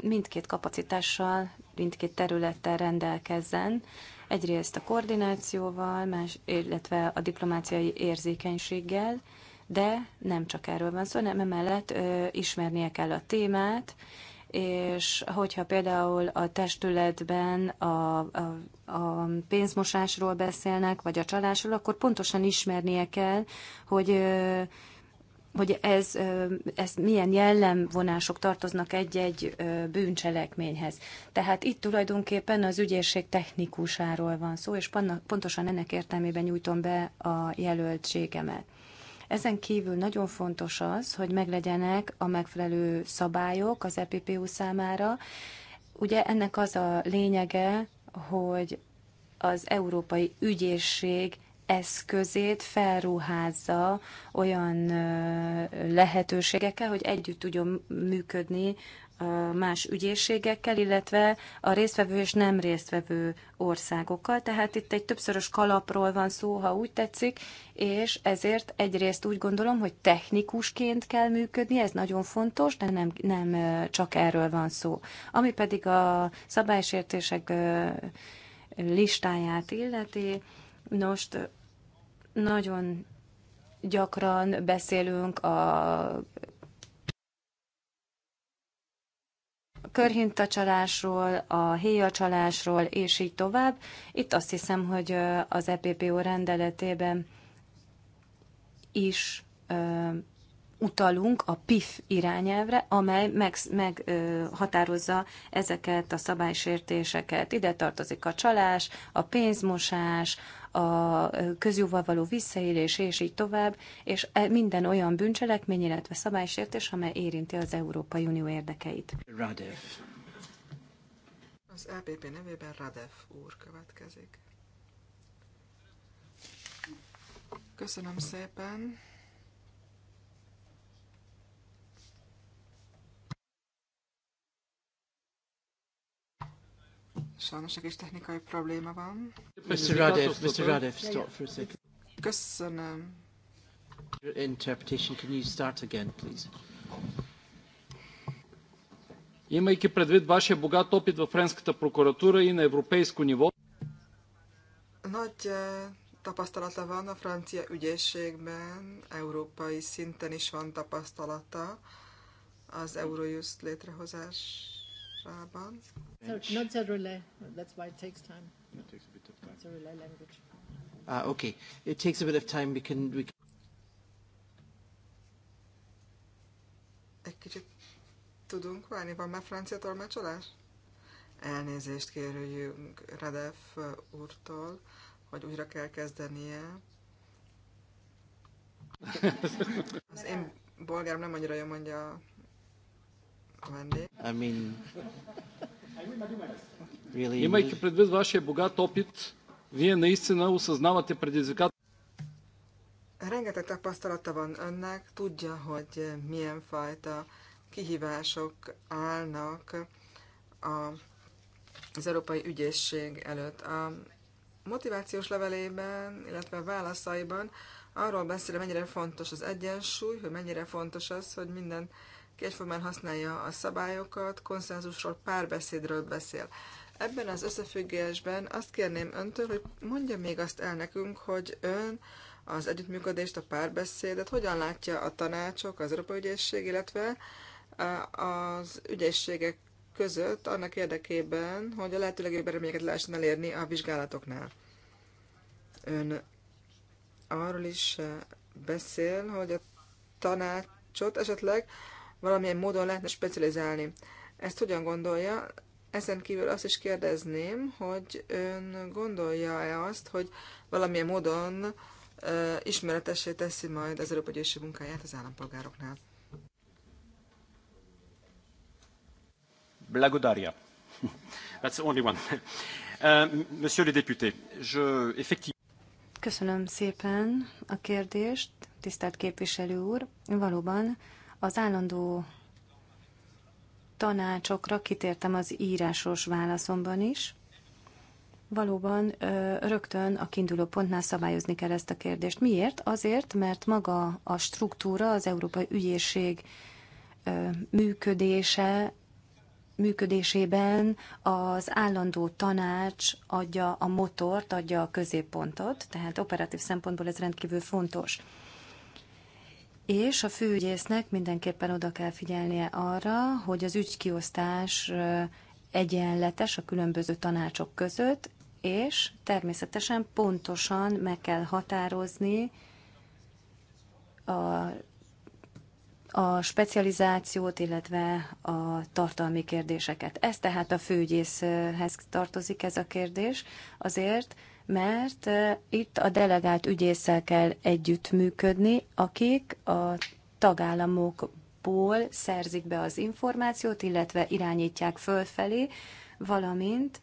mindkét kapacitással, mindkét területtel rendelkezzen. Egyrészt a koordinációval, más, illetve a diplomáciai érzékenységgel, de nem csak erről van szó, hanem emellett ö, ismernie kell a témát, és hogyha például a testületben a, a, a pénzmosásról beszélnek, vagy a csalásról, akkor pontosan ismernie kell, hogy hogy ez, ez milyen jellemvonások tartoznak egy-egy bűncselekményhez. Tehát itt tulajdonképpen az ügyészség technikusáról van szó, és pontosan ennek értelmében nyújtom be a jelöltségemet. Ezen kívül nagyon fontos az, hogy meglegyenek a megfelelő szabályok az EPPU számára. Ugye ennek az a lényege, hogy az Európai Ügyészség eszközét felruházza olyan lehetőségekkel, hogy együtt tudjon működni más ügyészségekkel, illetve a résztvevő és nem résztvevő országokkal. Tehát itt egy többszörös kalapról van szó, ha úgy tetszik, és ezért egyrészt úgy gondolom, hogy technikusként kell működni, ez nagyon fontos, de nem, nem csak erről van szó. Ami pedig a szabálysértések listáját illeti, most nagyon gyakran beszélünk a körhintacsalásról, a héjacsalásról, és így tovább. Itt azt hiszem, hogy az EPPO rendeletében is utalunk a PIF irányelvre, amely meghatározza meg, ezeket a szabálysértéseket. Ide tartozik a csalás, a pénzmosás, a közjóval való visszaélés, és így tovább, és e minden olyan bűncselekmény, illetve szabálysértés, amely érinti az Európai Unió érdekeit. Radev. Az EPP nevében Radev úr következik. Köszönöm szépen. Sajnos egy kis technikai probléma van. Mr. Radev, Mr. Radev, stop for a second. Köszönöm. Your interpretation, can you start again, please? Имайки предвид вашия богат опит в Френската прокуратура и на европейско ниво. Nagy tapasztalata van a francia ügyészségben, európai szinten is van tapasztalata az Eurojust létrehozás Rában. So, not the relay, that's why it takes time. It takes a bit of time. It's a relay language. Ah, okay. It takes a bit of time. We can, we can... Egy kicsit tudunk válni? van már francia tolmácsolás? Elnézést kérjük Radev úrtól, hogy újra kell kezdenie. Az én bolgárom nem annyira jól mondja I mean... Имайки предвид вашия богат опит, вие наистина осъзнавате предизвикателството. Rengeteg tapasztalata van önnek, tudja, hogy milyen fajta kihívások állnak a, az Európai Ügyészség előtt. A motivációs levelében, illetve a válaszaiban arról beszél, mennyire fontos az egyensúly, hogy mennyire fontos az, hogy minden egyformán használja a szabályokat, konszenzusról, párbeszédről beszél. Ebben az összefüggésben azt kérném öntől, hogy mondja még azt el nekünk, hogy ön az együttműködést, a párbeszédet hogyan látja a tanácsok, az Európai Ügyészség, illetve e, az ügyészségek között annak érdekében, hogy a lehető legjobb eredményeket lehessen elérni a vizsgálatoknál. Ön arról is e, beszél, hogy a tanácsot esetleg valamilyen módon lehetne specializálni. Ezt hogyan gondolja? Ezen kívül azt is kérdezném, hogy ön gondolja-e azt, hogy valamilyen módon uh, ismeretessé teszi majd az Európai Győzsi munkáját az állampolgároknál. Blagodaria. That's the only one. Uh, monsieur le député, je, effectivement... Köszönöm szépen a kérdést, tisztelt képviselő úr. Valóban az állandó tanácsokra kitértem az írásos válaszomban is. Valóban rögtön a kiinduló pontnál szabályozni kell ezt a kérdést. Miért? Azért, mert maga a struktúra, az Európai Ügyészség működése, működésében az állandó tanács adja a motort, adja a középpontot, tehát operatív szempontból ez rendkívül fontos és a főügyésznek mindenképpen oda kell figyelnie arra, hogy az ügykiosztás egyenletes a különböző tanácsok között, és természetesen pontosan meg kell határozni a, a specializációt, illetve a tartalmi kérdéseket. Ez tehát a főügyészhez tartozik ez a kérdés, azért, mert itt a delegált ügyészel kell együttműködni, akik a tagállamokból szerzik be az információt, illetve irányítják fölfelé, valamint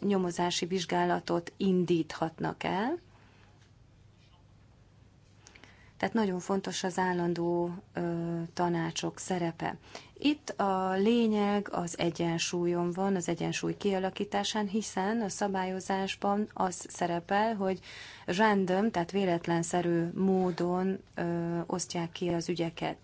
nyomozási vizsgálatot indíthatnak el. Tehát nagyon fontos az állandó ö, tanácsok szerepe. Itt a lényeg az egyensúlyon van, az egyensúly kialakításán, hiszen a szabályozásban az szerepel, hogy random, tehát véletlenszerű módon ö, osztják ki az ügyeket.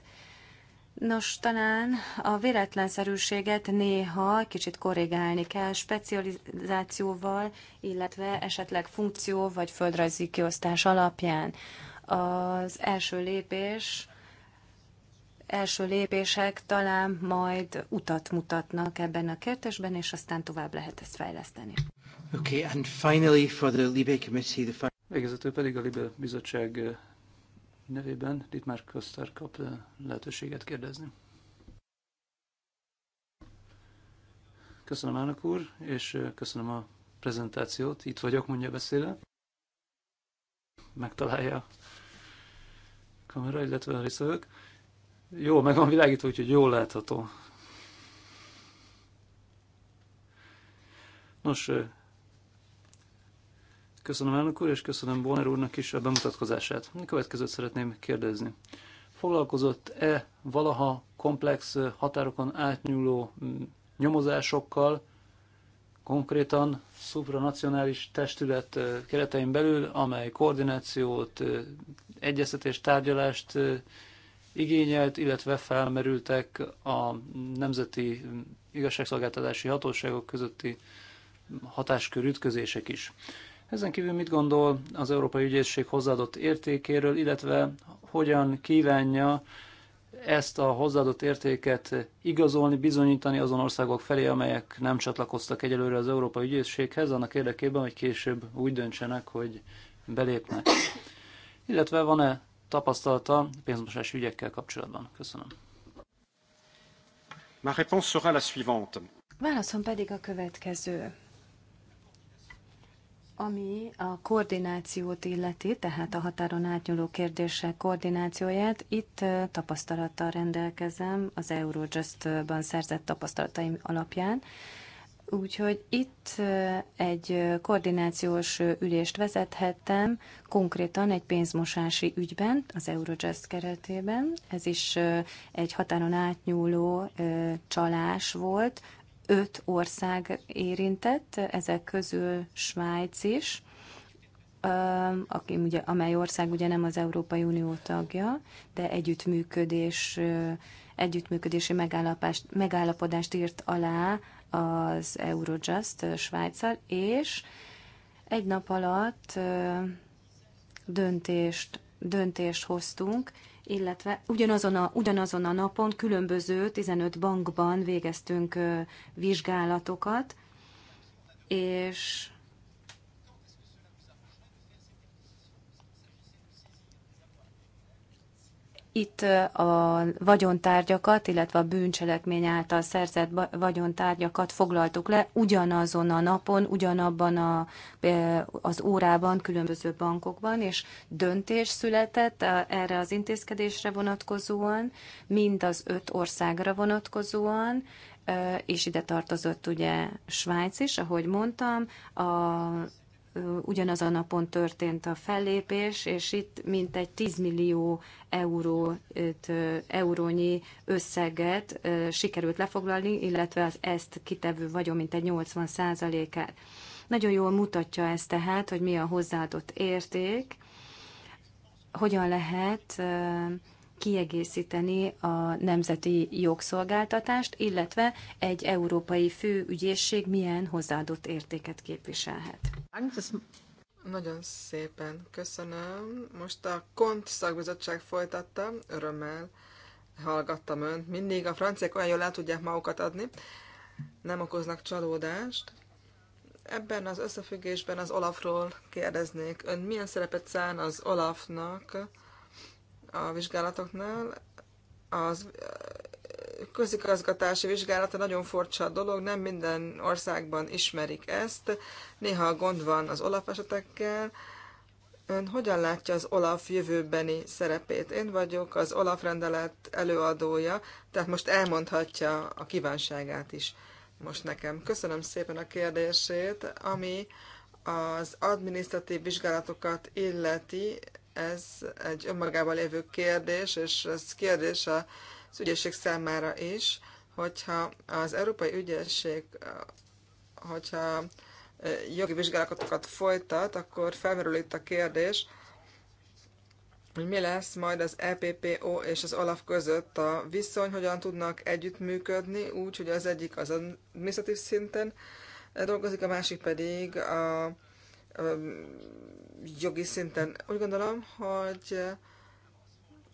Nos, talán a véletlenszerűséget néha kicsit korrigálni kell specializációval, illetve esetleg funkció vagy földrajzi kiosztás alapján. Az első lépés első lépések talán majd utat mutatnak ebben a kertesben, és aztán tovább lehet ezt fejleszteni. Okay, and finally for the Libe Committee, the final... Végezetül pedig a Libe Bizottság eh, nevében Dietmar Köszter kap eh, lehetőséget kérdezni. Köszönöm, Ának úr, és eh, köszönöm a prezentációt. Itt vagyok, mondja beszéle. Megtalálja a kamera, illetve a részvevők. Jó, meg van világító, úgyhogy jól látható. Nos, köszönöm elnök úr, és köszönöm Bonner úrnak is a bemutatkozását. A következőt szeretném kérdezni. Foglalkozott-e valaha komplex határokon átnyúló nyomozásokkal, konkrétan szupranacionális testület keretein belül, amely koordinációt, egyeztetés, tárgyalást igényelt, illetve felmerültek a nemzeti igazságszolgáltatási hatóságok közötti hatáskör ütközések is. Ezen kívül mit gondol az Európai Ügyészség hozzáadott értékéről, illetve hogyan kívánja ezt a hozzáadott értéket igazolni, bizonyítani azon országok felé, amelyek nem csatlakoztak egyelőre az Európai Ügyészséghez, annak érdekében, hogy később úgy döntsenek, hogy belépnek. Illetve van-e tapasztalata pénzmosás ügyekkel kapcsolatban. Köszönöm. Ma réponse sera la suivante. Válaszom pedig a következő. Ami a koordinációt illeti, tehát a határon átnyúló kérdések koordinációját, itt tapasztalattal rendelkezem az Eurojust-ban szerzett tapasztalataim alapján. Úgyhogy itt egy koordinációs ülést vezethettem, konkrétan egy pénzmosási ügyben, az Eurojust keretében. Ez is egy határon átnyúló csalás volt. Öt ország érintett, ezek közül Svájc is, aki ugye, amely ország ugye nem az Európai Unió tagja, de együttműködés, együttműködési megállapodást írt alá az Eurojust Svájccal, és egy nap alatt döntést, döntést hoztunk, illetve ugyanazon a, ugyanazon a napon különböző 15 bankban végeztünk vizsgálatokat, és Itt a vagyontárgyakat, illetve a bűncselekmény által szerzett vagyontárgyakat foglaltuk le ugyanazon a napon, ugyanabban a, az órában különböző bankokban, és döntés született erre az intézkedésre vonatkozóan, mind az öt országra vonatkozóan, és ide tartozott ugye Svájc is, ahogy mondtam, a ugyanazon a napon történt a fellépés, és itt mintegy 10 millió euró, eurónyi összeget sikerült lefoglalni, illetve az ezt kitevő vagyon mintegy 80 százalékát. Nagyon jól mutatja ez tehát, hogy mi a hozzáadott érték, hogyan lehet kiegészíteni a nemzeti jogszolgáltatást, illetve egy európai főügyészség milyen hozzáadott értéket képviselhet. Nagyon szépen köszönöm. Most a KONT szakbizottság folytatta, örömmel hallgattam önt. Mindig a franciák olyan jól el tudják magukat adni, nem okoznak csalódást. Ebben az összefüggésben az Olafról kérdeznék. Ön milyen szerepet szán az Olafnak? a vizsgálatoknál. Az közigazgatási vizsgálata nagyon furcsa dolog, nem minden országban ismerik ezt. Néha gond van az Olaf esetekkel. Ön hogyan látja az Olaf jövőbeni szerepét? Én vagyok az Olaf rendelet előadója, tehát most elmondhatja a kívánságát is most nekem. Köszönöm szépen a kérdését, ami az adminisztratív vizsgálatokat illeti, ez egy önmagában lévő kérdés, és ez kérdés az ügyesség számára is, hogyha az Európai Ügyesség, hogyha jogi vizsgálatokat folytat, akkor felmerül itt a kérdés, hogy mi lesz majd az EPPO és az OLAF között a viszony, hogyan tudnak együttműködni, úgy, hogy az egyik az administratív szinten dolgozik, a másik pedig a jogi szinten. Úgy gondolom, hogy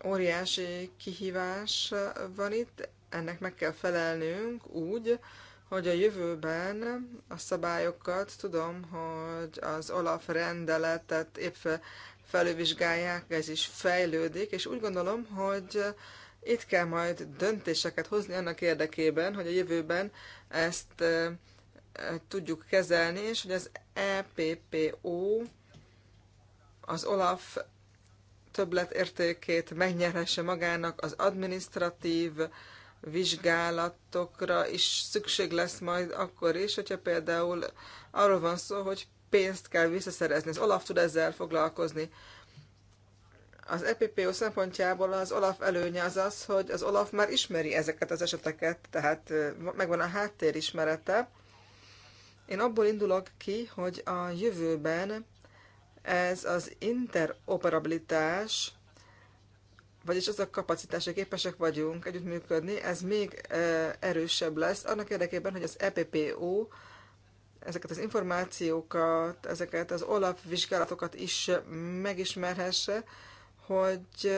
óriási kihívás van itt, ennek meg kell felelnünk úgy, hogy a jövőben a szabályokat tudom, hogy az Olaf rendeletet épp felülvizsgálják, ez is fejlődik, és úgy gondolom, hogy itt kell majd döntéseket hozni annak érdekében, hogy a jövőben ezt tudjuk kezelni, és hogy az EPPO az OLAF többletértékét megnyerhesse magának az administratív vizsgálatokra is szükség lesz majd akkor is, hogyha például arról van szó, hogy pénzt kell visszaszerezni. Az Olaf tud ezzel foglalkozni. Az EPPO szempontjából az Olaf előnye az az, hogy az Olaf már ismeri ezeket az eseteket, tehát megvan a háttérismerete, én abból indulok ki, hogy a jövőben ez az interoperabilitás, vagyis az a kapacitás, hogy képesek vagyunk együttműködni, ez még erősebb lesz, annak érdekében, hogy az EPPO ezeket az információkat, ezeket az olapvizsgálatokat is megismerhesse, hogy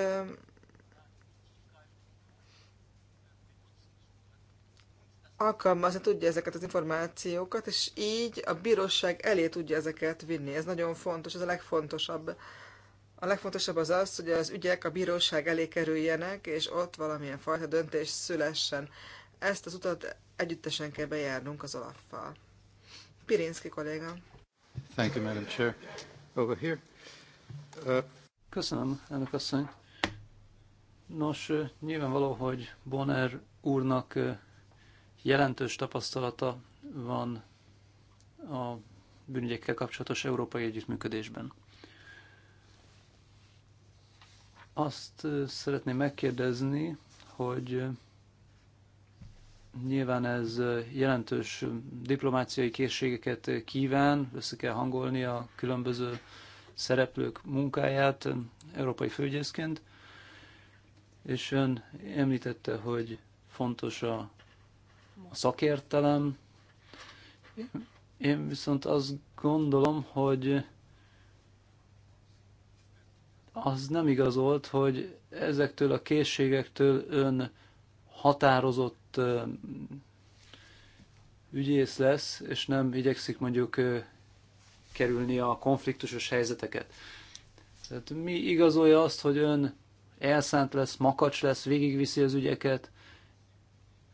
alkalmazni tudja ezeket az információkat, és így a bíróság elé tudja ezeket vinni. Ez nagyon fontos, ez a legfontosabb. A legfontosabb az az, hogy az ügyek a bíróság elé kerüljenek, és ott valamilyen fajta döntés szülessen. Ezt az utat együttesen kell bejárnunk az alappal. Pirinski kolléga. Thank you, Madam Chair. Over here. Uh... Köszönöm, elnök asszony. Nos, nyilvánvaló, hogy Bonner úrnak Jelentős tapasztalata van a bűnügyekkel kapcsolatos európai együttműködésben. Azt szeretném megkérdezni, hogy nyilván ez jelentős diplomáciai készségeket kíván, össze kell hangolni a különböző szereplők munkáját európai főgyészként, és ön említette, hogy fontos a a szakértelem. Én viszont azt gondolom, hogy az nem igazolt, hogy ezektől a készségektől ön határozott ügyész lesz, és nem igyekszik mondjuk kerülni a konfliktusos helyzeteket. Tehát mi igazolja azt, hogy ön elszánt lesz, makacs lesz, végigviszi az ügyeket,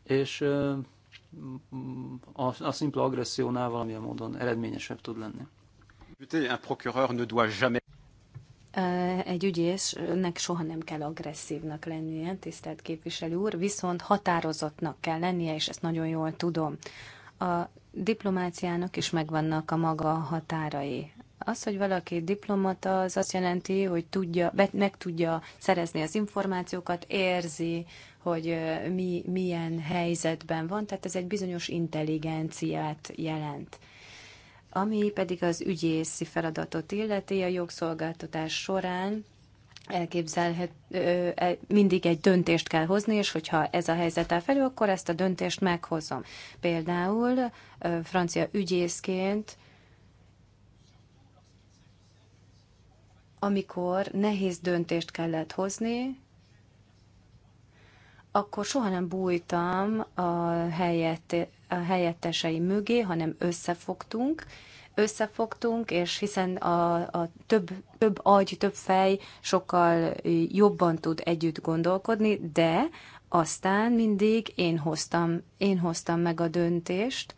és a, a szimpla agressziónál valamilyen módon eredményesebb tud lenni. egy ügyésznek soha nem kell agresszívnak lennie, tisztelt képviselő úr, viszont határozottnak kell lennie, és ezt nagyon jól tudom. A diplomáciának is megvannak a maga határai. Az, hogy valaki diplomata, az azt jelenti, hogy tudja, meg tudja szerezni az információkat, érzi hogy mi, milyen helyzetben van, tehát ez egy bizonyos intelligenciát jelent. Ami pedig az ügyészi feladatot illeti, a jogszolgáltatás során elképzelhet, mindig egy döntést kell hozni, és hogyha ez a helyzet áll felül, akkor ezt a döntést meghozom. Például francia ügyészként, amikor nehéz döntést kellett hozni, akkor soha nem bújtam a, helyett, a helyettesei mögé, hanem összefogtunk, összefogtunk, és hiszen a, a több, több agy, több fej sokkal jobban tud együtt gondolkodni, de aztán mindig én hoztam, én hoztam meg a döntést,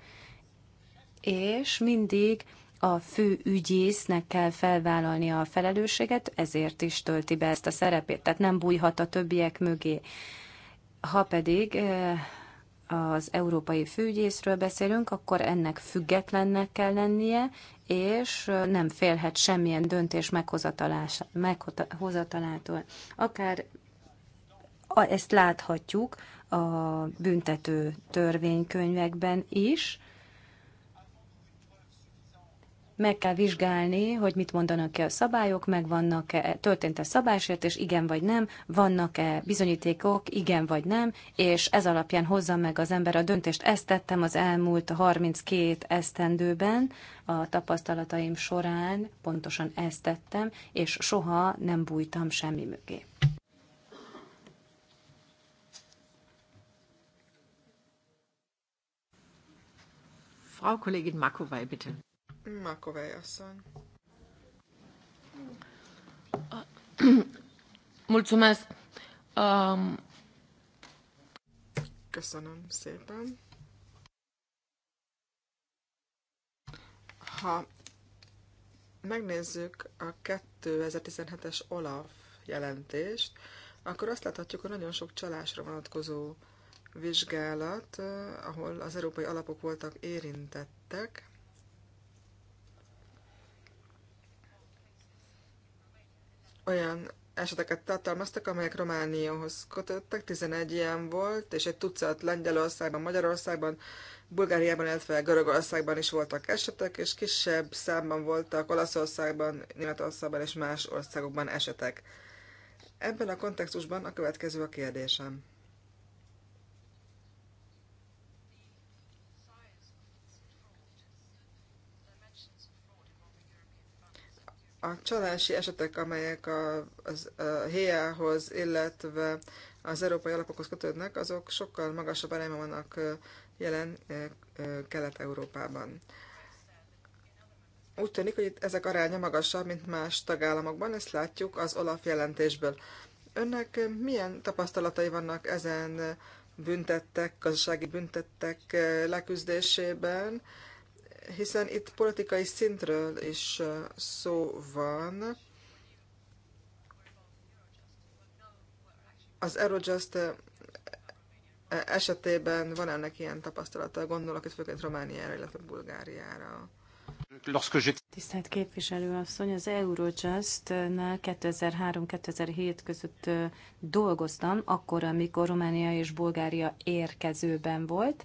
és mindig a fő ügyésznek kell felvállalni a felelősséget, ezért is tölti be ezt a szerepét, tehát nem bújhat a többiek mögé. Ha pedig eh, az európai főügyészről beszélünk, akkor ennek függetlennek kell lennie, és eh, nem félhet semmilyen döntés meghozatalától. Akár ezt láthatjuk a büntető törvénykönyvekben is, meg kell vizsgálni, hogy mit mondanak ki a szabályok, meg vannak-e, történt-e és igen vagy nem, vannak-e bizonyítékok, igen vagy nem, és ez alapján hozza meg az ember a döntést. Ezt tettem az elmúlt 32 esztendőben, a tapasztalataim során pontosan ezt tettem, és soha nem bújtam semmi mögé. Frau Kollegin Makovai, bitte. Makovej asszony. Mulțumesc. Um... Köszönöm szépen. Ha megnézzük a 2017-es OLAF jelentést, akkor azt láthatjuk, hogy nagyon sok csalásra vonatkozó vizsgálat, eh, ahol az európai alapok voltak érintettek, olyan eseteket tartalmaztak, amelyek Romániához kötöttek, 11 ilyen volt, és egy tucat Lengyelországban, Magyarországban, Bulgáriában, illetve Görögországban is voltak esetek, és kisebb számban voltak Olaszországban, Németországban és más országokban esetek. Ebben a kontextusban a következő a kérdésem. A csalási esetek, amelyek a, az, a HEA-hoz, illetve az európai alapokhoz kötődnek, azok sokkal magasabb arányban vannak jelen Kelet-Európában. Úgy tűnik, hogy itt ezek aránya magasabb, mint más tagállamokban, ezt látjuk az OLAF jelentésből. Önnek milyen tapasztalatai vannak ezen büntettek, gazdasági büntettek leküzdésében, hiszen itt politikai szintről is szó van. Az Eurojust e, esetében van ennek ilyen tapasztalata, gondolok itt főként Romániára, illetve Bulgáriára. Tisztelt képviselő asszony, az Eurojust-nál 2003-2007 között dolgoztam, akkor, amikor Románia és Bulgária érkezőben volt,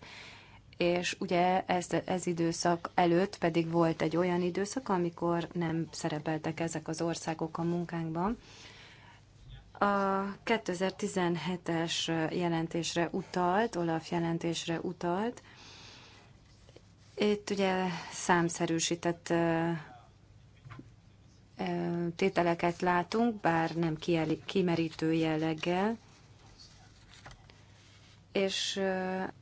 és ugye ez, ez időszak előtt pedig volt egy olyan időszak, amikor nem szerepeltek ezek az országok a munkánkban. A 2017-es jelentésre utalt, Olaf jelentésre utalt. Itt ugye számszerűsített tételeket látunk, bár nem kimerítő jelleggel és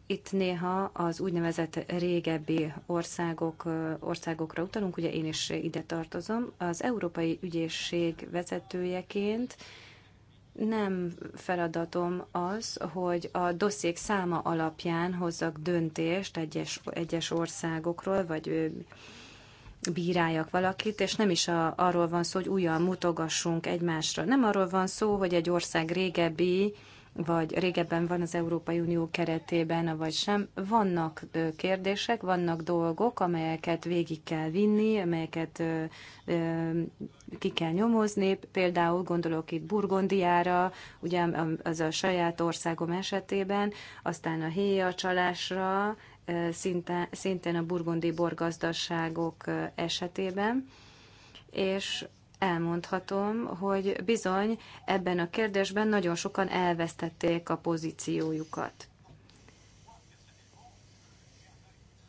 itt néha az úgynevezett régebbi országok, országokra utalunk, ugye én is ide tartozom. Az Európai Ügyészség vezetőjeként nem feladatom az, hogy a dosszék száma alapján hozzak döntést egyes, egyes országokról, vagy ő, bíráljak valakit, és nem is a, arról van szó, hogy újra mutogassunk egymásra. Nem arról van szó, hogy egy ország régebbi, vagy régebben van az Európai Unió keretében, vagy sem. Vannak kérdések, vannak dolgok, amelyeket végig kell vinni, amelyeket ki kell nyomozni. Például gondolok itt Burgondiára, ugye az a saját országom esetében, aztán a héja csalásra, szinte, szintén a burgondi borgazdaságok esetében és elmondhatom, hogy bizony ebben a kérdésben nagyon sokan elvesztették a pozíciójukat.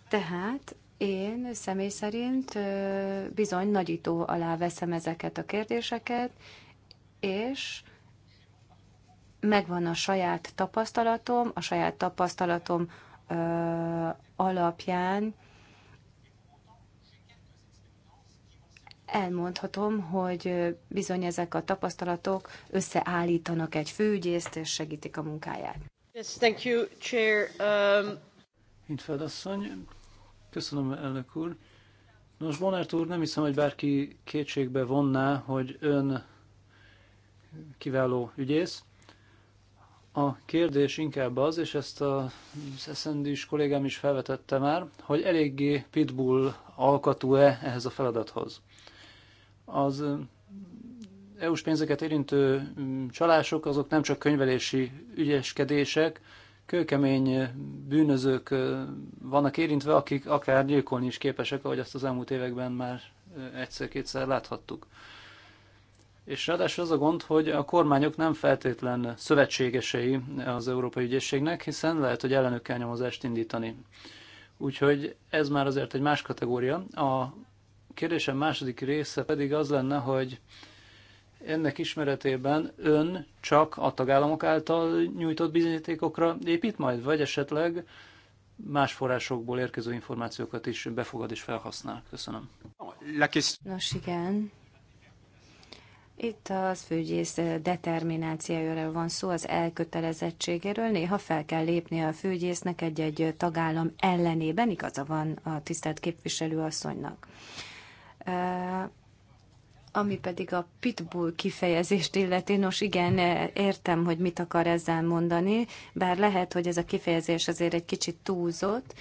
Tehát én személy szerint bizony nagyító alá veszem ezeket a kérdéseket, és megvan a saját tapasztalatom, a saját tapasztalatom alapján elmondhatom, hogy bizony ezek a tapasztalatok összeállítanak egy főügyészt, és segítik a munkáját. Yes, thank you, Chair. Um... Hintfeld asszony, köszönöm, elnök úr. Nos, Bonert úr, nem hiszem, hogy bárki kétségbe vonná, hogy ön kiváló ügyész. A kérdés inkább az, és ezt a szeszendis kollégám is felvetette már, hogy eléggé pitbull alkatú-e ehhez a feladathoz. Az EU-s pénzeket érintő csalások azok nem csak könyvelési ügyeskedések, kőkemény bűnözők vannak érintve, akik akár gyilkolni is képesek, ahogy azt az elmúlt években már egyszer-kétszer láthattuk. És ráadásul az a gond, hogy a kormányok nem feltétlen szövetségesei az Európai Ügyészségnek, hiszen lehet, hogy ellenük kell nyomozást indítani. Úgyhogy ez már azért egy más kategória. A kérdésem második része pedig az lenne, hogy ennek ismeretében ön csak a tagállamok által nyújtott bizonyítékokra épít majd, vagy esetleg más forrásokból érkező információkat is befogad és felhasznál. Köszönöm. Nos, igen. Itt az főgyész determinációjáról van szó, az elkötelezettségéről. Néha fel kell lépni a főgyésznek egy-egy tagállam ellenében, igaza van a tisztelt képviselőasszonynak. asszonynak. Ami pedig a pitbull kifejezést illeti, nos igen, értem, hogy mit akar ezzel mondani, bár lehet, hogy ez a kifejezés azért egy kicsit túlzott,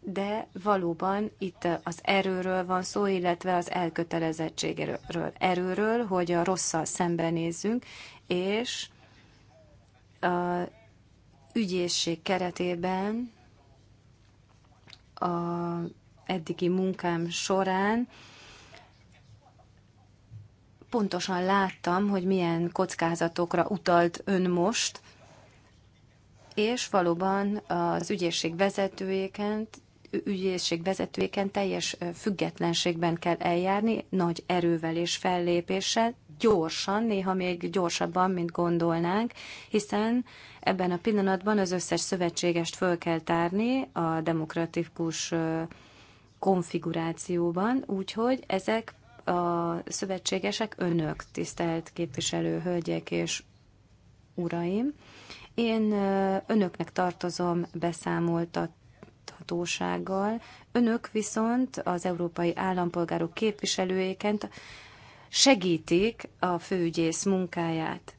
de valóban itt az erőről van szó, illetve az elkötelezettségről. Erőről, hogy a rosszal szembenézzünk, és a ügyészség keretében a eddigi munkám során pontosan láttam, hogy milyen kockázatokra utalt ön most, és valóban az ügyészség vezetőjéken, ügyészség vezetőjéken teljes függetlenségben kell eljárni, nagy erővel és fellépéssel, gyorsan, néha még gyorsabban, mint gondolnánk, hiszen ebben a pillanatban az összes szövetségest föl kell tárni a demokratikus konfigurációban, úgyhogy ezek a szövetségesek önök, tisztelt képviselő hölgyek és uraim. Én önöknek tartozom beszámoltathatósággal, önök viszont az európai állampolgárok képviselőjéként segítik a főügyész munkáját.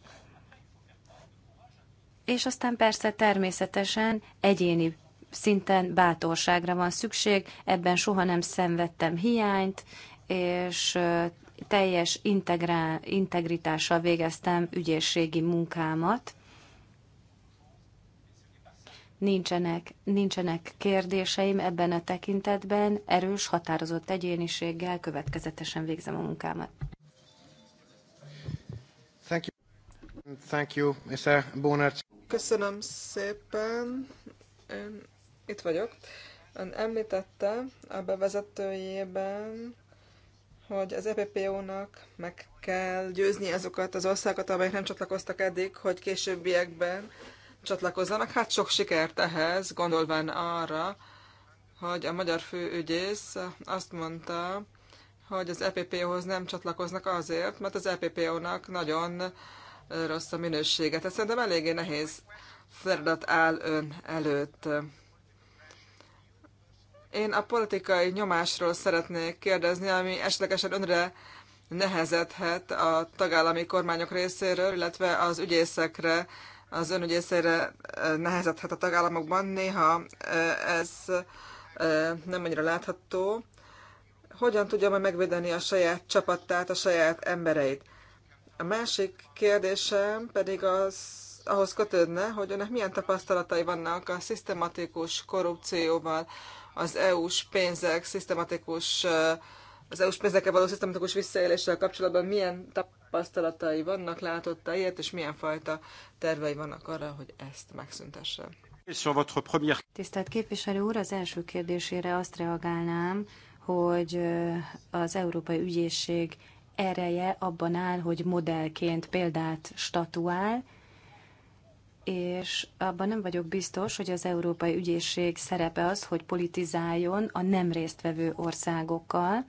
És aztán persze természetesen egyéni szinten bátorságra van szükség, ebben soha nem szenvedtem hiányt, és teljes integritással végeztem ügyészségi munkámat. Nincsenek, nincsenek kérdéseim ebben a tekintetben, erős, határozott egyéniséggel következetesen végzem a munkámat. Thank you. Thank you, Mr. Köszönöm szépen. Ön itt vagyok. Ön említette a bevezetőjében, hogy az EPPO-nak meg kell győzni azokat az országokat, amelyek nem csatlakoztak eddig, hogy későbbiekben csatlakozzanak. Hát sok sikert ehhez, gondolván arra, hogy a magyar főügyész azt mondta, hogy az EPPO-hoz nem csatlakoznak azért, mert az EPPO-nak nagyon rossz a minősége. Tehát szerintem eléggé nehéz feladat áll ön előtt. Én a politikai nyomásról szeretnék kérdezni, ami esetlegesen önre nehezethet a tagállami kormányok részéről, illetve az ügyészekre, az önügyészére eh, nehezethet a tagállamokban. Néha eh, ez eh, nem annyira látható. Hogyan tudja majd megvédeni a saját csapattát, a saját embereit? A másik kérdésem pedig az ahhoz kötődne, hogy önnek milyen tapasztalatai vannak a szisztematikus korrupcióval, az EU-s pénzek szisztematikus az EU-s pénzekkel való szisztematikus visszaéléssel kapcsolatban milyen tapasztalatai vannak, látotta ilyet, és milyen fajta tervei vannak arra, hogy ezt megszüntesse. Tisztelt képviselő úr, az első kérdésére azt reagálnám, hogy az Európai Ügyészség ereje abban áll, hogy modellként példát statuál, és abban nem vagyok biztos, hogy az Európai Ügyészség szerepe az, hogy politizáljon a nem résztvevő országokkal.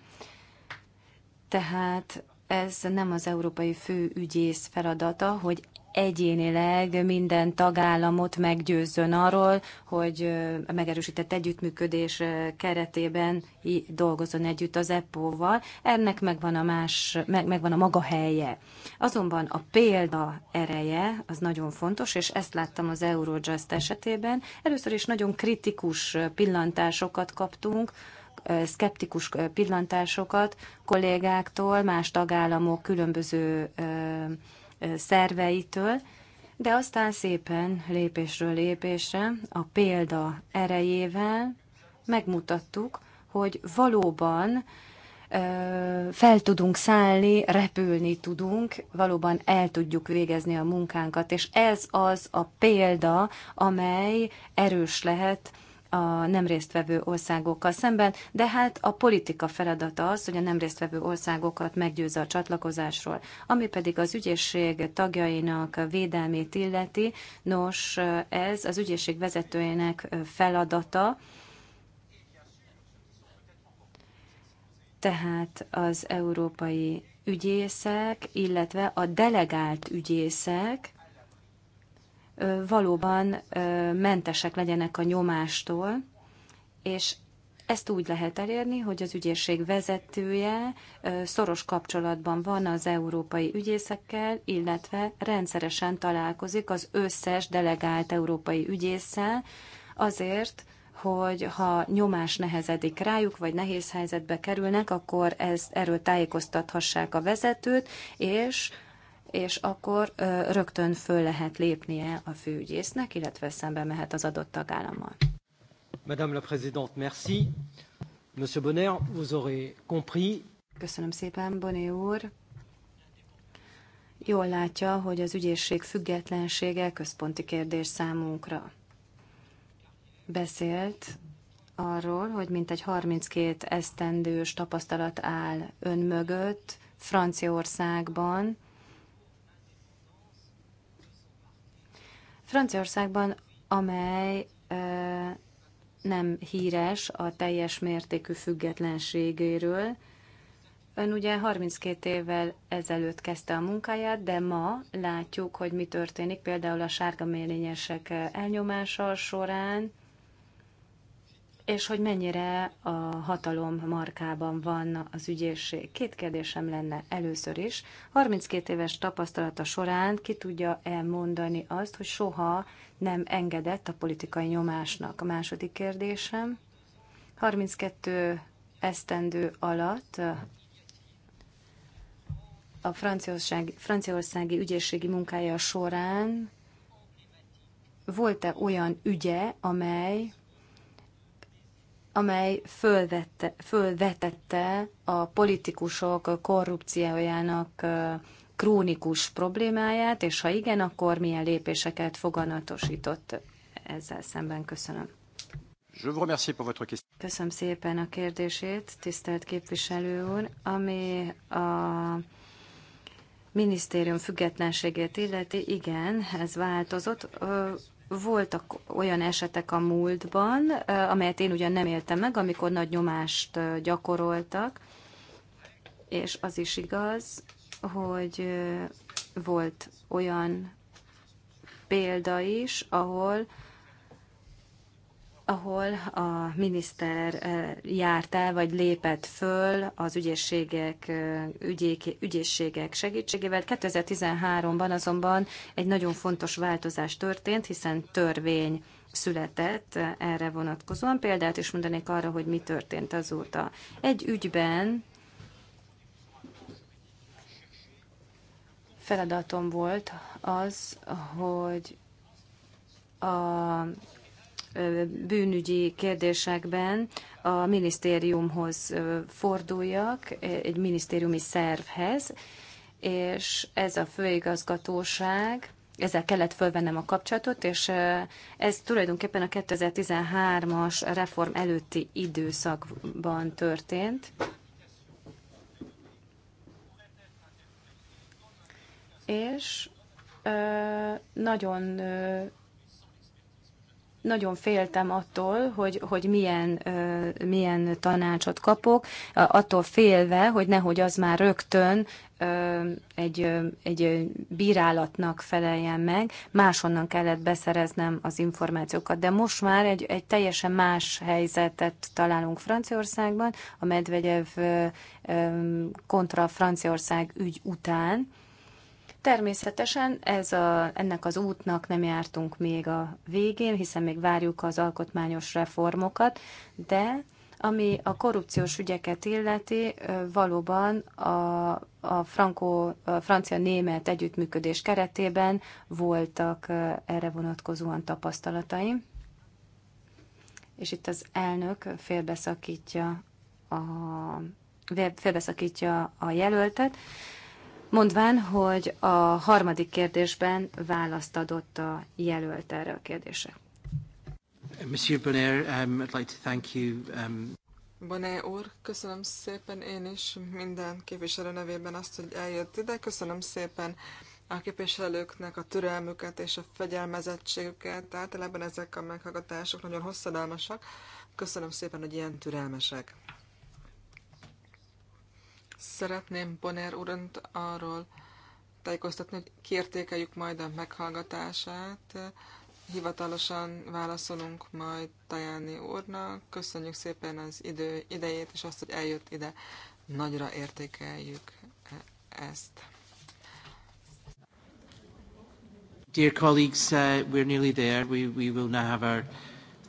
Tehát ez nem az Európai Főügyész feladata, hogy egyénileg minden tagállamot meggyőzzön arról, hogy a megerősített együttműködés keretében dolgozzon együtt az EPO-val. Ennek megvan a, más, meg, megvan a maga helye. Azonban a példa ereje az nagyon fontos, és ezt láttam az Eurojust esetében. Először is nagyon kritikus pillantásokat kaptunk, szkeptikus pillantásokat kollégáktól, más tagállamok különböző szerveitől, de aztán szépen lépésről lépésre a példa erejével megmutattuk, hogy valóban fel tudunk szállni, repülni tudunk, valóban el tudjuk végezni a munkánkat, és ez az a példa, amely erős lehet a nem résztvevő országokkal szemben, de hát a politika feladata az, hogy a nem résztvevő országokat meggyőzze a csatlakozásról. Ami pedig az ügyészség tagjainak védelmét illeti, nos, ez az ügyészség vezetőjének feladata, tehát az európai ügyészek, illetve a delegált ügyészek, valóban mentesek legyenek a nyomástól, és ezt úgy lehet elérni, hogy az ügyészség vezetője szoros kapcsolatban van az európai ügyészekkel, illetve rendszeresen találkozik az összes delegált európai ügyésszel azért, hogy ha nyomás nehezedik rájuk, vagy nehéz helyzetbe kerülnek, akkor ez, erről tájékoztathassák a vezetőt, és és akkor rögtön föl lehet lépnie a főügyésznek, illetve szembe mehet az adott tagállammal. Madame la Présidente, merci. Monsieur Bonner, vous aurez compris. Köszönöm szépen, Bonné úr. Jól látja, hogy az ügyészség függetlensége központi kérdés számunkra. Beszélt arról, hogy mintegy 32 esztendős tapasztalat áll ön mögött Franciaországban, Franciaországban, amely nem híres a teljes mértékű függetlenségéről. Ön ugye 32 évvel ezelőtt kezdte a munkáját, de ma látjuk, hogy mi történik például a sárga mélényesek elnyomása során, és hogy mennyire a hatalom markában van az ügyészség. Két kérdésem lenne először is. 32 éves tapasztalata során ki tudja elmondani azt, hogy soha nem engedett a politikai nyomásnak. A második kérdésem. 32 esztendő alatt a franciaországi, franciaországi ügyészségi munkája során volt-e olyan ügye, amely amely fölvette, fölvetette a politikusok korrupciójának krónikus problémáját, és ha igen, akkor milyen lépéseket foganatosított ezzel szemben. Köszönöm. Köszönöm szépen a kérdését, tisztelt képviselő úr, ami a minisztérium függetlenségét illeti, igen, ez változott voltak olyan esetek a múltban, amelyet én ugyan nem éltem meg, amikor nagy nyomást gyakoroltak, és az is igaz, hogy volt olyan példa is, ahol ahol a miniszter eh, járt el, vagy lépett föl az ügyészségek, eh, ügyék, ügyészségek segítségével. 2013-ban azonban egy nagyon fontos változás történt, hiszen törvény született eh, erre vonatkozóan. Példát is mondanék arra, hogy mi történt azóta. Egy ügyben feladatom volt az, hogy a bűnügyi kérdésekben a minisztériumhoz forduljak, egy minisztériumi szervhez, és ez a főigazgatóság, ezzel kellett fölvennem a kapcsolatot, és ez tulajdonképpen a 2013-as reform előtti időszakban történt. És nagyon nagyon féltem attól, hogy, hogy milyen, milyen tanácsot kapok, attól félve, hogy nehogy az már rögtön egy, egy bírálatnak feleljen meg, máshonnan kellett beszereznem az információkat. De most már egy, egy teljesen más helyzetet találunk Franciaországban, a Medvegyev kontra Franciaország ügy után, Természetesen ez a, ennek az útnak nem jártunk még a végén, hiszen még várjuk az alkotmányos reformokat, de ami a korrupciós ügyeket illeti, valóban a, a, franco, a francia-német együttműködés keretében voltak erre vonatkozóan tapasztalataim. És itt az elnök félbeszakítja a, félbeszakítja a jelöltet mondván, hogy a harmadik kérdésben választ adott a jelölt erre a kérdésre. Monsieur Bonner, um, I'd like to thank you. Um... Boné úr, köszönöm szépen én is minden képviselő nevében azt, hogy eljött ide. Köszönöm szépen a képviselőknek a türelmüket és a fegyelmezettségüket. Általában ezek a meghallgatások nagyon hosszadalmasak. Köszönöm szépen, hogy ilyen türelmesek. Szeretném Bonner urant arról tájékoztatni, hogy kiértékeljük majd a meghallgatását. Hivatalosan válaszolunk majd Tajáni úrnak. Köszönjük szépen az idő, idejét, és azt, hogy eljött ide. Nagyra értékeljük ezt. Dear colleagues, uh, we're nearly there. We, we will now have our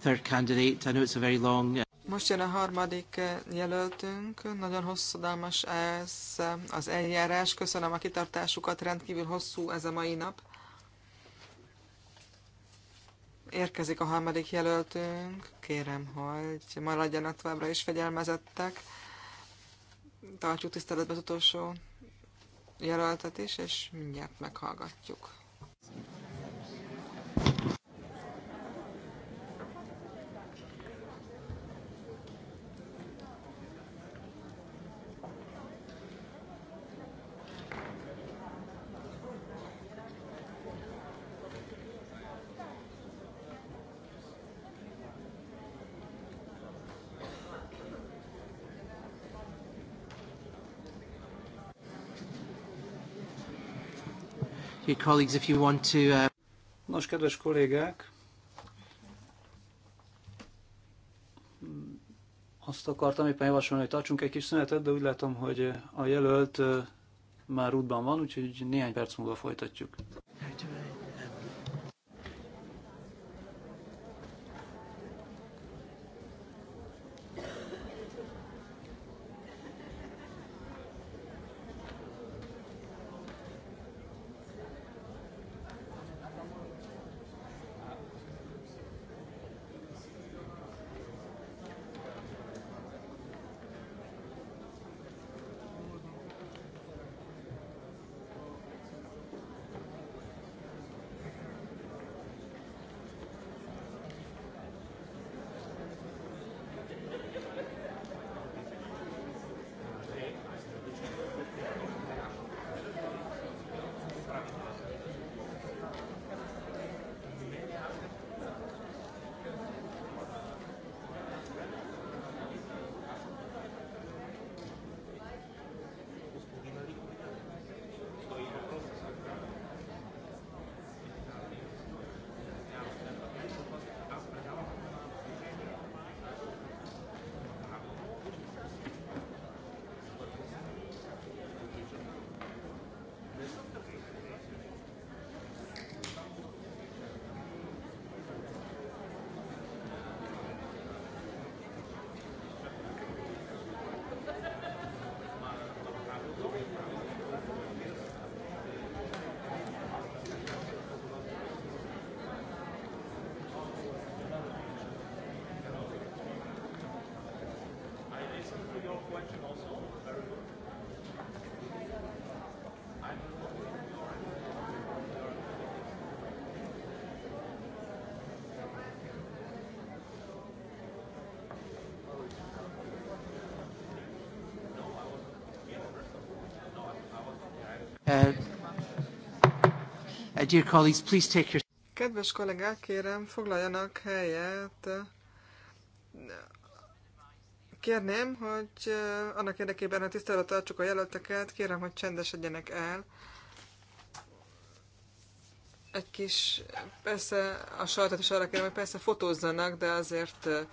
third candidate. I know it's a very long uh, most jön a harmadik eh, jelöltünk, nagyon hosszadalmas ez eh, az eljárás. Köszönöm a kitartásukat, rendkívül hosszú ez a mai nap. Érkezik a harmadik jelöltünk, kérem, hogy maradjanak továbbra is fegyelmezettek. Tartjuk tiszteletbe az utolsó jelöltet is, és mindjárt meghallgatjuk. colleagues, if you want to... Uh... Nos, kedves kollégák, azt akartam éppen javasolni, hogy tartsunk egy kis szünetet, de úgy látom, hogy a jelölt uh, már útban van, úgyhogy néhány perc múlva folytatjuk. dear colleagues, please take your... Kedves kollégák, kérem, foglaljanak helyet. Kérném, hogy eh, annak érdekében, hogy tiszteletben tartsuk a jelölteket, kérem, hogy csendesedjenek el. Egy kis, persze a sajtot is arra kérem, hogy persze fotózzanak, de azért eh,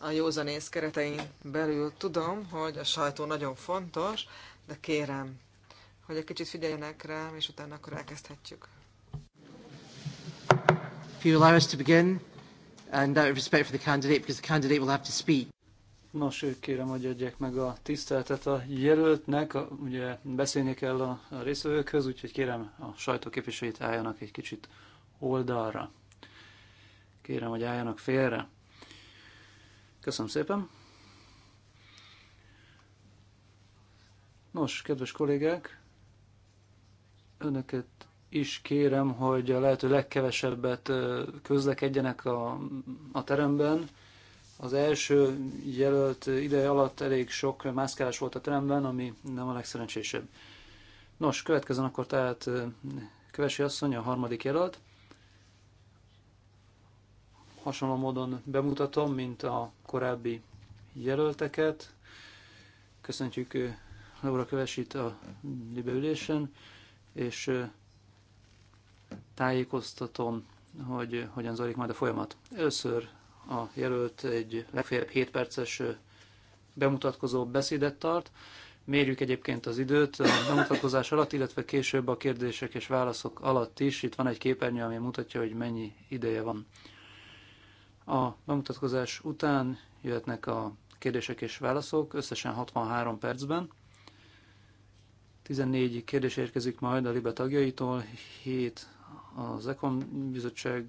a józanész keretein belül tudom, hogy a sajtó nagyon fontos, de kérem, hogy egy kicsit figyeljenek rám, és utána akkor elkezdhetjük. If you allow us to begin, and out of respect for the candidate, because the candidate will have to speak. Nos, kérem, hogy adják meg a tiszteletet a jelöltnek, ugye beszélni kell a részvevőkhöz, úgyhogy kérem a sajtóképviselőit álljanak egy kicsit oldalra. Kérem, hogy álljanak félre. Köszönöm szépen. Nos, kedves kollégák, önöket is kérem, hogy a lehető legkevesebbet közlekedjenek a, a teremben. Az első jelölt ideje alatt elég sok mászkálás volt a teremben, ami nem a legszerencsésebb. Nos, következzen akkor tehát Kövesi asszony, a harmadik jelölt. Hasonló módon bemutatom, mint a korábbi jelölteket. Köszöntjük Laura Kövesit a libeülésen, ülésen, és tájékoztatom, hogy hogyan zajlik majd a folyamat. Először a jelölt egy legfeljebb 7 perces bemutatkozó beszédet tart. Mérjük egyébként az időt a bemutatkozás alatt, illetve később a kérdések és válaszok alatt is. Itt van egy képernyő, ami mutatja, hogy mennyi ideje van. A bemutatkozás után jöhetnek a kérdések és válaszok, összesen 63 percben. 14 kérdés érkezik majd a Libe tagjaitól, 7 az ECOM bizottság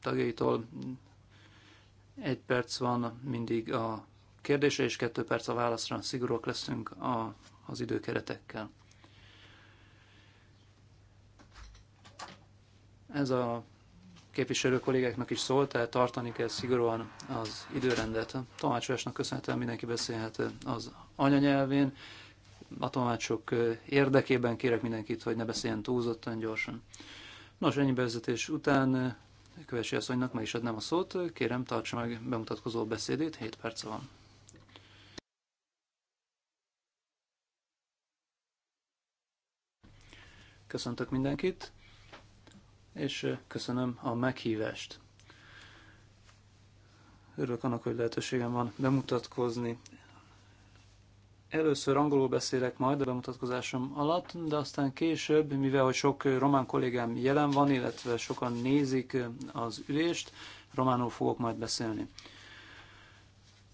tagjaitól. Egy perc van mindig a kérdése, és kettő perc a válaszra. Szigorúak leszünk a, az időkeretekkel. Ez a képviselő kollégáknak is szól tehát tartani kell szigorúan az időrendet. Tanácsolásnak köszönhetően mindenki beszélhet az anyanyelvén a tanácsok érdekében kérek mindenkit, hogy ne beszéljen túlzottan gyorsan. Nos, ennyi bevezetés után Kövesi asszonynak meg is adnám a szót. Kérem, tartsa meg bemutatkozó beszédét, 7 perc van. Köszöntök mindenkit, és köszönöm a meghívást. Örülök annak, hogy lehetőségem van bemutatkozni Először angolul beszélek majd a bemutatkozásom alatt, de aztán később, mivel hogy sok román kollégám jelen van, illetve sokan nézik az ülést, románul fogok majd beszélni.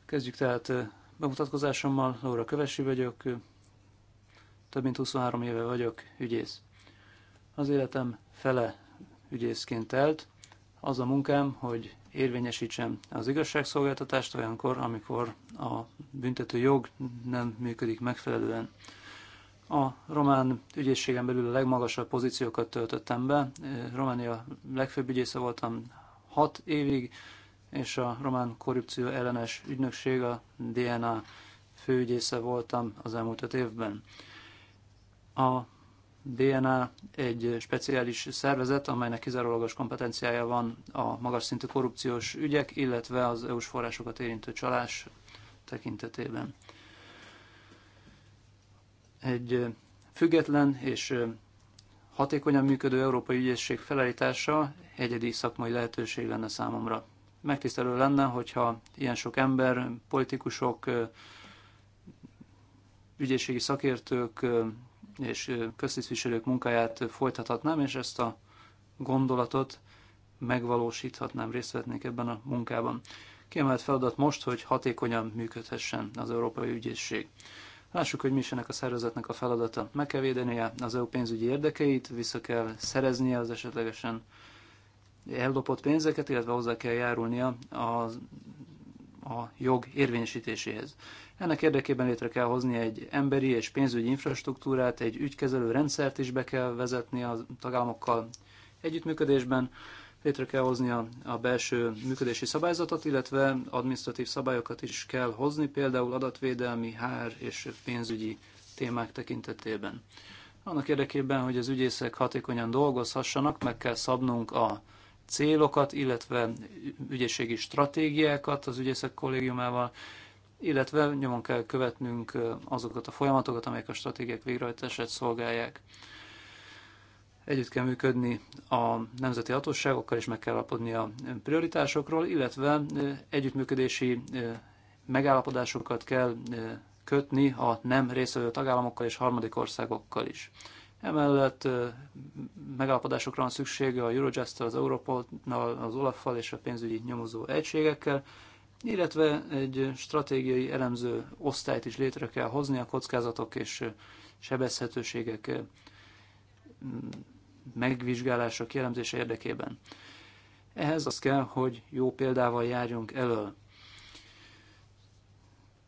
Kezdjük tehát bemutatkozásommal. Laura Kövesi vagyok, több mint 23 éve vagyok ügyész. Az életem fele ügyészként telt. Az a munkám, hogy érvényesítsem az igazságszolgáltatást olyankor, amikor a büntető jog nem működik megfelelően. A román ügyészségen belül a legmagasabb pozíciókat töltöttem be. Románia legfőbb ügyésze voltam 6 évig, és a román korrupció ellenes ügynökség a DNA főügyésze voltam az elmúlt 5 évben. A DNA egy speciális szervezet, amelynek kizárólagos kompetenciája van a magas szintű korrupciós ügyek, illetve az EU-s forrásokat érintő csalás tekintetében. Egy független és hatékonyan működő európai ügyészség felállítása egyedi szakmai lehetőség lenne számomra. Megtisztelő lenne, hogyha ilyen sok ember, politikusok, ügyészségi szakértők, és köztisztviselők munkáját folytathatnám, és ezt a gondolatot megvalósíthatnám, részt vetnék ebben a munkában. Kiemelt feladat most, hogy hatékonyan működhessen az Európai Ügyészség. Lássuk, hogy mi is ennek a szervezetnek a feladata. Meg kell védenie az EU pénzügyi érdekeit, vissza kell szereznie az esetlegesen ellopott pénzeket, illetve hozzá kell járulnia az a jog érvényesítéséhez. Ennek érdekében létre kell hozni egy emberi és pénzügyi infrastruktúrát, egy ügykezelő rendszert is be kell vezetni a tagállamokkal együttműködésben, létre kell hozni a, a belső működési szabályzatot, illetve administratív szabályokat is kell hozni, például adatvédelmi, HR és pénzügyi témák tekintetében. Annak érdekében, hogy az ügyészek hatékonyan dolgozhassanak, meg kell szabnunk a célokat, illetve ügyességi stratégiákat az ügyészek kollégiumával, illetve nyomon kell követnünk azokat a folyamatokat, amelyek a stratégiák végrehajtását szolgálják. Együtt kell működni a nemzeti hatóságokkal, és meg kell alapodni a prioritásokról, illetve együttműködési megállapodásokat kell kötni a nem részvevő tagállamokkal és harmadik országokkal is. Emellett megállapodásokra van szüksége a eurojust az Europol-nal, az olaf és a pénzügyi nyomozó egységekkel, illetve egy stratégiai elemző osztályt is létre kell hozni a kockázatok és sebezhetőségek megvizsgálása, kielemzése érdekében. Ehhez az kell, hogy jó példával járjunk elől.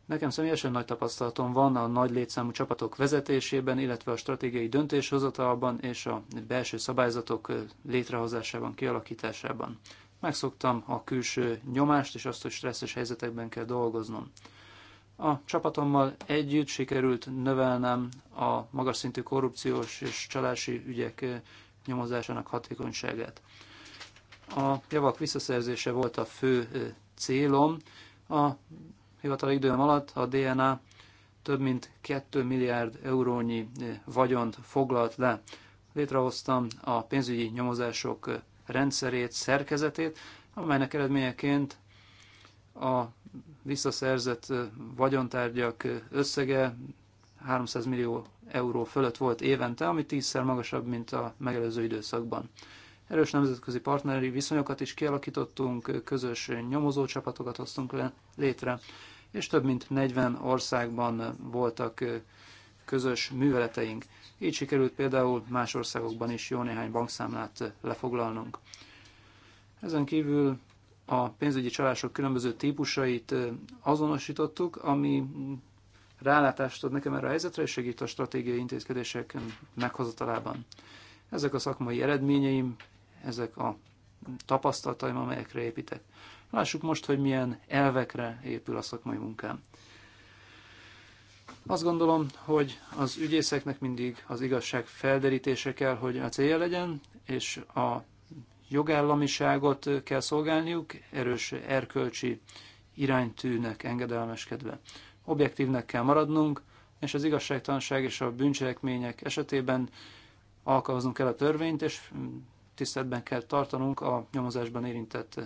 Nekem személyesen nagy tapasztalatom van a nagy létszámú csapatok vezetésében, illetve a stratégiai döntéshozatalban és a belső szabályzatok létrehozásában, kialakításában. Megszoktam a külső nyomást és azt, hogy stresszes helyzetekben kell dolgoznom. A csapatommal együtt sikerült növelnem a magas szintű korrupciós és csalási ügyek nyomozásának hatékonyságát. A javak visszaszerzése volt a fő célom. A hivatali időm alatt a DNA több mint 2 milliárd eurónyi eh, vagyont foglalt le. Létrehoztam a pénzügyi nyomozások eh, rendszerét, szerkezetét, amelynek eredményeként a visszaszerzett eh, vagyontárgyak összege 300 millió euró fölött volt évente, ami tízszer magasabb, mint a megelőző időszakban. Erős nemzetközi partneri viszonyokat is kialakítottunk, közös nyomozócsapatokat hoztunk létre, és több mint 40 országban voltak közös műveleteink. Így sikerült például más országokban is jó néhány bankszámlát lefoglalnunk. Ezen kívül a pénzügyi csalások különböző típusait azonosítottuk, ami rálátást ad nekem erre a helyzetre, és segít a stratégiai intézkedések meghozatalában. Ezek a szakmai eredményeim, ezek a tapasztalataim, amelyekre építek. Lássuk most, hogy milyen elvekre épül a szakmai munkám. Azt gondolom, hogy az ügyészeknek mindig az igazság felderítése kell, hogy a célja legyen, és a jogállamiságot kell szolgálniuk, erős erkölcsi iránytűnek engedelmeskedve. Objektívnek kell maradnunk, és az igazságtalanság és a bűncselekmények esetében alkalmaznunk kell a törvényt, és tiszteletben kell tartanunk a nyomozásban érintett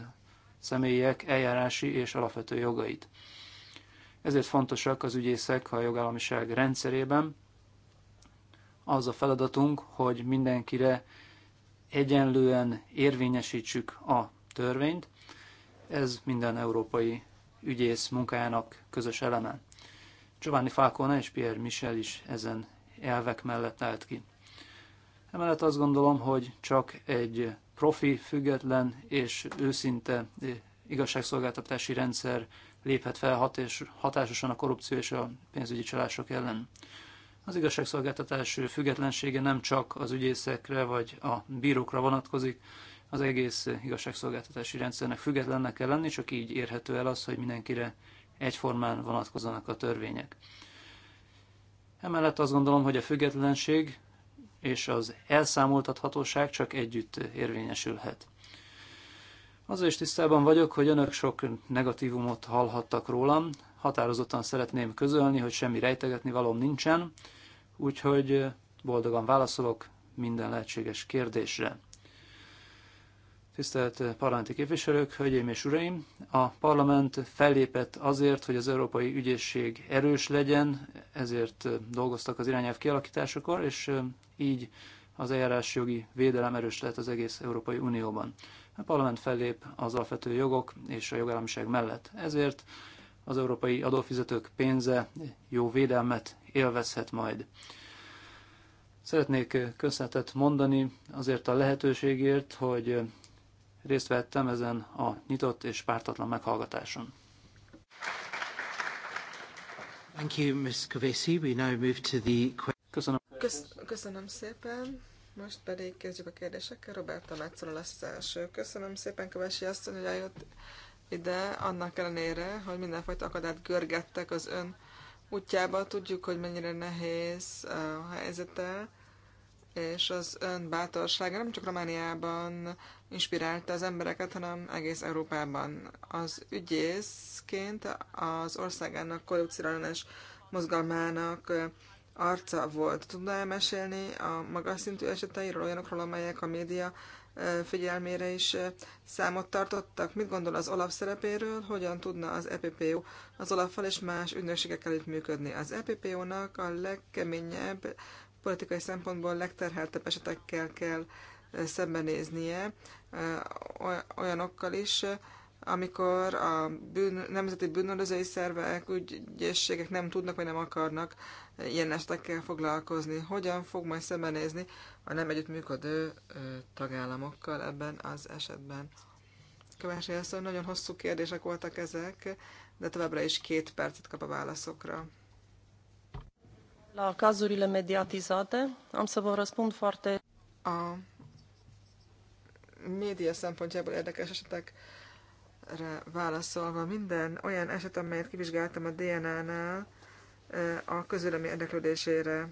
személyek eljárási és alapvető jogait. Ezért fontosak az ügyészek a jogállamiság rendszerében. Az a feladatunk, hogy mindenkire egyenlően érvényesítsük a törvényt. Ez minden európai ügyész munkájának közös eleme. Giovanni Falcone és Pierre Michel is ezen elvek mellett állt ki. Emellett azt gondolom, hogy csak egy profi, független és őszinte eh, igazságszolgáltatási rendszer léphet fel hat és hatásosan a korrupció és a pénzügyi csalások ellen. Az igazságszolgáltatás függetlensége nem csak az ügyészekre vagy a bírókra vonatkozik, az egész igazságszolgáltatási rendszernek függetlennek kell lenni, csak így érhető el az, hogy mindenkire egyformán vonatkozanak a törvények. Emellett azt gondolom, hogy a függetlenség és az elszámoltathatóság csak együtt érvényesülhet. Azért is tisztában vagyok, hogy önök sok negatívumot hallhattak rólam, határozottan szeretném közölni, hogy semmi rejtegetni valóm nincsen, úgyhogy boldogan válaszolok minden lehetséges kérdésre. Tisztelt eh, parlamenti képviselők, hölgyeim és uraim! A parlament fellépett azért, hogy az Európai Ügyészség erős legyen, ezért eh, dolgoztak az irányelv kialakításakor, és eh, így az eljárásjogi védelem erős lehet az egész Európai Unióban. A parlament fellép az alapvető jogok és a jogállamiság mellett. Ezért az európai adófizetők pénze jó védelmet élvezhet majd. Szeretnék köszönetet mondani azért a lehetőségért, hogy Részt vettem ezen a nyitott és pártatlan meghallgatáson. Thank you, Ms. Kövesi. We now move to the... Köszönöm. Köszönöm szépen. Most pedig kezdjük a kérdésekkel. Roberta Metzola lesz az első. Köszönöm szépen, Kövesi asszony, hogy eljött ide, annak ellenére, hogy mindenfajta akadályt görgettek az ön útjába. Tudjuk, hogy mennyire nehéz eh, a helyzete, és az ön bátorsága nem csak Romániában inspirálta az embereket, hanem egész Európában. Az ügyészként az országának korrupcióellenes mozgalmának arca volt. Tudná elmesélni a magas szintű eseteiről, olyanokról, amelyek a média figyelmére is számot tartottak? Mit gondol az Olaf szerepéről? Hogyan tudna az EPPO az Olaffal és más ügynökségekkel itt működni? Az EPPO-nak a legkeményebb politikai szempontból legterheltebb esetekkel kell szembenéznie olyanokkal is, amikor a bűn, nemzeti bűnözői szervek, ügyészségek nem tudnak vagy nem akarnak ilyen esetekkel foglalkozni. Hogyan fog majd szembenézni a nem együttműködő tagállamokkal ebben az esetben? Kovács Jelszön, nagyon hosszú kérdések voltak ezek, de továbbra is két percet kap a válaszokra. A cazurile mediatizate, am să vă răspund A média szempontjából érdekes esetekre válaszolva, minden olyan eset, amelyet kivizsgáltam a DNA-nál, a közülemi érdeklődésére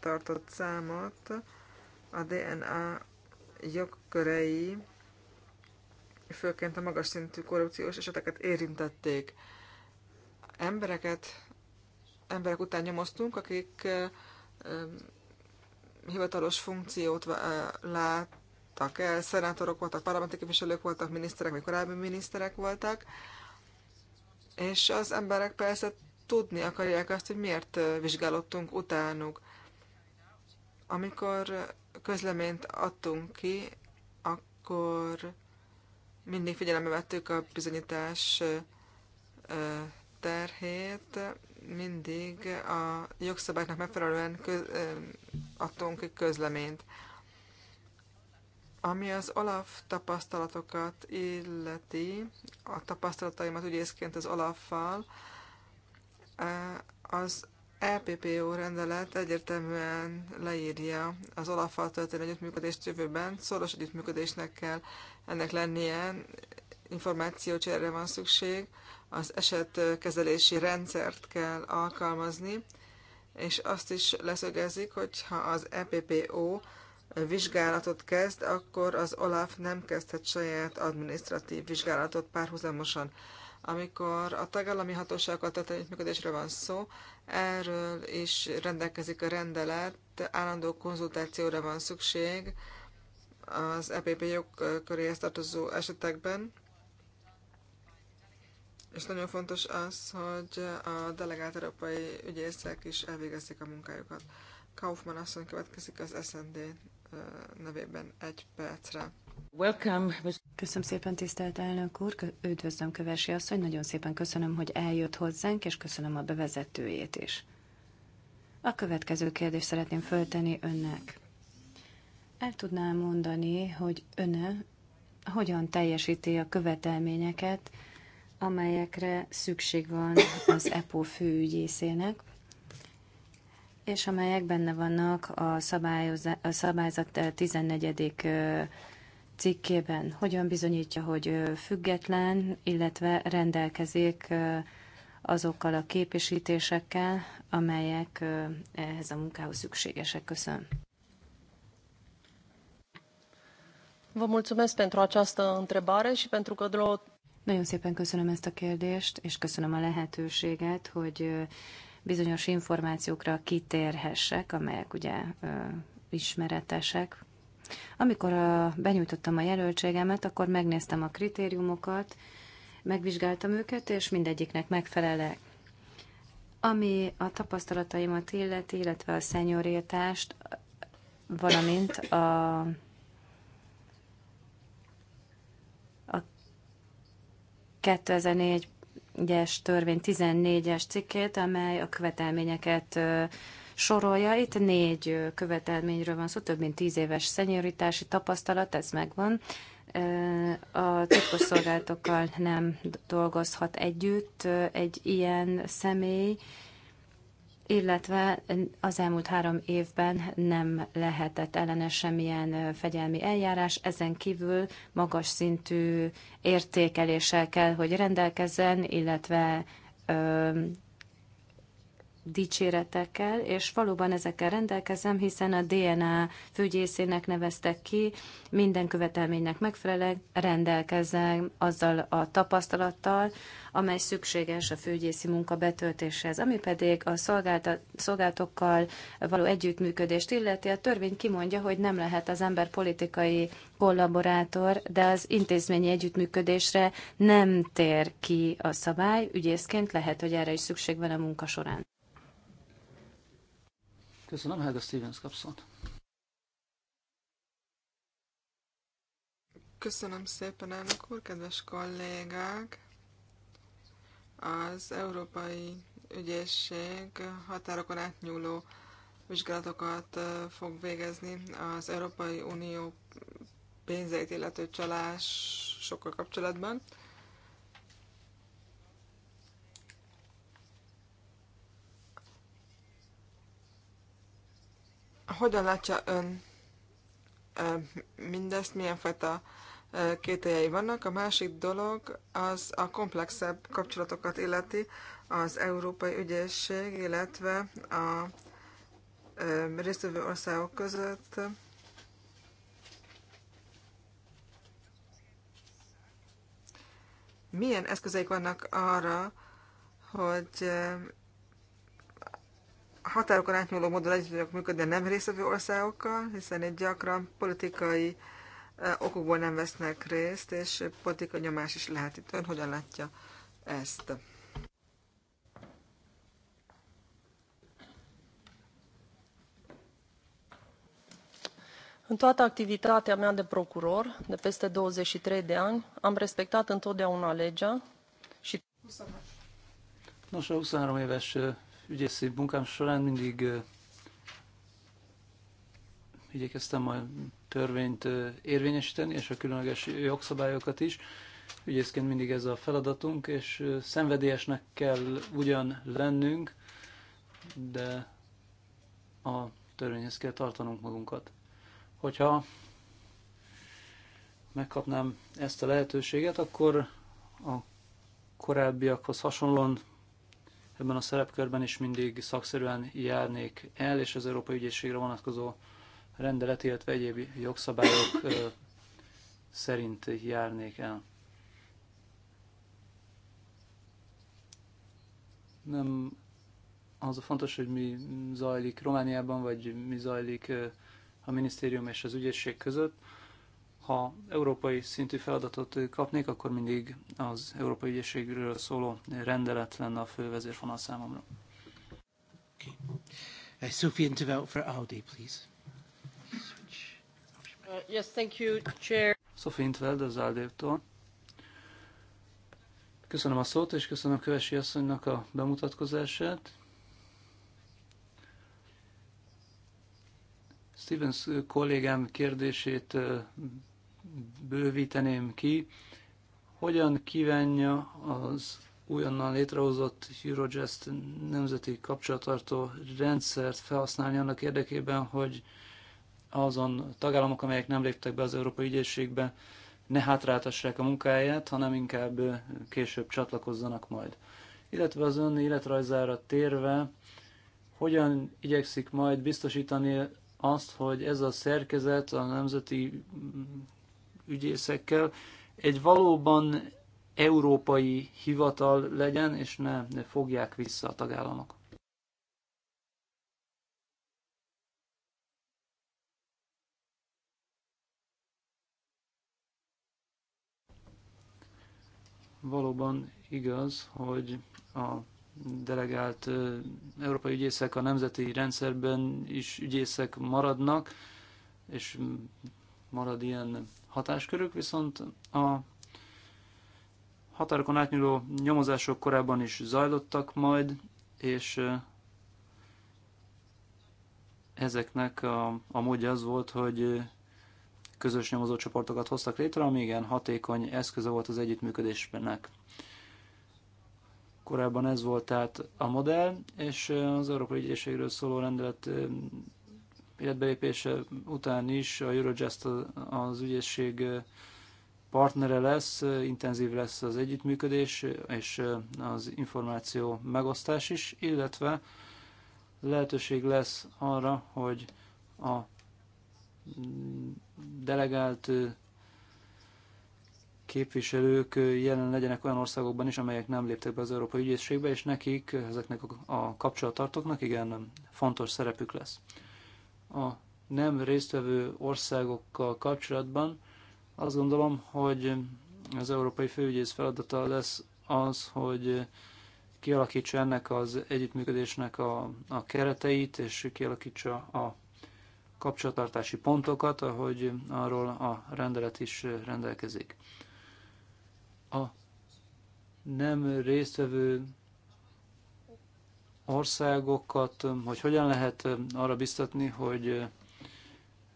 tartott számot. A DNA jogkörei főként a magas szintű korrupciós eseteket érintették. Embereket, emberek után nyomoztunk, akik hivatalos funkciót lát, voltak el. Szenátorok voltak, parlamenti képviselők voltak, miniszterek, még korábbi miniszterek voltak. És az emberek persze tudni akarják azt, hogy miért vizsgálottunk utánuk. Amikor közleményt adtunk ki, akkor mindig figyelembe vettük a bizonyítás terhét, mindig a jogszabályoknak megfelelően köz, adtunk közleményt. Ami az Olaf tapasztalatokat illeti, a tapasztalataimat ügyészként az Olaffal, eh, az EPPO rendelet egyértelműen leírja az Olaffal történő együttműködést jövőben. Szoros együttműködésnek kell ennek lennie, információcserére van szükség, az esetkezelési rendszert kell alkalmazni, és azt is leszögezik, hogyha az EPPO vizsgálatot kezd, akkor az OLAF nem kezdhet saját adminisztratív vizsgálatot párhuzamosan. Amikor a tagállami hatóságokat tett együttműködésről van szó, erről is rendelkezik a rendelet, állandó konzultációra van szükség az EPP jogköréhez tartozó esetekben. És nagyon fontos az, hogy a delegált európai ügyészek is elvégezték a munkájukat. Kaufmann asszony következik az SND nevében egy percre. Welcome. Köszönöm szépen, tisztelt elnök úr, üdvözlöm Kövesi asszony, nagyon szépen köszönöm, hogy eljött hozzánk, és köszönöm a bevezetőjét is. A következő kérdést szeretném föltenni önnek. El tudná mondani, hogy öne hogyan teljesíti a követelményeket, amelyekre szükség van az EPO főügyészének, és amelyek benne vannak a, a szabályzat 14. Eh, cikkében. Hogyan bizonyítja, hogy független, illetve rendelkezik azokkal a képesítésekkel, amelyek ehhez a munkához szükségesek. Köszönöm. Vă mulțumesc pentru această întrebare și pentru că Nagyon szépen köszönöm ezt a kérdést, és köszönöm a lehetőséget, hogy uh, bizonyos információkra kitérhessek, amelyek ugye ismeretesek. Amikor a, benyújtottam a jelöltségemet, akkor megnéztem a kritériumokat, megvizsgáltam őket, és mindegyiknek megfelelek. Ami a tapasztalataimat illeti, illetve a szenyorítást, valamint a, a 2004 2004-es törvény 14-es cikkét, amely a követelményeket sorolja. Itt négy követelményről van szó, több mint tíz éves szenyorítási tapasztalat, ez megvan. A titkosszolgálatokkal nem dolgozhat együtt egy ilyen személy, illetve az elmúlt három évben nem lehetett ellene semmilyen fegyelmi eljárás, ezen kívül magas szintű értékeléssel kell, hogy rendelkezzen, illetve dicséretekkel, és valóban ezekkel rendelkezem, hiszen a DNA főgyészének neveztek ki, minden követelménynek megfelelően rendelkezem azzal a tapasztalattal, amely szükséges a főgyészi munka betöltéséhez, ami pedig a szolgáltokkal való együttműködést illeti. A törvény kimondja, hogy nem lehet az ember politikai kollaborátor, de az intézményi együttműködésre nem tér ki a szabály. Ügyészként lehet, hogy erre is szükség van a munka során. Köszönöm, Helga Stevens kapszont. Köszönöm szépen, elnök úr, kedves kollégák! Az Európai Ügyészség határokon átnyúló vizsgálatokat fog végezni az Európai Unió pénzeit illető csalás sokkal kapcsolatban. Hogyan látja ön mindezt, milyen fajta kételjei vannak? A másik dolog az a komplexebb kapcsolatokat illeti az Európai Ügyészség, illetve a résztvevő országok között. Milyen eszközeik vannak arra, hogy határokon átnyúló módon együtt tudnak működni a nem részvevő országokkal, hiszen itt gyakran politikai eh, okokból nem vesznek részt, és politikai nyomás is lehet itt. Ön hogyan látja ezt? În toată activitatea mea de procuror, de peste 23 de ani, am respectat întotdeauna legea și... Nos, a 23 éves eh, ügyészi munkám során mindig igyekeztem a törvényt érvényesíteni, és a különleges jogszabályokat is. Ügyészként mindig ez a feladatunk, és szenvedélyesnek kell ugyan lennünk, de a törvényhez kell tartanunk magunkat. Hogyha megkapnám ezt a lehetőséget, akkor a korábbiakhoz hasonlóan ebben a szerepkörben is mindig szakszerűen járnék el, és az Európai Ügyészségre vonatkozó rendelet, illetve egyéb jogszabályok szerint járnék el. Nem az a fontos, hogy mi zajlik Romániában, vagy mi zajlik a minisztérium és az ügyészség között, ha európai szintű feladatot kapnék, akkor mindig az Európai Ügyességről szóló rendelet lenne a fővezérfonal vezérfonal számomra. Okay. Uh, Sophie Intervelt for Audi, please. Uh, yes, thank you, Chair. Sophie Intveld az Aldéptól. Köszönöm a szót, és köszönöm a Kövesi asszonynak a bemutatkozását. Stevens kollégám kérdését uh, bővíteném ki, hogyan kívánja az újonnan létrehozott Eurojust nemzeti kapcsolatartó rendszert felhasználni annak érdekében, hogy azon tagállamok, amelyek nem léptek be az Európai Ügyészségbe, ne hátráltassák a munkáját, hanem inkább később csatlakozzanak majd. Illetve az ön életrajzára térve, hogyan igyekszik majd biztosítani azt, hogy ez a szerkezet a nemzeti ügyészekkel, egy valóban európai hivatal legyen, és ne, ne fogják vissza a tagállamok. Valóban igaz, hogy a delegált európai ügyészek a nemzeti rendszerben is ügyészek maradnak, és marad ilyen hatáskörük, viszont a határokon átnyúló nyomozások korábban is zajlottak majd, és ezeknek a, a módja az volt, hogy közös nyomozócsoportokat hoztak létre, ami igen hatékony eszköze volt az együttműködésnek. Korábban ez volt tehát a modell, és az Európai Ügyészségről szóló rendelet életbelépése után is a Eurojust az ügyesség partnere lesz, intenzív lesz az együttműködés és az információ megosztás is, illetve lehetőség lesz arra, hogy a delegált képviselők jelen legyenek olyan országokban is, amelyek nem léptek be az Európai Ügyészségbe, és nekik, ezeknek a kapcsolattartóknak igen fontos szerepük lesz a nem résztvevő országokkal kapcsolatban. Azt gondolom, hogy az Európai Főügyész feladata lesz az, hogy kialakítsa ennek az együttműködésnek a, a kereteit, és kialakítsa a kapcsolattartási pontokat, ahogy arról a rendelet is rendelkezik. A nem résztvevő országokat, hogy hogyan lehet arra biztatni, hogy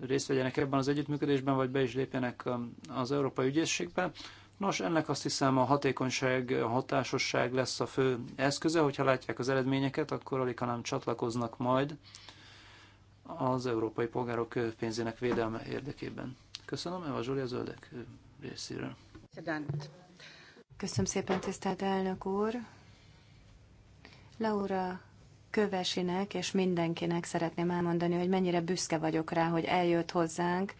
részt vegyenek ebben az együttműködésben, vagy be is lépjenek az Európai Ügyészségbe. Nos, ennek azt hiszem a hatékonyság, a hatásosság lesz a fő eszköze, hogyha látják az eredményeket, akkor alig hanem csatlakoznak majd az európai polgárok pénzének védelme érdekében. Köszönöm, Eva Zsoli, a zöldek részéről. Köszönöm szépen, tisztelt elnök úr! Laura Kövesinek és mindenkinek szeretném elmondani, hogy mennyire büszke vagyok rá, hogy eljött hozzánk.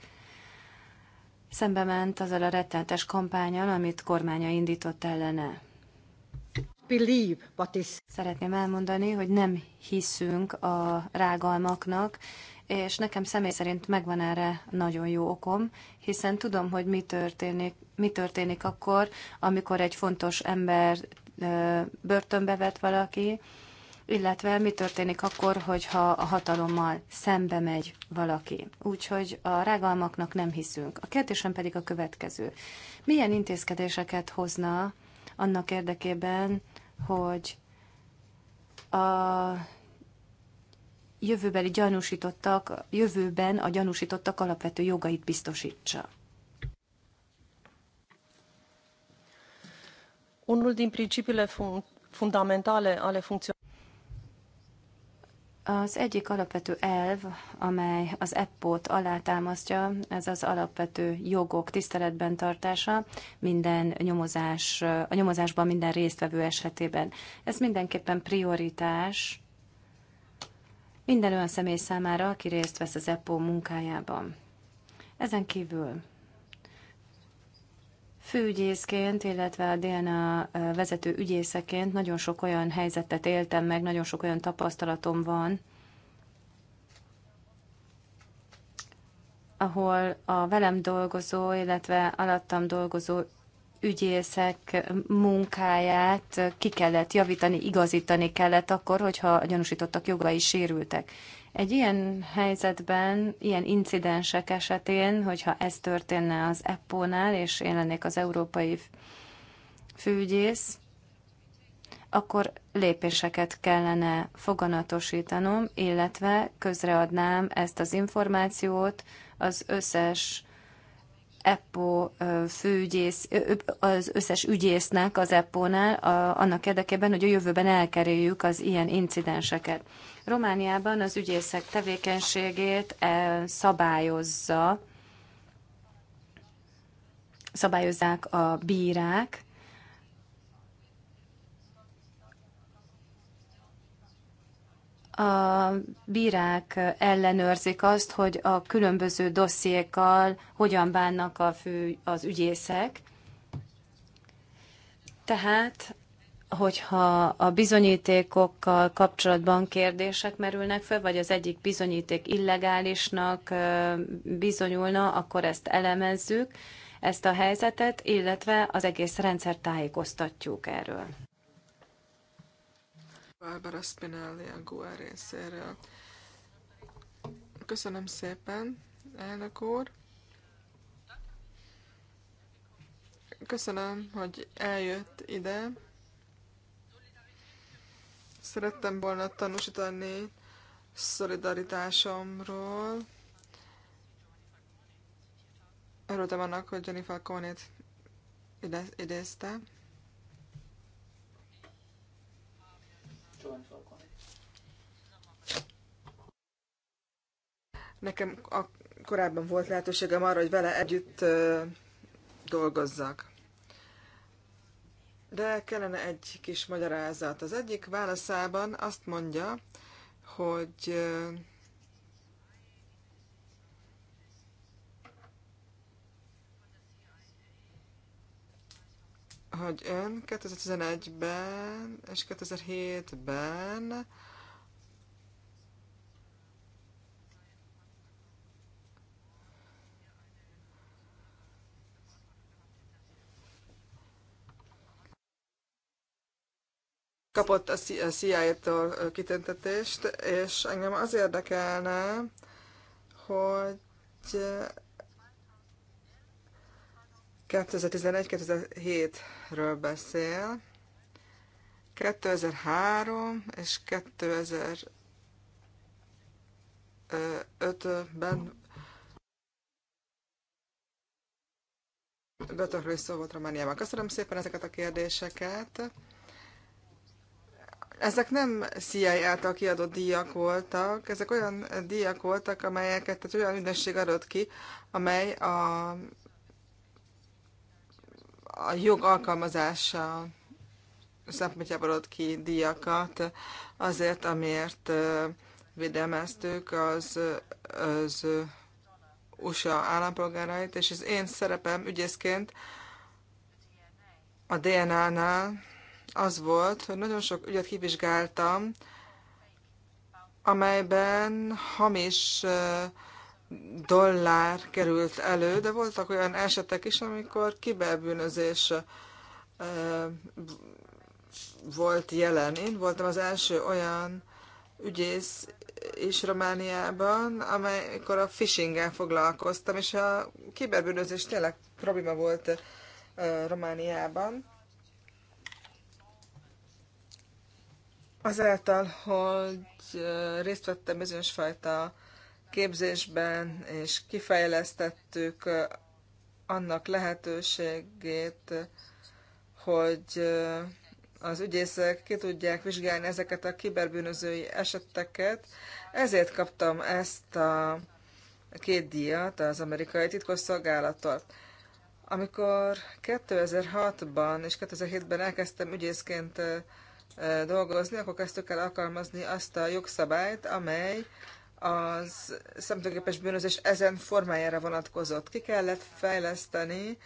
Szembe ment azzal a rettenetes kampányal, amit kormánya indított ellene. Szeretném elmondani, hogy nem hiszünk a rágalmaknak, és nekem személy szerint megvan erre nagyon jó okom, hiszen tudom, hogy mi történik, mi történik akkor, amikor egy fontos ember börtönbe vett valaki, illetve mi történik akkor, hogyha a hatalommal szembe megy valaki. Úgyhogy a rágalmaknak nem hiszünk. A kérdésem pedig a következő. Milyen intézkedéseket hozna annak érdekében, hogy a jövőbeli gyanúsítottak, jövőben a gyanúsítottak alapvető jogait biztosítsa? Unul din principiile fun- fundamentale ale funcționării az egyik alapvető elv, amely az EPPO-t alátámasztja, ez az alapvető jogok tiszteletben tartása minden nyomozás, a nyomozásban minden résztvevő esetében. Ez mindenképpen prioritás minden olyan személy számára, aki részt vesz az EPPO munkájában. Ezen kívül Főügyészként, illetve a DNA vezető ügyészeként nagyon sok olyan helyzetet éltem meg, nagyon sok olyan tapasztalatom van, ahol a velem dolgozó, illetve alattam dolgozó ügyészek munkáját ki kellett javítani, igazítani kellett akkor, hogyha a gyanúsítottak jogai sérültek. Egy ilyen helyzetben, ilyen incidensek esetén, hogyha ez történne az EPPO-nál, és én lennék az európai főügyész, akkor lépéseket kellene foganatosítanom, illetve közreadnám ezt az információt az összes EPPO főügyész, az összes ügyésznek az EPPO-nál annak érdekében, hogy a jövőben elkerüljük az ilyen incidenseket. Romániában az ügyészek tevékenységét eh, szabályozza, szabályozzák a bírák, a bírák ellenőrzik azt, hogy a különböző dossziékkal hogyan bánnak a fő, az ügyészek. Tehát hogyha a bizonyítékokkal kapcsolatban kérdések merülnek fel, vagy az egyik bizonyíték illegálisnak bizonyulna, akkor ezt elemezzük, ezt a helyzetet, illetve az egész rendszer tájékoztatjuk erről. Barbara Spinelli a GUA részéről. Köszönöm szépen, elnök úr. Köszönöm, hogy eljött ide Szerettem volna tanúsítani szolidaritásomról. Örültem annak, hogy Jennifer Connett, idézte. Nekem a korábban volt lehetőségem arra, hogy vele együtt dolgozzak de kellene egy kis magyarázat. Az egyik válaszában azt mondja, hogy hogy ön 2011-ben és 2007-ben kapott a CIA-tól kitüntetést, és engem az érdekelne, hogy 2011-2007-ről beszél, 2003 és 2005-ben Bötökről is szó volt Romániában. Köszönöm szépen ezeket a kérdéseket. Ezek nem CIA által kiadott díjak voltak, ezek olyan díjak voltak, amelyeket tehát olyan ügynökség adott ki, amely a, a jog alkalmazása szempontjából adott ki díjakat azért, amiért védelmeztük az, az USA állampolgárait, és az én szerepem ügyészként a DNA-nál az volt, hogy nagyon sok ügyet kivizsgáltam, amelyben hamis dollár került elő, de voltak olyan esetek is, amikor kiberbűnözés volt jelen. Én voltam az első olyan ügyész is Romániában, amikor a phishing foglalkoztam, és a kiberbűnözés tényleg probléma volt Romániában. Azáltal, hogy részt vettem bizonyos fajta képzésben, és kifejlesztettük annak lehetőségét, hogy az ügyészek ki tudják vizsgálni ezeket a kiberbűnözői eseteket. Ezért kaptam ezt a két díjat az amerikai titkosszolgálattól. Amikor 2006-ban és 2007-ben elkezdtem ügyészként dolgozni, akkor kezdtük el alkalmazni azt a jogszabályt, amely az szemtőképes bűnözés ezen formájára vonatkozott. Ki kellett fejleszteni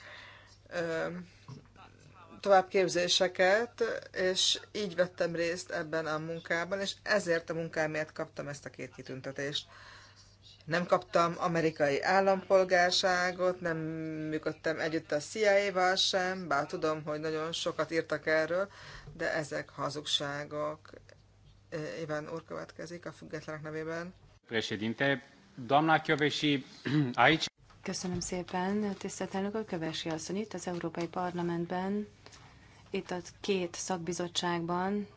továbbképzéseket, és így vettem részt ebben a munkában, és ezért a munkámért kaptam ezt a két kitüntetést nem kaptam amerikai állampolgárságot, nem működtem együtt a CIA-val sem, bár tudom, hogy nagyon sokat írtak erről, de ezek hazugságok. Iván úr következik a függetlenek nevében. Presidente, doamna Kövesi, Aics. Köszönöm szépen, tisztelt elnök úr, Kövesi asszony itt az Európai Parlamentben, itt a két szakbizottságban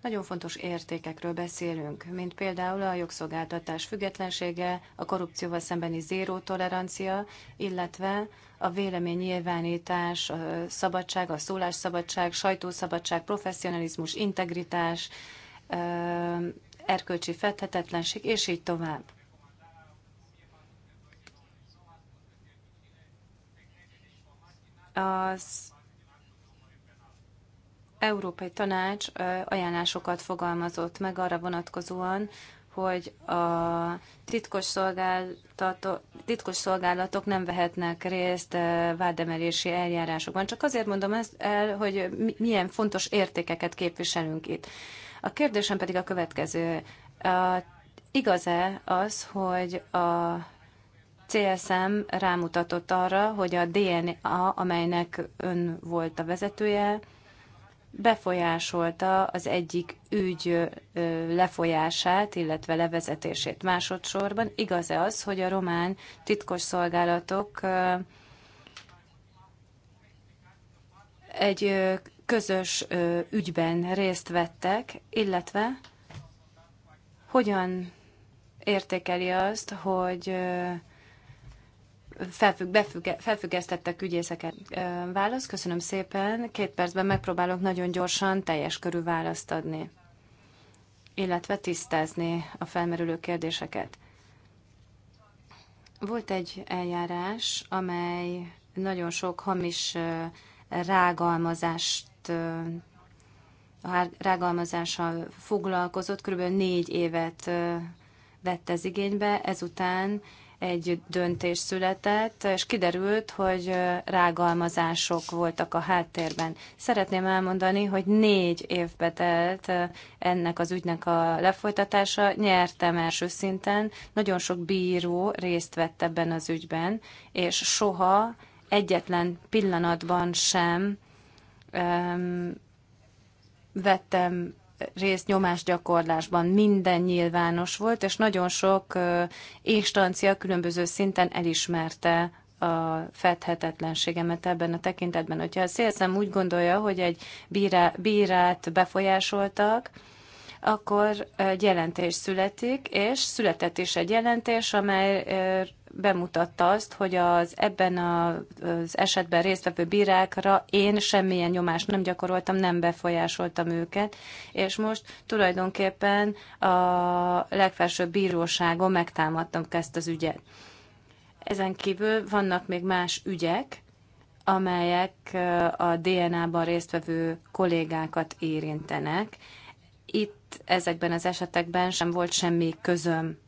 nagyon fontos értékekről beszélünk, mint például a jogszolgáltatás függetlensége, a korrupcióval szembeni zéró tolerancia, illetve a nyilvánítás, a szabadság, a szólásszabadság, sajtószabadság, professzionalizmus, integritás, erkölcsi fethetetlenség, és így tovább. Az Európai Tanács ajánlásokat fogalmazott meg arra vonatkozóan, hogy a titkos, titkos szolgálatok nem vehetnek részt vádemelési eljárásokban. Csak azért mondom ezt el, hogy milyen fontos értékeket képviselünk itt. A kérdésem pedig a következő. Igaz-e az, hogy a CSM rámutatott arra, hogy a DNA, amelynek ön volt a vezetője, befolyásolta az egyik ügy lefolyását, illetve levezetését. Másodszorban igaz-e az, hogy a román titkos szolgálatok egy közös ügyben részt vettek, illetve hogyan értékeli azt, hogy felfügg, befügge, felfüggesztettek ügyészeket. Válasz, köszönöm szépen. Két percben megpróbálok nagyon gyorsan teljes körű választ adni, illetve tisztázni a felmerülő kérdéseket. Volt egy eljárás, amely nagyon sok hamis rágalmazást a rágalmazással foglalkozott, kb. négy évet vett ez igénybe, ezután egy döntés született, és kiderült, hogy rágalmazások voltak a háttérben. Szeretném elmondani, hogy négy évbe telt ennek az ügynek a lefolytatása. Nyertem első szinten, nagyon sok bíró részt vett ebben az ügyben, és soha egyetlen pillanatban sem um, vettem részt nyomásgyakorlásban minden nyilvános volt, és nagyon sok instancia különböző szinten elismerte a fedhetetlenségemet ebben a tekintetben. Hogyha a szélszem úgy gondolja, hogy egy bírá, bírát befolyásoltak, akkor egy jelentés születik, és született is egy jelentés, amely bemutatta azt, hogy az ebben az esetben résztvevő bírákra én semmilyen nyomást nem gyakoroltam, nem befolyásoltam őket, és most tulajdonképpen a legfelsőbb bíróságon megtámadtam ezt az ügyet. Ezen kívül vannak még más ügyek, amelyek a DNA-ban résztvevő kollégákat érintenek. Itt ezekben az esetekben sem volt semmi közöm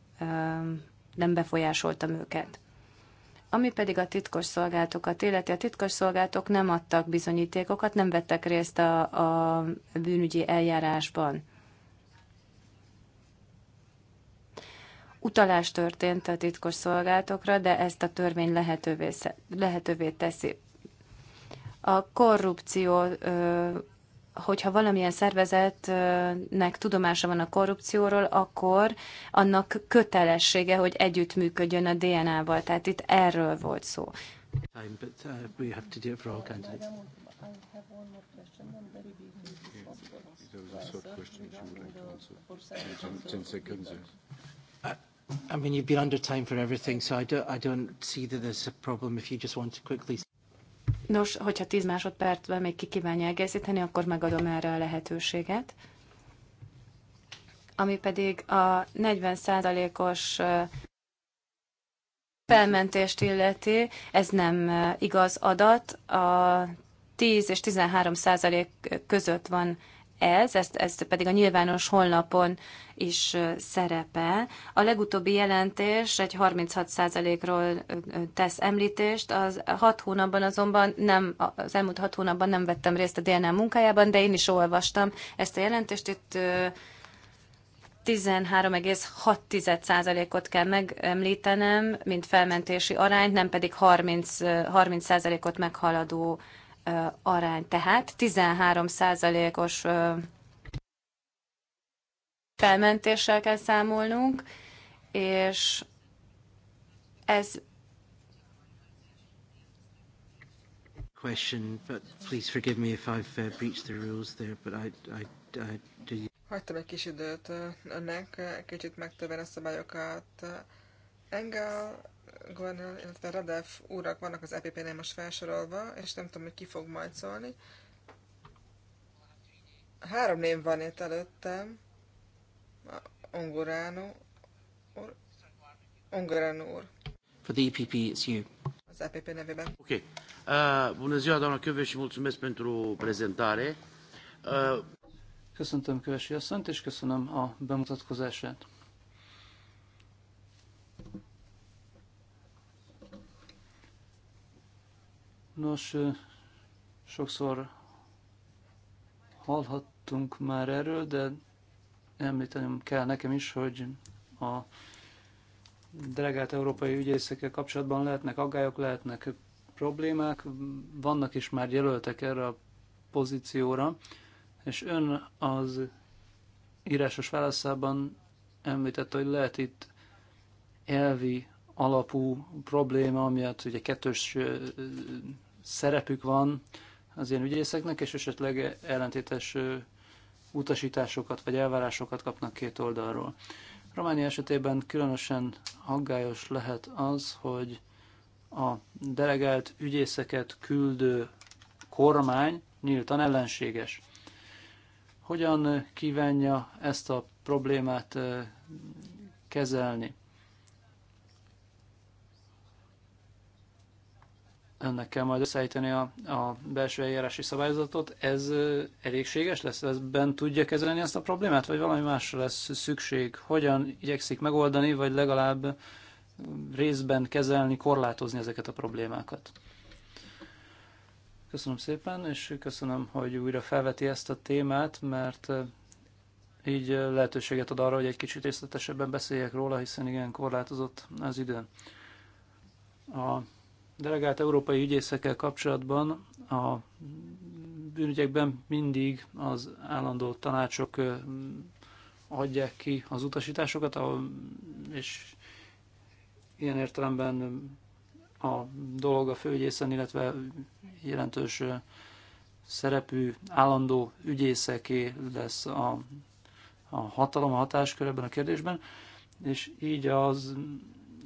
nem befolyásoltam őket. Ami pedig a titkos szolgáltokat illeti, a titkos szolgáltok nem adtak bizonyítékokat, nem vettek részt a, a bűnügyi eljárásban. Utalás történt a titkos szolgálatokra, de ezt a törvény lehetővé, lehetővé teszi. A korrupció ö, hogyha valamilyen szervezetnek tudomása van a korrupcióról, akkor annak kötelessége, hogy együttműködjön a DNA-val. Tehát itt erről volt szó. Uh, I mean, you've been under time for everything, so I don't, I don't see that there's a problem if you just want to quickly. Nos, hogyha 10 másodpercben még ki kívánja egészíteni, akkor megadom erre a lehetőséget. Ami pedig a 40%-os felmentést illeti, ez nem igaz adat. A 10 és 13 százalék között van ez, ezt, ez pedig a nyilvános honlapon is szerepel. A legutóbbi jelentés egy 36%-ról tesz említést, az hat hónapban azonban nem, az elmúlt hat hónapban nem vettem részt a DNA munkájában, de én is olvastam ezt a jelentést, itt 13,6%-ot kell megemlítenem, mint felmentési arányt, nem pedig 30, 30%-ot meghaladó arány. Tehát 13 os felmentéssel kell számolnunk, és ez question, but please forgive me if I've uh, breached the rules there, but I, I, I do you... Hagytam egy kis időt önnek, kicsit megtöven a szabályokat. Engel Gvernel, illetve Radev úrak vannak az EPP-nél most felsorolva, és nem tudom, hogy ki fog majd szólni. Három név van itt előttem. Ongoránó úr. Ongoránó úr. For the EPP, it's you. Az EPP nevében. Oké. Okay. Uh, bună ziua, doamna Köves, și mulțumesc pentru prezentare. Uh... Köszöntöm Kövesi asszonyt, és köszönöm a bemutatkozását. Nos, sokszor hallhattunk már erről, de említenem kell nekem is, hogy a delegált európai ügyészekkel kapcsolatban lehetnek aggályok, lehetnek problémák, vannak is már jelöltek erre a pozícióra, és ön az írásos válaszában említette, hogy lehet itt elvi alapú probléma, amiatt ugye kettős szerepük van az ilyen ügyészeknek, és esetleg ellentétes utasításokat vagy elvárásokat kapnak két oldalról. Románia esetében különösen aggályos lehet az, hogy a delegált ügyészeket küldő kormány nyíltan ellenséges. Hogyan kívánja ezt a problémát kezelni? ennek kell majd összeállítani a, a belső eljárási szabályzatot, ez elégséges lesz? Ez bent tudja kezelni ezt a problémát, vagy valami másra lesz szükség? Hogyan igyekszik megoldani, vagy legalább részben kezelni, korlátozni ezeket a problémákat? Köszönöm szépen, és köszönöm, hogy újra felveti ezt a témát, mert így lehetőséget ad arra, hogy egy kicsit részletesebben beszéljek róla, hiszen igen, korlátozott az idő. A delegált európai ügyészekkel kapcsolatban a bűnügyekben mindig az állandó tanácsok adják ki az utasításokat, és ilyen értelemben a dolog a főügyészen, illetve jelentős szerepű állandó ügyészeké lesz a, a hatalom, a hatáskör ebben a kérdésben, és így az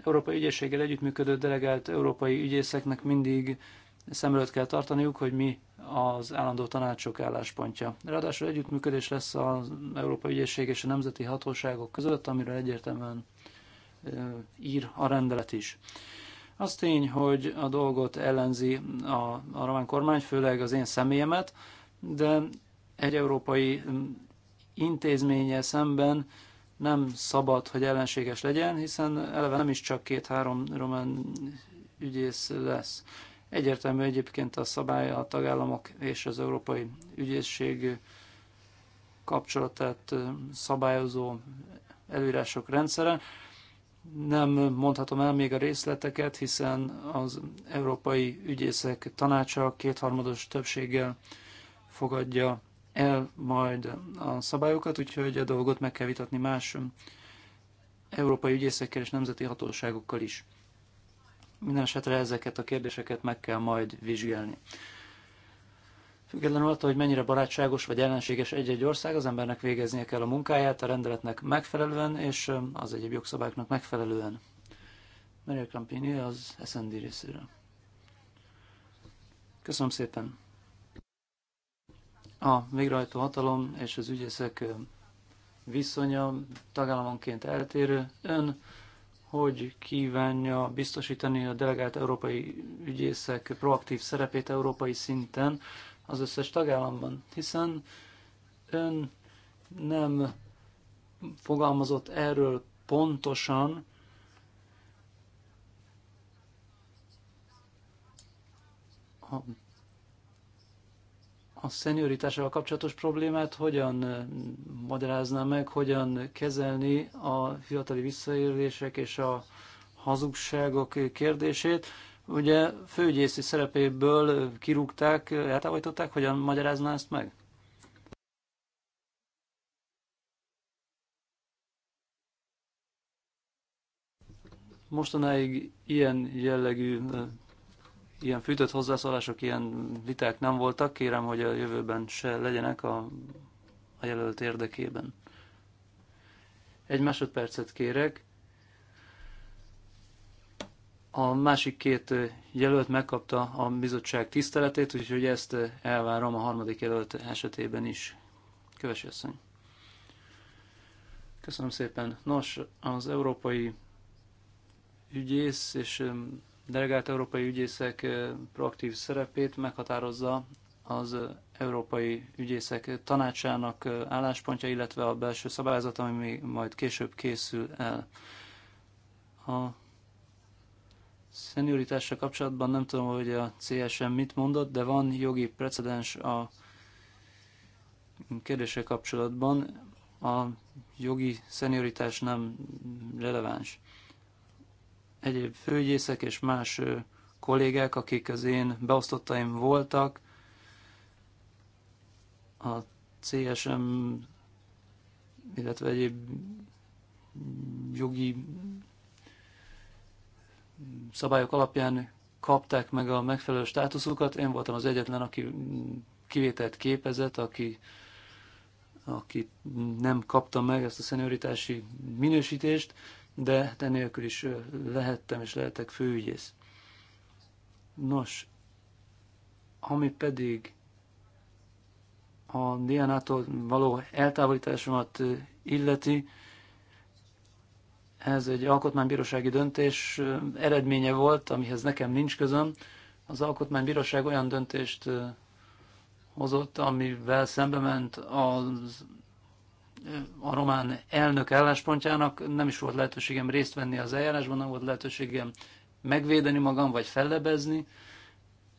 Európai Ügyészséggel együttműködő delegált európai ügyészeknek mindig szem előtt kell tartaniuk, hogy mi az állandó tanácsok álláspontja. Ráadásul együttműködés lesz az Európai Ügyészség és a nemzeti hatóságok között, amiről egyértelműen ír a rendelet is. Az tény, hogy a dolgot ellenzi a, a román kormány, főleg az én személyemet, de egy európai mm, intézménye szemben nem szabad, hogy ellenséges legyen, hiszen eleve nem is csak két-három román ügyész lesz. Egyértelmű egyébként a szabály a tagállamok és az Európai Ügyészség kapcsolatát szabályozó előírások rendszere. Nem mondhatom el még a részleteket, hiszen az Európai Ügyészek Tanácsa kétharmados többséggel fogadja el majd a szabályokat, úgyhogy a dolgot meg kell vitatni más európai ügyészekkel és nemzeti hatóságokkal is. Minden esetre ezeket a kérdéseket meg kell majd vizsgálni. Függetlenül attól, hogy mennyire barátságos vagy ellenséges egy-egy ország, az embernek végeznie kell a munkáját a rendeletnek megfelelően és az egyéb jogszabályoknak megfelelően. Maria Campini az SND részéről. Köszönöm szépen! a végrehajtó hatalom és az ügyészek viszonya tagállamonként eltérő. Ön hogy kívánja biztosítani a delegált európai ügyészek proaktív szerepét európai szinten az összes tagállamban, hiszen ön nem fogalmazott erről pontosan, a a szenioritással kapcsolatos problémát hogyan magyarázná meg, hogyan kezelni a fiatali visszaélések és a hazugságok kérdését. Ugye főgyészi szerepéből kirúgták, eltávolították, hogyan magyarázná ezt meg? Mostanáig ilyen jellegű ilyen fűtött hozzászólások, ilyen viták nem voltak. Kérem, hogy a jövőben se legyenek a, a jelölt érdekében. Egy másodpercet kérek. A másik két jelölt megkapta a bizottság tiszteletét, úgyhogy ezt elvárom a harmadik jelölt esetében is. Kövesi asszony. Köszönöm szépen. Nos, az európai ügyész és delegált európai ügyészek proaktív szerepét meghatározza az Európai Ügyészek Tanácsának álláspontja, illetve a belső szabályzat, ami még majd később készül el. A szenioritásra kapcsolatban nem tudom, hogy a CSM mit mondott, de van jogi precedens a kérdése kapcsolatban. A jogi szenioritás nem releváns egyéb főgyészek és más kollégák, akik az én beosztottaim voltak, a CSM, illetve egyéb jogi szabályok alapján kapták meg a megfelelő státuszukat. Én voltam az egyetlen, aki kivételt képezett, aki, aki nem kapta meg ezt a szenioritási minősítést, de de nélkül is lehettem és lehetek főügyész. Nos, ami pedig a Dianától való eltávolításomat illeti, ez egy alkotmánybírósági döntés eredménye volt, amihez nekem nincs közöm. Az alkotmánybíróság olyan döntést hozott, amivel szembe ment az a román elnök álláspontjának nem is volt lehetőségem részt venni az eljárásban, nem volt lehetőségem megvédeni magam, vagy fellebezni,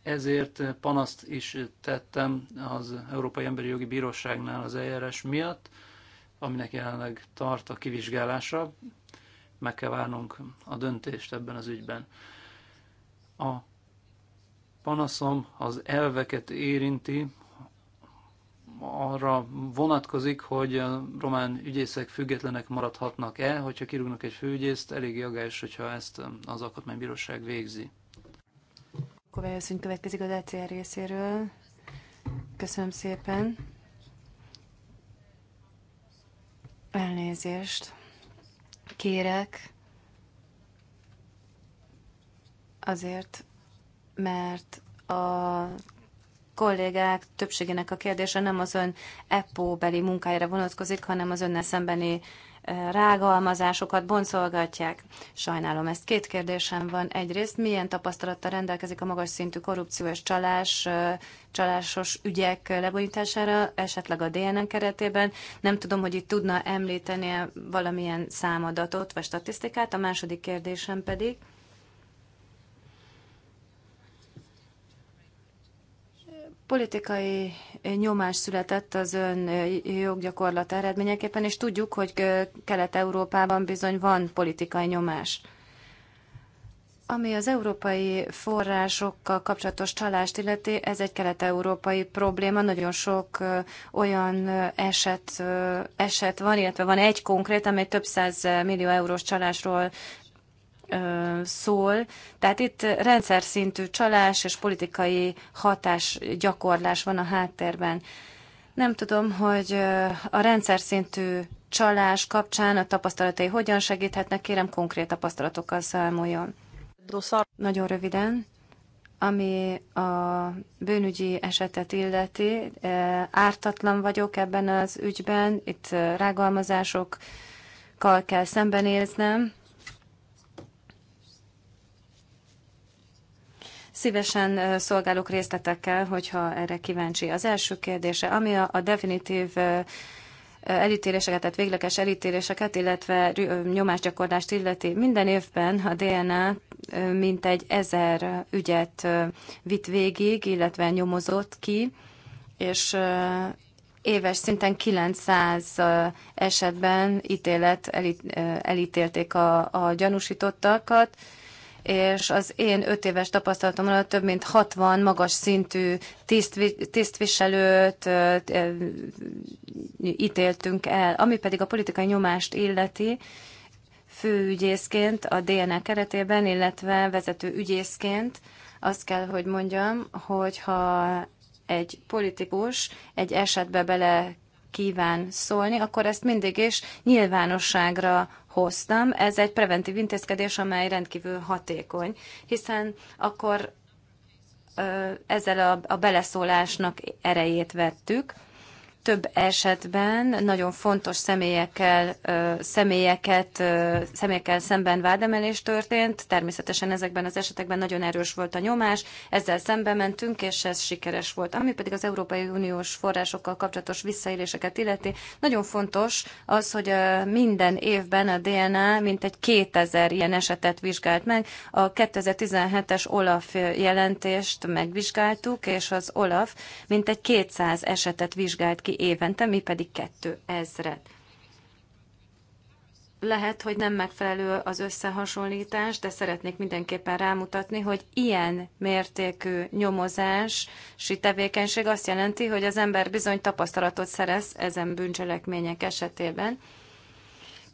ezért panaszt is tettem az Európai Emberi Jogi Bíróságnál az eljárás miatt, aminek jelenleg tart a kivizsgálása. Meg kell várnunk a döntést ebben az ügyben. A panaszom az elveket érinti, arra vonatkozik, hogy a román ügyészek függetlenek maradhatnak-e, hogyha kirúgnak egy főügyészt, elég jogás, hogyha ezt az alkotmánybíróság végzi. Kovály asszony következik az ECR részéről. Köszönöm szépen. Elnézést. Kérek. Azért, mert a kollégák többségének a kérdése nem az ön EPO-beli munkájára vonatkozik, hanem az önnel szembeni rágalmazásokat boncolgatják. Sajnálom ezt. Két kérdésem van. Egyrészt, milyen tapasztalattal rendelkezik a magas szintű korrupció és csalás, csalásos ügyek lebonyítására, esetleg a DNN keretében? Nem tudom, hogy itt tudna említeni valamilyen számadatot vagy statisztikát. A második kérdésem pedig, Politikai nyomás született az ön joggyakorlat eredményeképpen, és tudjuk, hogy Kelet-Európában bizony van politikai nyomás. Ami az európai forrásokkal kapcsolatos csalást illeti, ez egy kelet-európai probléma. Nagyon sok olyan eset, eset van, illetve van egy konkrét, amely több száz millió eurós csalásról szól. Tehát itt rendszer szintű csalás és politikai hatás gyakorlás van a háttérben. Nem tudom, hogy a rendszer szintű csalás kapcsán a tapasztalatai hogyan segíthetnek, kérem konkrét tapasztalatokkal számoljon. Nagyon röviden, ami a bűnügyi esetet illeti, ártatlan vagyok ebben az ügyben, itt rágalmazásokkal kell szembenéznem, Szívesen szolgálok részletekkel, hogyha erre kíváncsi. Az első kérdése, ami a, a definitív elítéléseket, tehát végleges elítéléseket, illetve nyomásgyakorlást illeti. Minden évben a DNA mintegy ezer ügyet vitt végig, illetve nyomozott ki, és éves szinten 900 esetben ítélet elítélték a, a gyanúsítottakat, és az én öt éves tapasztalatom alatt több mint 60 magas szintű tisztviselőt ítéltünk el. Ami pedig a politikai nyomást illeti, főügyészként a DNA keretében, illetve vezető ügyészként, azt kell, hogy mondjam, hogyha egy politikus egy esetbe bele kíván szólni, akkor ezt mindig is nyilvánosságra hoztam. Ez egy preventív intézkedés, amely rendkívül hatékony, hiszen akkor ezzel a, a beleszólásnak erejét vettük, több esetben nagyon fontos személyekkel, személyeket, személyekkel szemben vádemelés történt. Természetesen ezekben az esetekben nagyon erős volt a nyomás, ezzel szembe mentünk, és ez sikeres volt. Ami pedig az Európai Uniós forrásokkal kapcsolatos visszaéléseket illeti, nagyon fontos az, hogy minden évben a DNA mintegy 2000 ilyen esetet vizsgált meg. A 2017-es OLAF jelentést megvizsgáltuk, és az OLAF mintegy 200 esetet vizsgált ki évente, mi pedig 2000-et. Lehet, hogy nem megfelelő az összehasonlítás, de szeretnék mindenképpen rámutatni, hogy ilyen mértékű nyomozási tevékenység azt jelenti, hogy az ember bizony tapasztalatot szerez ezen bűncselekmények esetében.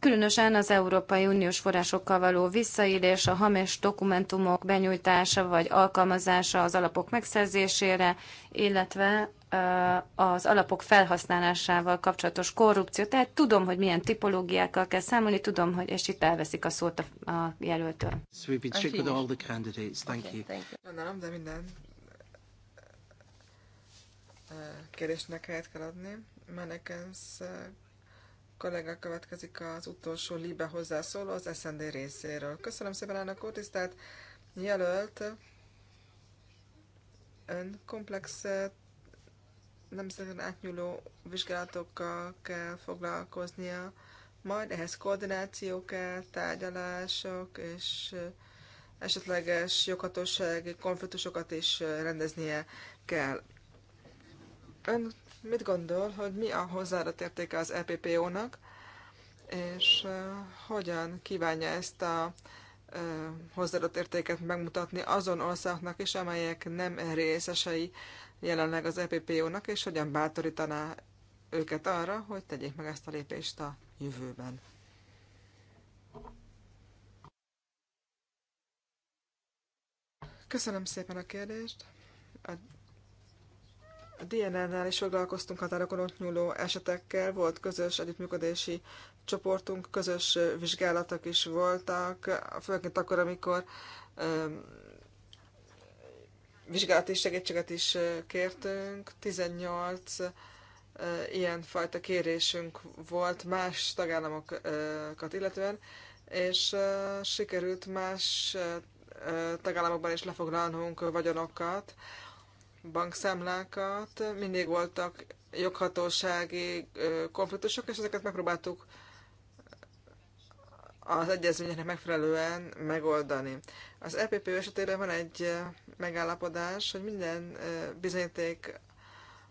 Különösen az Európai Uniós forrásokkal való visszaélés, a hamis dokumentumok benyújtása vagy alkalmazása az alapok megszerzésére, illetve az alapok felhasználásával kapcsolatos korrupció. Tehát tudom, hogy milyen tipológiákkal kell számolni, tudom, hogy, és itt elveszik a szót a, a jelöltől. So we've been checked with all the candidates. Thank okay, you. Thank you. de minden kérdésnek helyet kell adni. Menekens kollega következik az utolsó libe hozzászóló az SND részéről. Köszönöm szépen, elnök úr, tisztelt jelölt! Ön komplex nem szeren átnyúló vizsgálatokkal kell foglalkoznia, majd ehhez koordináció kell, tárgyalások és eh, esetleges joghatósági konfliktusokat is eh, rendeznie kell. Ön mit gondol, hogy mi a hozzáadott értéke az EPPO-nak, és eh, hogyan kívánja ezt a hozzáadott értéket megmutatni azon országnak is, amelyek nem részesei jelenleg az EPPO-nak, és hogyan bátorítaná őket arra, hogy tegyék meg ezt a lépést a jövőben. Köszönöm szépen a kérdést. A dnn DNL-nál is foglalkoztunk határokon ott nyúló esetekkel, volt közös együttműködési csoportunk, közös vizsgálatok is voltak, főként akkor, amikor vizsgálati segítséget is kértünk. 18 ilyen fajta kérésünk volt más tagállamokat illetően, és sikerült más tagállamokban is lefoglalnunk vagyonokat, bankszámlákat. Mindig voltak joghatósági konfliktusok, és ezeket megpróbáltuk az egyezményeknek megfelelően megoldani. Az EPP esetében van egy megállapodás, hogy minden bizonyíték,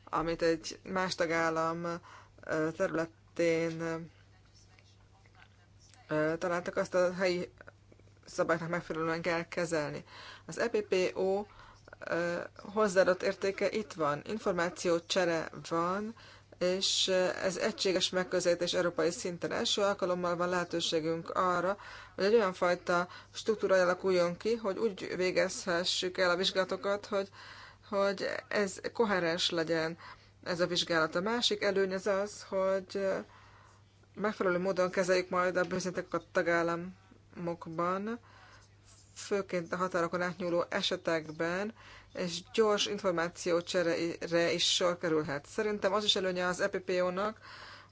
amit egy más tagállam területén találtak, azt a helyi szabálynak megfelelően kell kezelni. Az EPPO hozzáadott értéke itt van, információ csere van, és eh, ez egységes megközelítés európai szinten. Első alkalommal van lehetőségünk arra, hogy egy olyan fajta struktúra alakuljon ki, hogy úgy végezhessük el a vizsgálatokat, hogy, hogy ez koherens legyen ez a vizsgálat. A másik előny az az, hogy eh, megfelelő módon kezeljük majd a bizonyítékok a tagállamokban, főként a határokon átnyúló esetekben, és gyors információ információcserére is sor kerülhet. Szerintem az is előnye az EPPO-nak,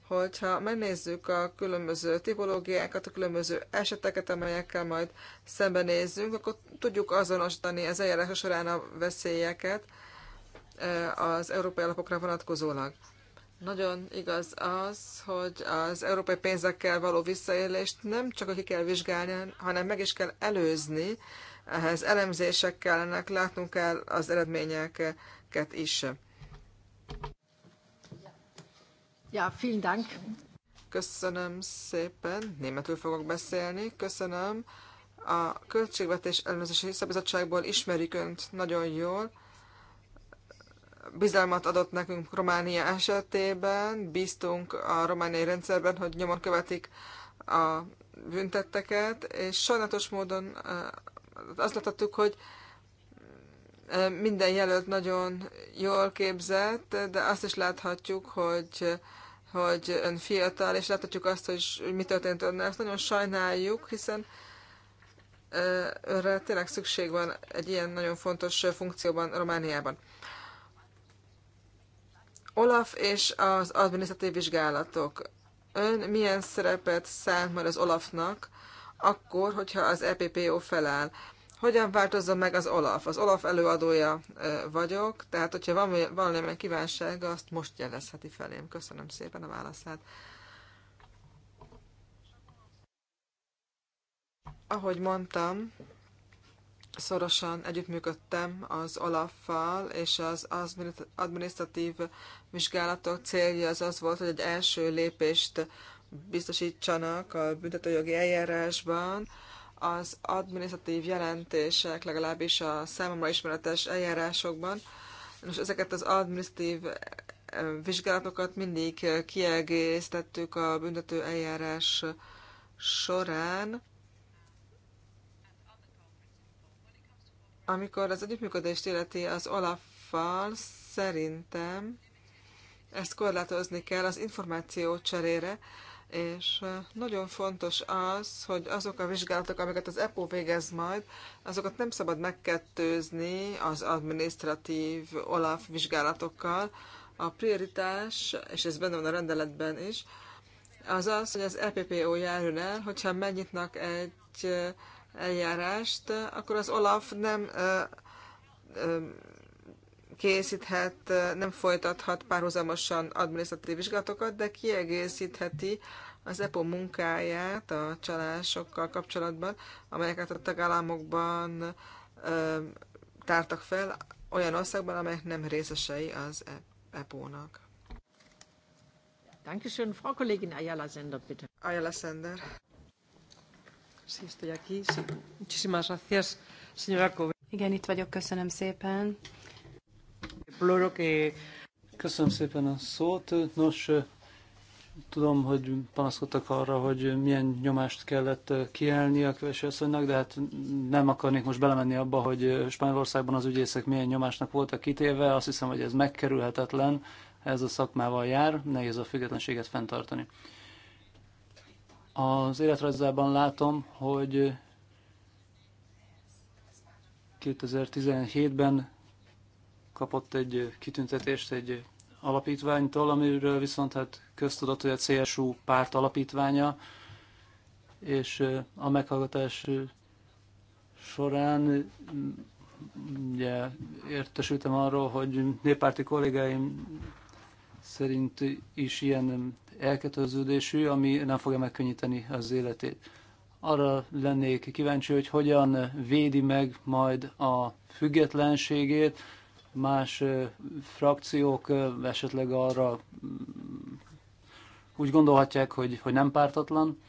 hogyha megnézzük a különböző tipológiákat, a különböző eseteket, amelyekkel majd szembenézzünk, akkor tudjuk azonosítani az eljárása során a veszélyeket az európai alapokra vonatkozólag. Nagyon igaz az, hogy az európai pénzekkel való visszaélést nem csak aki kell vizsgálni, hanem meg is kell előzni, ehhez elemzések kellenek, látnunk kell az eredményeket is. Ja, vielen Dank. Köszönöm szépen, németül fogok beszélni, köszönöm. A Költségvetés Elemzési Szabizottságból ismerik Önt nagyon jól. Bizalmat adott nekünk Románia esetében, bíztunk a romániai rendszerben, hogy nyomon követik a büntetteket, és sajnálatos módon azt láthattuk, hogy minden jelölt nagyon jól képzett, de azt is láthatjuk, hogy hogy ön fiatal, és láthatjuk azt, hogy mi történt önnel. Ezt nagyon sajnáljuk, hiszen erre tényleg szükség van egy ilyen nagyon fontos funkcióban Romániában. Olaf és az adminisztratív vizsgálatok. Ön milyen szerepet szánt majd az Olafnak akkor, hogyha az EPPO feláll. Hogyan változzon meg az Olaf? Az Olaf előadója vagyok, tehát hogyha van valamilyen kívánsága, azt most jelezheti felém. Köszönöm szépen a válaszát. Ahogy mondtam, szorosan együttműködtem az Olaffal, és az adminisztratív vizsgálatok célja az az volt, hogy egy első lépést biztosítsanak a büntetőjogi eljárásban, az adminisztratív jelentések, legalábbis a számomra ismeretes eljárásokban. Most ezeket az adminisztratív vizsgálatokat mindig kiegészítettük a büntető eljárás során. Amikor az együttműködést illeti az Olaffal, szerintem ezt korlátozni kell az információ cserére, és nagyon fontos az, hogy azok a vizsgálatok, amiket az EPO végez majd, azokat nem szabad megkettőzni az administratív OLAF vizsgálatokkal. A prioritás, és ez benne van a rendeletben is, az az, hogy az EPPO járjon el, hogyha megnyitnak egy eljárást, akkor az OLAF nem készíthet, nem folytathat párhuzamosan adminisztratív vizsgálatokat, de kiegészítheti az EPO munkáját a csalásokkal kapcsolatban, amelyeket a tagállamokban ö, tártak fel olyan országban, amelyek nem részesei az EPO-nak. Dankeschön, Frau Kollegin Ayala Sender, bitte. Ayala Sender. Sí, estoy aquí. Sí. Muchísimas gracias, señora Igen, itt vagyok, köszönöm szépen imploro que... Köszönöm szépen a szót. Nos, tudom, hogy panaszkodtak arra, hogy milyen nyomást kellett kiállni a kövesiasszonynak, de hát nem akarnék most belemenni abba, hogy Spanyolországban az ügyészek milyen nyomásnak voltak kitéve. Azt hiszem, hogy ez megkerülhetetlen, ez a szakmával jár, nehéz a függetlenséget fenntartani. Az életrajzában látom, hogy 2017-ben kapott egy kitüntetést egy alapítványtól, amiről viszont hát köztudott, hogy a CSU párt alapítványa, és a meghallgatás során ugye, értesültem arról, hogy néppárti kollégáim szerint is ilyen elkötöződésű, ami nem fogja megkönnyíteni az életét. Arra lennék kíváncsi, hogy hogyan védi meg majd a függetlenségét, Más frakciók esetleg arra úgy gondolhatják, hogy, hogy nem pártatlan.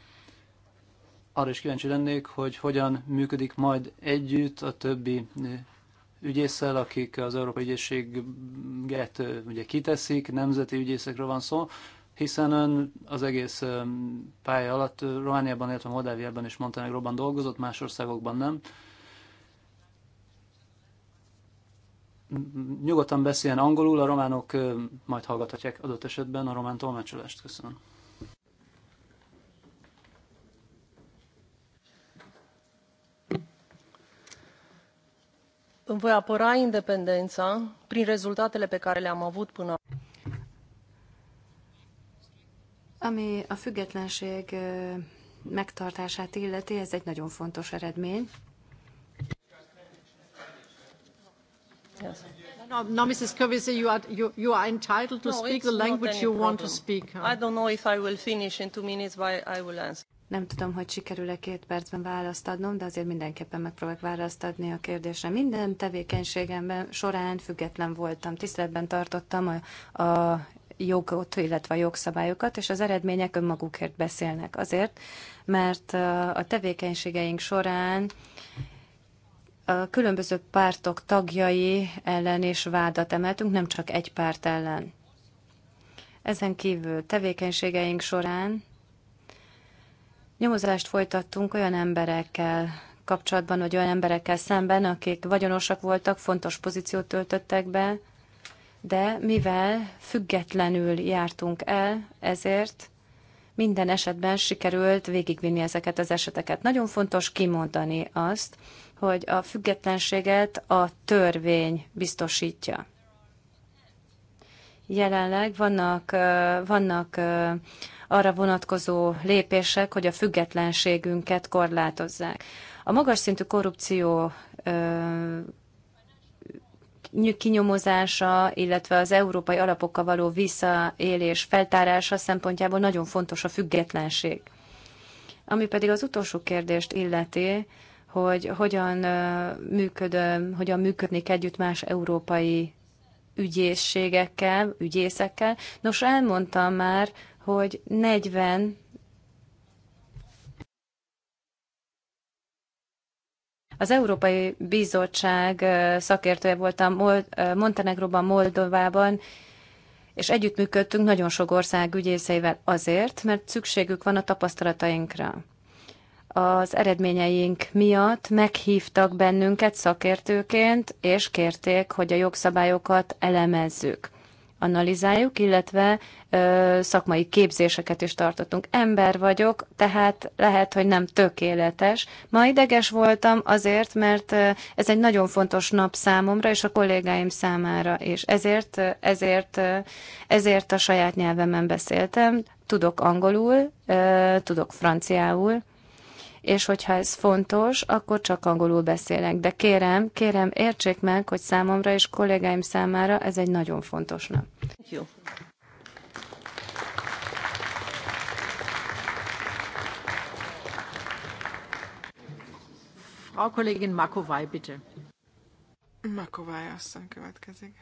Arra is kíváncsi lennék, hogy hogyan működik majd együtt a többi ügyészsel, akik az Európai Ügyészséget ugye kiteszik, nemzeti ügyészekről van szó, hiszen ön az egész pálya alatt Romániában, illetve Moldáviában és Montenegróban dolgozott, más országokban nem. nyugodtan beszéljen angolul, a románok majd hallgathatják adott esetben a román tolmácsolást. Köszönöm. Îmi voi apăra independența prin rezultatele pe care le-am avut până Ami a függetlenség megtartását illeti, ez egy nagyon fontos eredmény. No, Kövesi, you are, entitled to speak the language you want to speak. I don't know if I will finish in two minutes, but I will answer. Nem tudom, hogy sikerül-e két percben választ adnom, de azért mindenképpen megpróbálok választ adni a kérdésre. Minden tevékenységemben során független voltam, tiszteletben tartottam a, a jogot, illetve a jogszabályokat, és az eredmények önmagukért beszélnek azért, mert a tevékenységeink során uh, a különböző pártok tagjai ellen és vádat emeltünk, nem csak egy párt ellen. Ezen kívül tevékenységeink során nyomozást folytattunk olyan emberekkel kapcsolatban, vagy olyan emberekkel szemben, akik vagyonosak voltak, fontos pozíciót töltöttek be, de mivel függetlenül jártunk el, ezért minden esetben sikerült végigvinni ezeket az eseteket. Nagyon fontos kimondani azt, hogy a függetlenséget a törvény biztosítja. Jelenleg vannak, vannak arra vonatkozó lépések, hogy a függetlenségünket korlátozzák. A magas szintű korrupció kinyomozása, illetve az európai alapokkal való visszaélés feltárása szempontjából nagyon fontos a függetlenség. Ami pedig az utolsó kérdést illeti, hogy hogyan működöm, hogyan működnék együtt más európai ügyészségekkel, ügyészekkel. Nos, elmondtam már, hogy 40 Az Európai Bizottság szakértője voltam Montenegróban, Moldovában, és együttműködtünk nagyon sok ország ügyészeivel azért, mert szükségük van a tapasztalatainkra az eredményeink miatt meghívtak bennünket szakértőként, és kérték, hogy a jogszabályokat elemezzük, analizáljuk, illetve ö, szakmai képzéseket is tartottunk. Ember vagyok, tehát lehet, hogy nem tökéletes. Ma ideges voltam azért, mert ez egy nagyon fontos nap számomra és a kollégáim számára, és ezért, ezért, ezért a saját nyelvemen beszéltem. Tudok angolul, ö, tudok franciául, és hogyha ez fontos, akkor csak angolul beszélek. De kérem, kérem, értsék meg, hogy számomra és kollégáim számára ez egy nagyon fontos nap. Jó. Frau Kollegin Makovai, bitte. Makovai, aztán következik.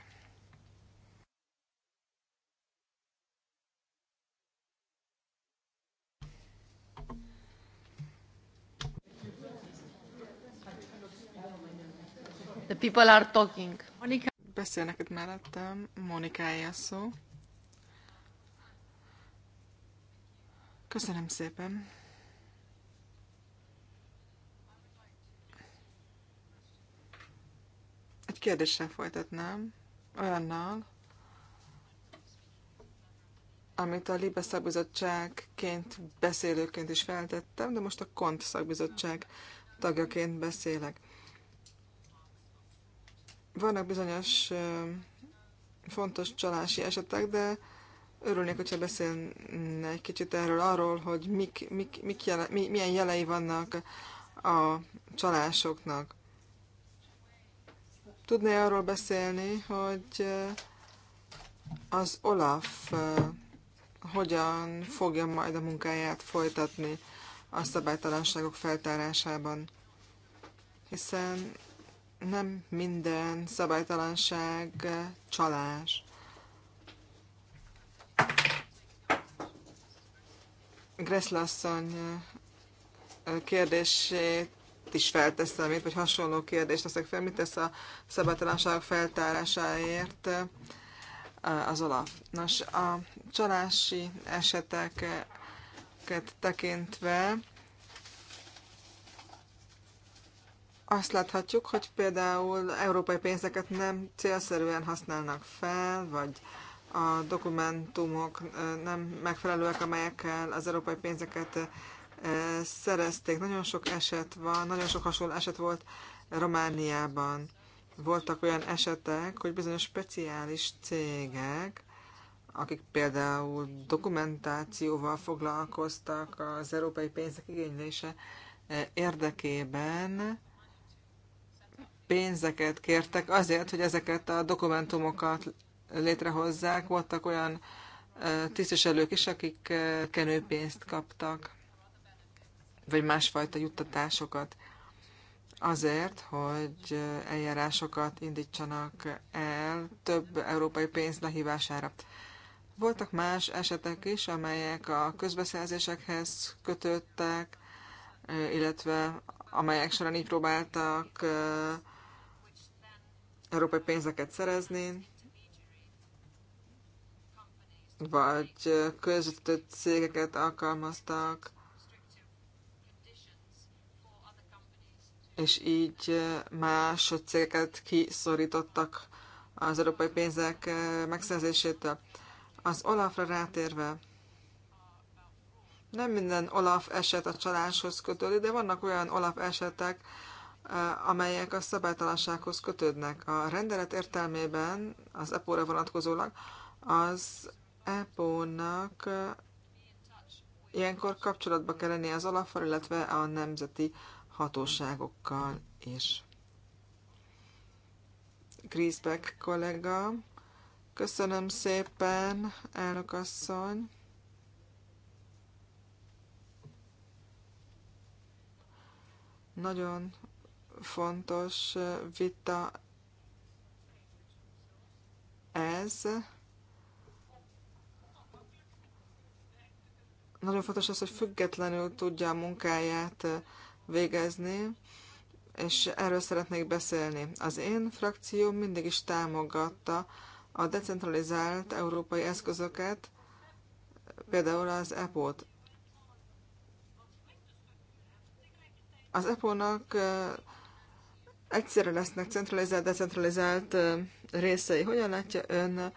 The people are talking. Monika. Beszélnek itt mellettem. Monikája szó. Köszönöm szépen. Egy kérdéssel folytatnám, olyannal, amit a Libe szakbizottságként beszélőként is feltettem, de most a Kont szakbizottság tagjaként beszélek. Vannak bizonyos fontos csalási esetek, de örülnék, hogyha beszélne egy kicsit erről, arról, hogy mik, mik, mik jele, mi, milyen jelei vannak a csalásoknak. Tudné arról beszélni, hogy az Olaf hogyan fogja majd a munkáját folytatni a szabálytalanságok feltárásában? Hiszen nem minden szabálytalanság eh, csalás. Greszlasszony eh, kérdését is felteszem itt, vagy hasonló kérdést teszek fel, mit tesz a szabálytalanságok feltárásáért eh, az Olaf. Nos, a csalási eseteket tekintve azt láthatjuk, hogy például európai pénzeket nem célszerűen használnak fel, vagy a dokumentumok nem megfelelőek, amelyekkel az európai pénzeket szerezték. Nagyon sok eset van, nagyon sok hasonló eset volt Romániában. Voltak olyan esetek, hogy bizonyos speciális cégek, akik például dokumentációval foglalkoztak az európai pénzek igénylése érdekében, pénzeket kértek azért, hogy ezeket a dokumentumokat létrehozzák. Voltak olyan tisztviselők is, akik kenőpénzt kaptak, vagy másfajta juttatásokat azért, hogy eljárásokat indítsanak el több európai pénz lehívására. Voltak más esetek is, amelyek a közbeszerzésekhez kötöttek, illetve amelyek során így próbáltak európai pénzeket szerezni, vagy közvetítő cégeket alkalmaztak, és így más cégeket kiszorítottak az európai pénzek megszerzésétől. Az Olafra rátérve, nem minden Olaf eset a csaláshoz kötődik, de vannak olyan Olaf esetek, amelyek a szabálytalansághoz kötődnek. A rendelet értelmében az EPO-ra vonatkozólag az EPO-nak ilyenkor kapcsolatba kell lenni az alapfal, illetve a nemzeti hatóságokkal is. Griesbeck kollega, köszönöm szépen, elnök asszony. Nagyon fontos vita ez. Nagyon fontos az, hogy függetlenül tudja a munkáját végezni, és erről szeretnék beszélni. Az én frakcióm mindig is támogatta a decentralizált európai eszközöket, például az EPO-t. Az EPO-nak egyszerre lesznek centralizált, decentralizált részei. Hogyan látja ön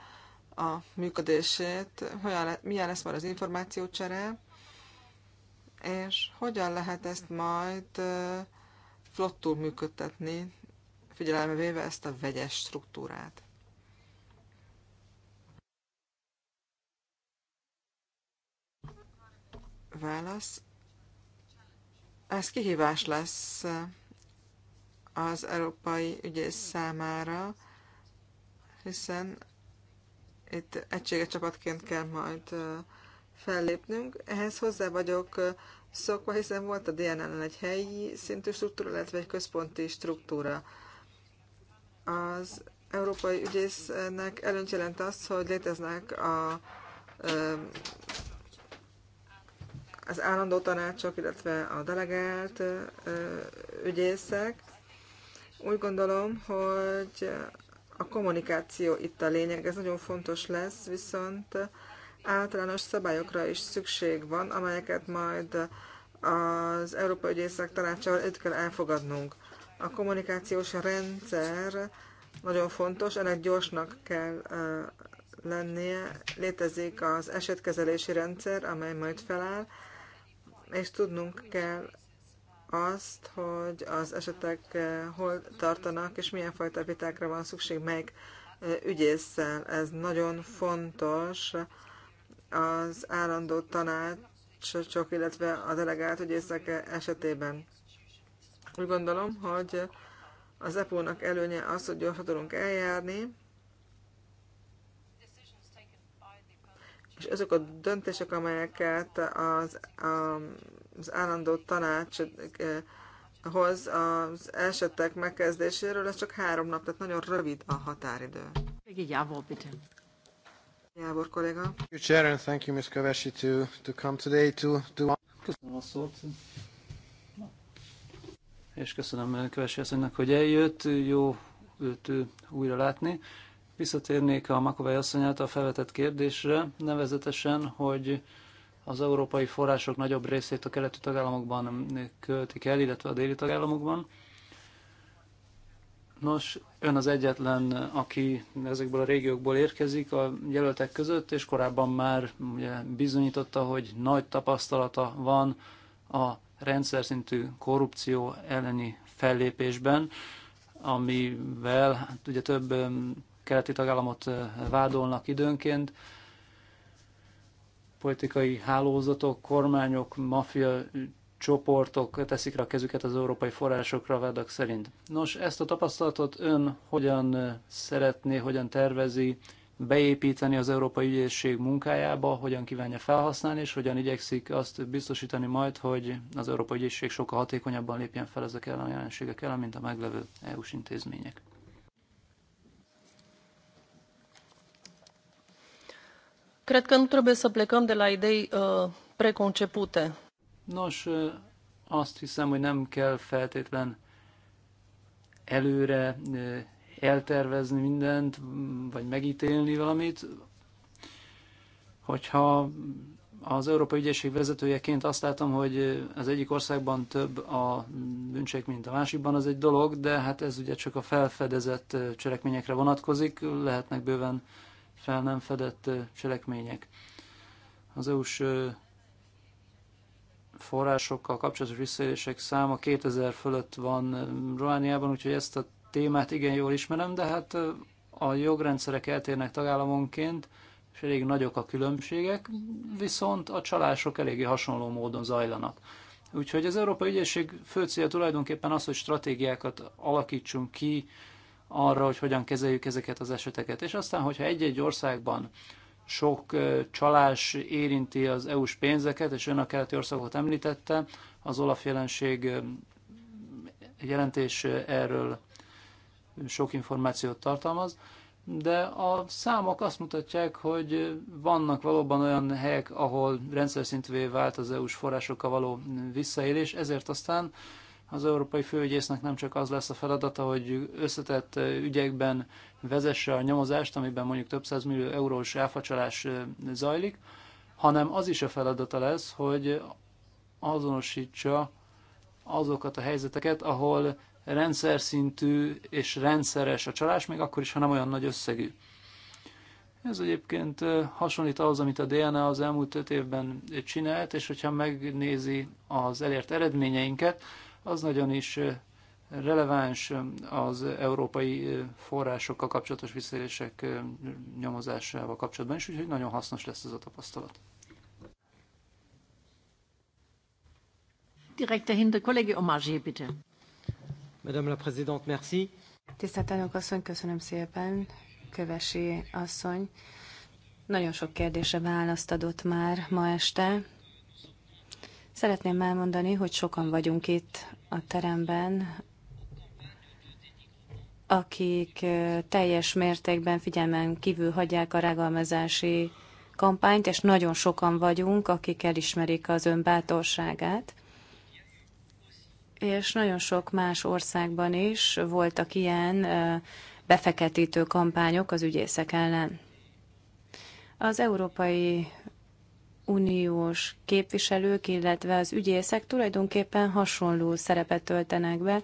a működését? Hogyan, milyen lesz már az információcsere? És hogyan lehet ezt majd flottul működtetni, figyelembe véve ezt a vegyes struktúrát? Válasz. Ez kihívás lesz az európai ügyész számára, hiszen itt egységes csapatként kell majd fellépnünk. Ehhez hozzá vagyok szokva, hiszen volt a dnl egy helyi szintű struktúra, illetve egy központi struktúra. Az európai ügyésznek előnyt jelent az, hogy léteznek a, az állandó tanácsok, illetve a delegált ügyészek, úgy gondolom, hogy a kommunikáció itt a lényeg, ez nagyon fontos lesz, viszont általános szabályokra is szükség van, amelyeket majd az Európai Ügyészek Tanácsával itt kell elfogadnunk. A kommunikációs rendszer nagyon fontos, ennek gyorsnak kell lennie. Létezik az esetkezelési rendszer, amely majd feláll, és tudnunk kell azt, hogy az esetek eh, hol tartanak, és milyen fajta vitákra van szükség, meg eh, ügyészszel. Ez nagyon fontos az állandó tanácsok, illetve a delegált ügyészek esetében. Úgy gondolom, hogy az EPO-nak előnye az, hogy gyorsan tudunk eljárni, és azok a döntések, amelyeket az, a az állandó tanácshoz eh, az esetek megkezdéséről, ez csak három nap, tehát nagyon rövid a határidő. Jávor, kolléga. Chair, thank you, Ms. Kövesi, to, to come today to, to... Köszönöm a szót. És köszönöm eh, Kövesi asszonynak, hogy eljött. Jó őt eh, újra látni. Visszatérnék a Makovely asszonyát által felvetett kérdésre, nevezetesen, hogy az európai források nagyobb részét a keleti tagállamokban költik el, illetve a déli tagállamokban. Nos, ön az egyetlen, aki ezekből a régiókból érkezik a jelöltek között, és korábban már ugye bizonyította, hogy nagy tapasztalata van a rendszer szintű korrupció elleni fellépésben, amivel hát ugye több keleti tagállamot eh, vádolnak időnként, politikai hálózatok, kormányok, maffia csoportok teszik rá a kezüket az európai forrásokra vádak szerint. Nos, ezt a tapasztalatot ön hogyan szeretné, hogyan tervezi beépíteni az Európai Ügyészség munkájába, hogyan kívánja felhasználni, és hogyan igyekszik azt biztosítani majd, hogy az Európai Ügyészség sokkal hatékonyabban lépjen fel ezek ellen a jelenségek ellen, mint a meglevő EU-s intézmények. Cred că nu trebuie să plecăm de la idei uh, preconcepute. Nos, uh, azt hiszem, hogy nem kell feltétlen előre uh, eltervezni mindent, vagy megítélni valamit. Hogyha az Európai Ügyészség vezetőjeként azt látom, hogy uh, az egyik országban több a bűncsek, mint a másikban, az egy dolog, de hát ez ugye csak a felfedezett cselekményekre vonatkozik, lehetnek bőven fel nem fedett cselekmények. Az EU-s forrásokkal kapcsolatos visszaélések száma 2000 fölött van Romániában, úgyhogy ezt a témát igen jól ismerem, de hát a jogrendszerek eltérnek tagállamonként, és elég nagyok a különbségek, viszont a csalások eléggé hasonló módon zajlanak. Úgyhogy az Európai Ügyészség fő célja tulajdonképpen az, hogy stratégiákat alakítsunk ki arra, hogy hogyan kezeljük ezeket az eseteket. És aztán, hogyha egy-egy országban sok csalás érinti az EU-s pénzeket, és ön a keleti országot említette, az Olaf jelenség jelentés erről sok információt tartalmaz, de a számok azt mutatják, hogy vannak valóban olyan helyek, ahol rendszer szintűvé vált az EU-s forrásokkal való visszaélés, ezért aztán az európai főügyésznek nem csak az lesz a feladata, hogy összetett ügyekben vezesse a nyomozást, amiben mondjuk több millió eurós elfacsalás zajlik, hanem az is a feladata lesz, hogy azonosítsa azokat a helyzeteket, ahol rendszer szintű és rendszeres a csalás, még akkor is, ha nem olyan nagy összegű. Ez egyébként hasonlít ahhoz, amit a DNA az elmúlt öt évben csinált, és hogyha megnézi az elért eredményeinket, az nagyon is releváns az európai forrásokkal kapcsolatos visszaélések nyomozásával kapcsolatban is, úgyhogy nagyon hasznos lesz ez a tapasztalat. Direkt dahinter, kollégi Omagé, bitte. Madame la Présidente, merci. Tisztelt elnök asszony, köszönöm szépen. Kövesi asszony. Nagyon sok kérdése választ adott már ma este. Szeretném elmondani, hogy sokan vagyunk itt a teremben, akik teljes mértékben figyelmen kívül hagyják a rágalmazási kampányt, és nagyon sokan vagyunk, akik elismerik az ön bátorságát. És nagyon sok más országban is voltak ilyen befeketítő kampányok az ügyészek ellen. Az Európai uniós képviselők, illetve az ügyészek tulajdonképpen hasonló szerepet töltenek be.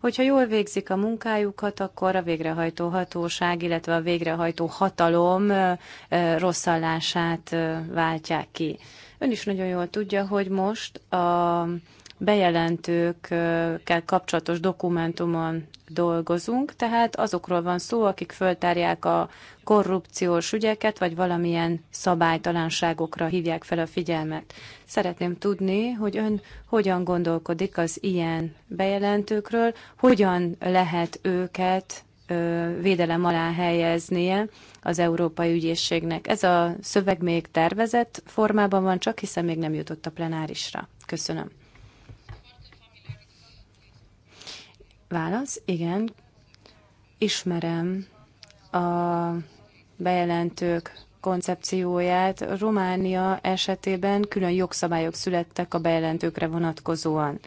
Hogyha jól végzik a munkájukat, akkor a végrehajtó hatóság, illetve a végrehajtó hatalom rosszallását váltják ki. Ön is nagyon jól tudja, hogy most a bejelentőkkel kapcsolatos dokumentumon dolgozunk, tehát azokról van szó, akik föltárják a korrupciós ügyeket, vagy valamilyen szabálytalanságokra hívják fel a figyelmet. Szeretném tudni, hogy ön hogyan gondolkodik az ilyen bejelentőkről, hogyan lehet őket védelem alá helyeznie az Európai Ügyészségnek. Ez a szöveg még tervezett formában van, csak hiszen még nem jutott a plenárisra. Köszönöm. Válasz, igen. Ismerem a bejelentők koncepcióját. Románia esetében külön jogszabályok születtek a bejelentőkre vonatkozóan.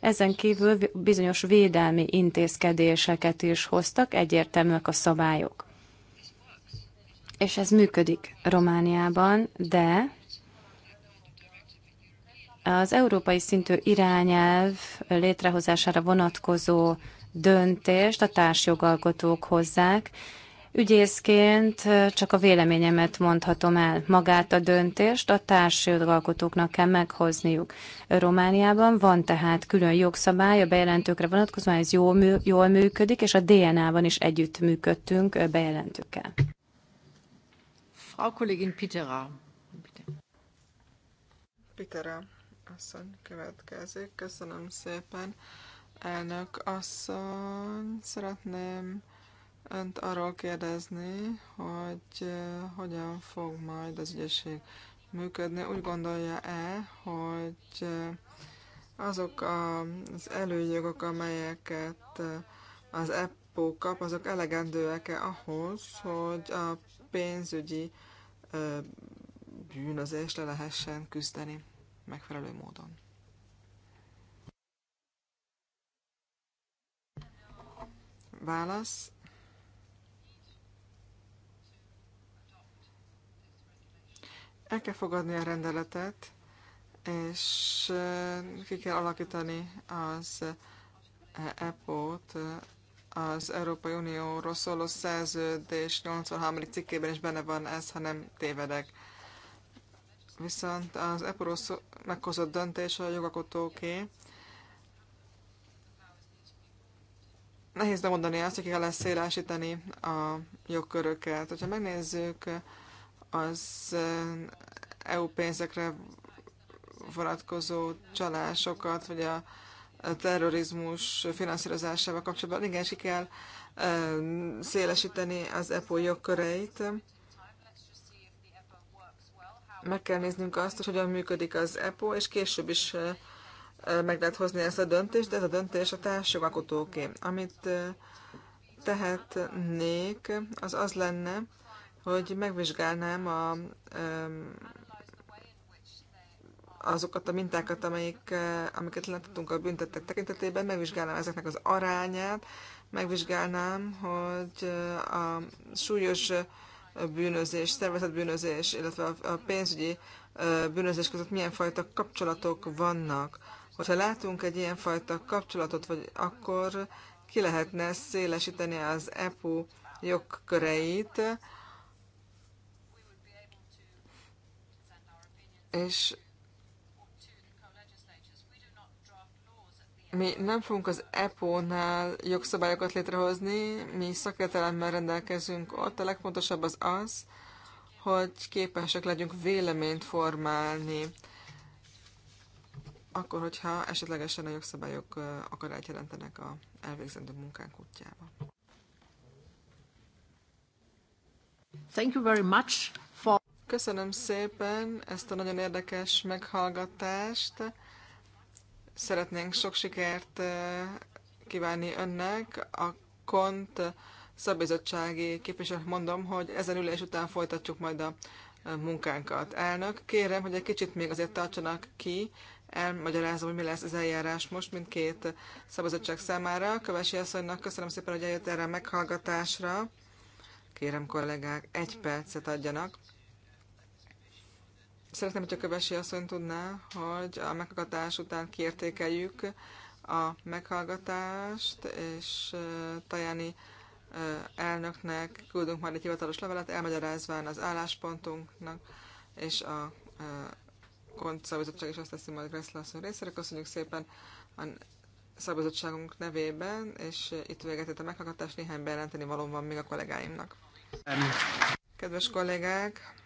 Ezen kívül bizonyos védelmi intézkedéseket is hoztak, egyértelműek a szabályok. És ez működik Romániában, de az európai szintű irányelv létrehozására vonatkozó döntést a társjogalkotók hozzák. Ügyészként csak a véleményemet mondhatom el. Magát a döntést a társjogalkotóknak kell meghozniuk. Romániában van tehát külön jogszabály a bejelentőkre vonatkozóan, ez jól, jól működik, és a DNA-ban is együtt működtünk bejelentőkkel. Frau Kollegin Pitera. Pitera asszony következik. Köszönöm szépen, elnök asszony. Szeretném önt arról kérdezni, hogy eh, hogyan fog majd az ügyesség működni. Úgy gondolja-e, hogy eh, azok az előjogok, amelyeket eh, az EPPO kap, azok elegendőek-e ahhoz, hogy a pénzügyi bűnözés le lehessen küzdeni? megfelelő módon. Válasz. El kell fogadni a rendeletet, és ki kell alakítani az EPO-t, az Európai Unióról szóló szerződés 83. cikkében is benne van ez, ha nem tévedek viszont az EPROSZ meghozott döntés a jogakotóké. Nehéz mondani azt, hogy ki kell szélesíteni a jogköröket. Hogyha megnézzük az eh, EU pénzekre vonatkozó csalásokat, vagy a terrorizmus finanszírozásával kapcsolatban, igen, ki kell eh, szélesíteni az EPO jogköreit meg kell néznünk azt, hogy hogyan működik az EPO, és később is meg lehet hozni ezt a döntést, de ez a döntés a társjogalkotóké. Amit tehetnék, az az lenne, hogy megvizsgálnám a, azokat a mintákat, amelyik, amiket láthatunk a büntettek tekintetében, megvizsgálnám ezeknek az arányát, megvizsgálnám, hogy a súlyos bűnözés, szervezett bűnözés, illetve a pénzügyi bűnözés között milyen fajta kapcsolatok vannak. Hogyha látunk egy ilyen fajta kapcsolatot, vagy akkor ki lehetne szélesíteni az EPU jogköreit, és Mi nem fogunk az EPO-nál jogszabályokat létrehozni, mi szakértelemmel rendelkezünk ott. A legfontosabb az az, hogy képesek legyünk véleményt formálni, akkor, hogyha esetlegesen a jogszabályok akarát jelentenek a elvégzendő munkánk útjába. Thank you very much for... Köszönöm szépen ezt a nagyon érdekes meghallgatást Szeretnénk sok sikert eh, kívánni önnek. A KONT szabizottsági képviselőt mondom, hogy ezen ülés után folytatjuk majd a eh, munkánkat. Elnök, kérem, hogy egy kicsit még azért tartsanak ki, elmagyarázom, hogy mi lesz az eljárás most két szabadság számára. Kövesi asszonynak köszönöm szépen, hogy eljött erre a meghallgatásra. Kérem kollégák, egy percet adjanak Szeretném, hogy a Kövesi asszony tudná, hogy a meghallgatás után kiértékeljük a meghallgatást, és Tajani elnöknek küldünk majd egy hivatalos levelet, elmagyarázván az álláspontunknak, és a szabizottság is azt teszi majd Gressler asszony részére. Köszönjük szépen a szabizottságunk nevében, és itt véget a meghallgatás, néhány bejelenteni valóban még a kollégáimnak. Kedves kollégák!